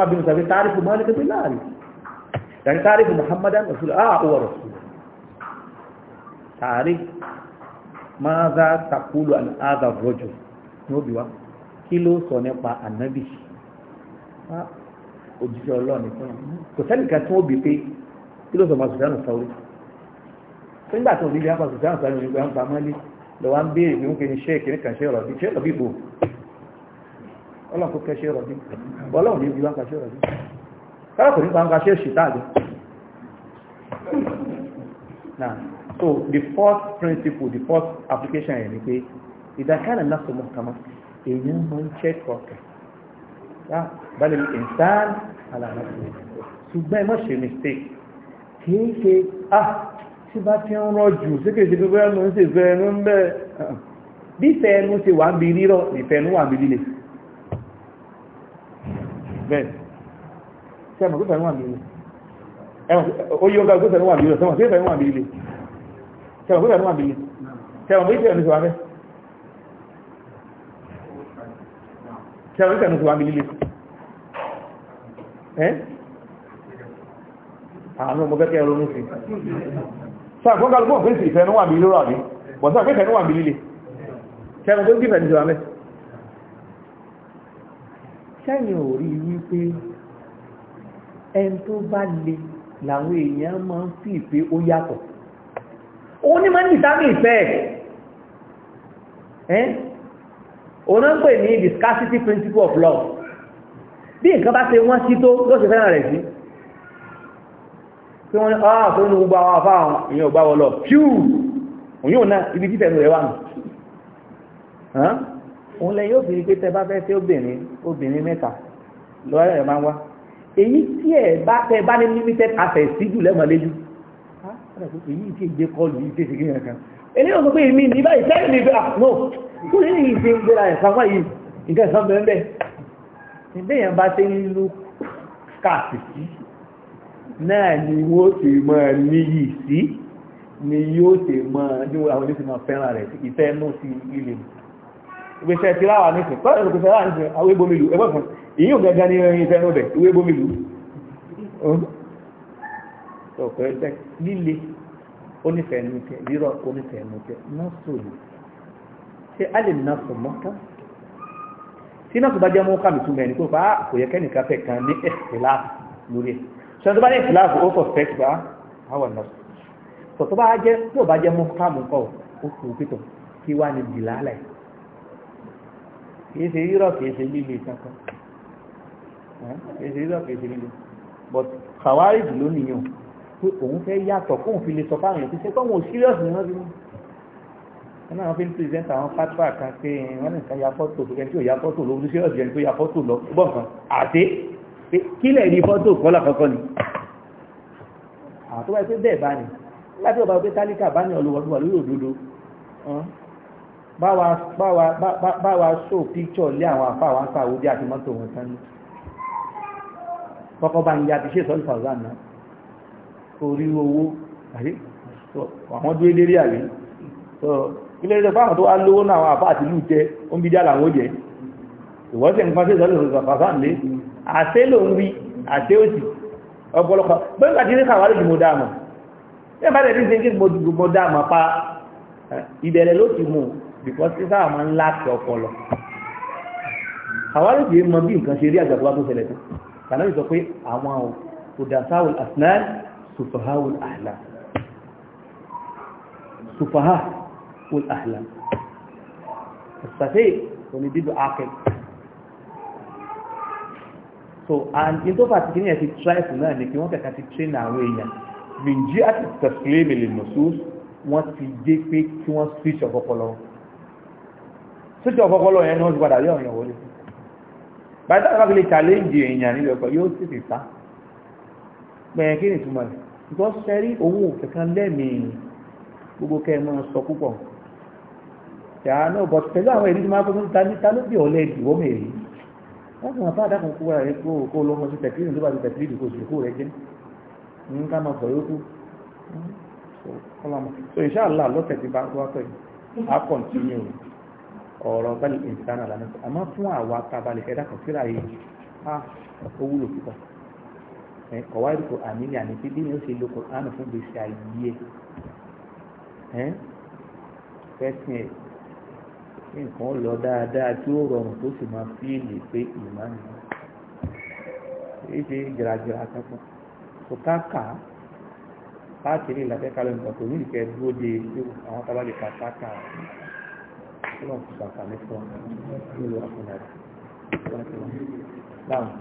ah ó wà rasul tààrífù máza takulu al'adha rojo ní obi wa kí ló sọ nípa annabi òjijì ọlọ́run nìkan kò sẹ́nìkan tí wọ́n bí pé kí ló sọ ma sùdánù sáwọ́rí nígbà tó ní ìyá ma sùdánù sáwọ́rí nígbà ń pa mọ́lé lọ́wọ́ ń béèrè ní wípé ní ṣé kìíní kan ṣe rọ̀bí ṣé rọ̀bí bò ọlọ́run kò kẹ́ ṣe rọ̀bí ọlọ́run ní ìwà ń ka ṣe rọ̀bí kọ́lá kò ní pa ń ka ṣe ṣìtáàdì now so the fourth principle the fourth application ẹ̀ ni pé ìdákànnà náà sọ mọ́ kàmá èèyàn máa ń check ọkàn balẹ̀ ìsán alàmọ́sí ṣùgbọ́n ẹ má ṣe mistake kìí ṣe ah tí bá ti ń rọ jù síkèsí pé bóyá mo ń ṣèfẹ́ ẹnu ń bẹ́ ah, bí ìfẹ́ ẹnu ṣe wà ń bi rírọ̀ ìfẹ́ ẹnu wà ń bi líle bẹ́ẹ̀ ṣe mọ̀ pípẹ́ ẹnu wà ń bi líle ó yí ọgá pípẹ́ ẹnu wà ń bi líle ṣe mọ̀ pípẹ́ ẹnu wà ń bi tí a ríkà ní ti wá mi líle ẹ́ àwọn ọmọ gẹ́gẹ́ ẹ̀rọ ní sí sọ àgbọ́gbọ́gbọ́ fún ìsìn ìfẹ́nu wà mí lórí àmì wọ́n sọ àgbẹ́fẹ́nu wà mí líle tí a rí tó gífẹ́ ní ti wá mẹ́ sẹ́yìn ò rí wípé ẹni tó bá le làwọn òun náà ní the scarcity principle of love bí nǹkan bá ṣe wọ́n sí tó ló ṣe fẹ́ràn rẹ̀ sí tí wọ́n ní ọ́ ah, tó ní gbogbo àwọn afá àwọn èèyàn ògbà wọlọ phew òyìn òun náà ibi títẹ̀ nù rẹ̀ wà nù òun lẹ́yìn obìnrin pé tẹ bá fẹ́ fẹ́ obìnrin obìnrin mẹ́ta lọ́wọ́ rẹ̀ máa ń wá èyí tí ẹ̀ ní limited access sí jù kó lè yìí ṣe ń gbéra ẹ̀sánwá yìí nǹkan ẹ̀sán bẹ̀rẹ̀ bẹ́ẹ̀ ìbéèyàn bá ṣe ń lu káàkiri náà ni wọ́n ti máa níyì sí ni yóò ṣe máa ní àwọn oníṣẹ́ máa fẹ́ràn rẹ̀ ìfẹ́ náà sí ilé ìgbésẹ̀ ti láwà nífẹ̀ẹ́ pẹ́lú ìgbésẹ̀ láwà nífẹ̀ẹ́ àwọn ebomilu ẹgbẹ́ kan èyí ò gẹ́gẹ́ ní ẹrin ìfẹ́ náà bẹ̀ ìwé ebomilu ọ̀pẹ̀ẹ́sẹ̀ líle onífẹ̀ẹ́ nùtẹ̀ rírọ̀ onífẹ̀ẹ́ ṣe alẹ́ nà sọ mọ́tà tí náà tó bá jẹ́ mọ́ kàmì túmọ̀ ẹni kó fà á kò yẹ kẹ́nìkan fẹ́ kan ní ẹ̀sìláàfù lórí ẹ̀ ṣe tó bá ní ẹ̀sìláàfù ó sọ̀spẹ̀t bá àwọn nà sọ tó bá jẹ́ tó bá jẹ́ mọ́ kàmù kọ́ ó kù pítọ̀ kí wá ní bìlálà ẹ̀ kìí ṣe rírọ̀ kìí ṣe líle kankan kìí ṣe rírọ̀ kìí ṣe líle but kàwárìdì lónìí yàn pé òun fẹ́ yàtọ̀ kóun fi lè sọ fáwọn èèyàn wọn náà fi ń pèsèntì àwọn fatwa kan pé wọn ní nǹkan ya fọ́tò tó kẹ́ni tí ò ya fọ́tò lọ ojúṣe ọ̀dì ẹni tó ya fọ́tò lọ bọ̀ nǹkan àti kílẹ̀ ní fọ́tò kọ́lá kankan ni àwọn tó bá yẹ pé bẹ́ẹ̀ bá ní láti ọba pé tálíkà bá ní ọlọ́wọ́lúwà lórí òdodo bá wa ṣó píkṣọ̀ lé àwọn àfà wa ń pa àwòdí àti mọ́tò wọn tán ní kọ́kọ́ bá ń ya ti ṣe sọ́lù ilé ẹjọ́ fáwọn tó wá lówó náà àwọn àfáà ti lù jẹ ó ń bí dá làwọn ó jẹ ìwọ́n tẹ̀ ń pọ́n sí ìsọ́lẹ̀ fàfáàmì àṣẹ ló ń rí àṣẹ òsì ọ̀pọ̀lọpọ̀ bẹ́ẹ̀ bá ti rí kàwárí jù mo dáàmà ẹ bá tẹ̀lé ṣe kí mo dáàmà pa ìbẹ̀rẹ̀ قل أهلا السفيه ونبيد عاقل so and in tó kini kìíní ẹ̀ ti tribe náà ni kí wọ́n kẹ̀kẹ́ ti train àwọn èèyàn gbìyànjú àti tẹ̀sílẹ̀ mẹ́lẹ̀ nọ̀sọ́s wọ́n ti dé pé kí wọ́n switch off ọpọlọ switch off ọpọlọ yẹn ni wọ́n ti padà yọ ọ̀yàn wọlé báyìí táwọn bá fi lè challenge èèyàn nílẹ̀ ọkọ̀ yóò sì fi sá pẹ̀yẹ kí ni ìtumọ̀ rẹ̀ because sẹ́rí owó kẹ̀kẹ́ lẹ́mìí gbogbo kẹ́ ẹ máa sọ ṣàánú ah, bọ̀ pẹ̀lú àwọn èdè tí máa fún ta níta ló bí ọ̀lẹ́ ìdìbò mèrè wọ́n sì máa bá àdàkùn kó rẹ̀ kó kó lọ mọ sí tẹ̀kìlì tó bá ti tẹ̀kìlì kò sì kó rẹ̀ jẹ́ ń ká máa sọ yókù so inshallah lọ́sẹ̀ ti bá wá pẹ̀lú a kọ̀ntínú ọ̀rọ̀ bẹ́ẹ̀ ìsìnkánà lánàá àmọ́ fún àwa tabalẹ̀ ẹ̀dá kan síra yìí a ó wúlò púpọ̀ ẹ̀ kọ̀wá ìdìbò àmì ní àmì tí bí yóò ṣe lo kòránù fún gbèsè ayé ẹ̀ fẹ́ sìn ẹ̀ nǹkan lọ dáadáa tí ó rọrùn tó sì máa fíìlì pé ìmọ̀ ni èyí ṣe jìràjìrà kankan kò ká kà á láti rí ìlàjẹ́ kalẹ̀ nǹkan tó ní ìkẹ́ dúró de àwọn tábàlì kàkà kà á tí wọ́n fi ṣàǹfààní fún ọ nílùú àfúnàdì láwọn.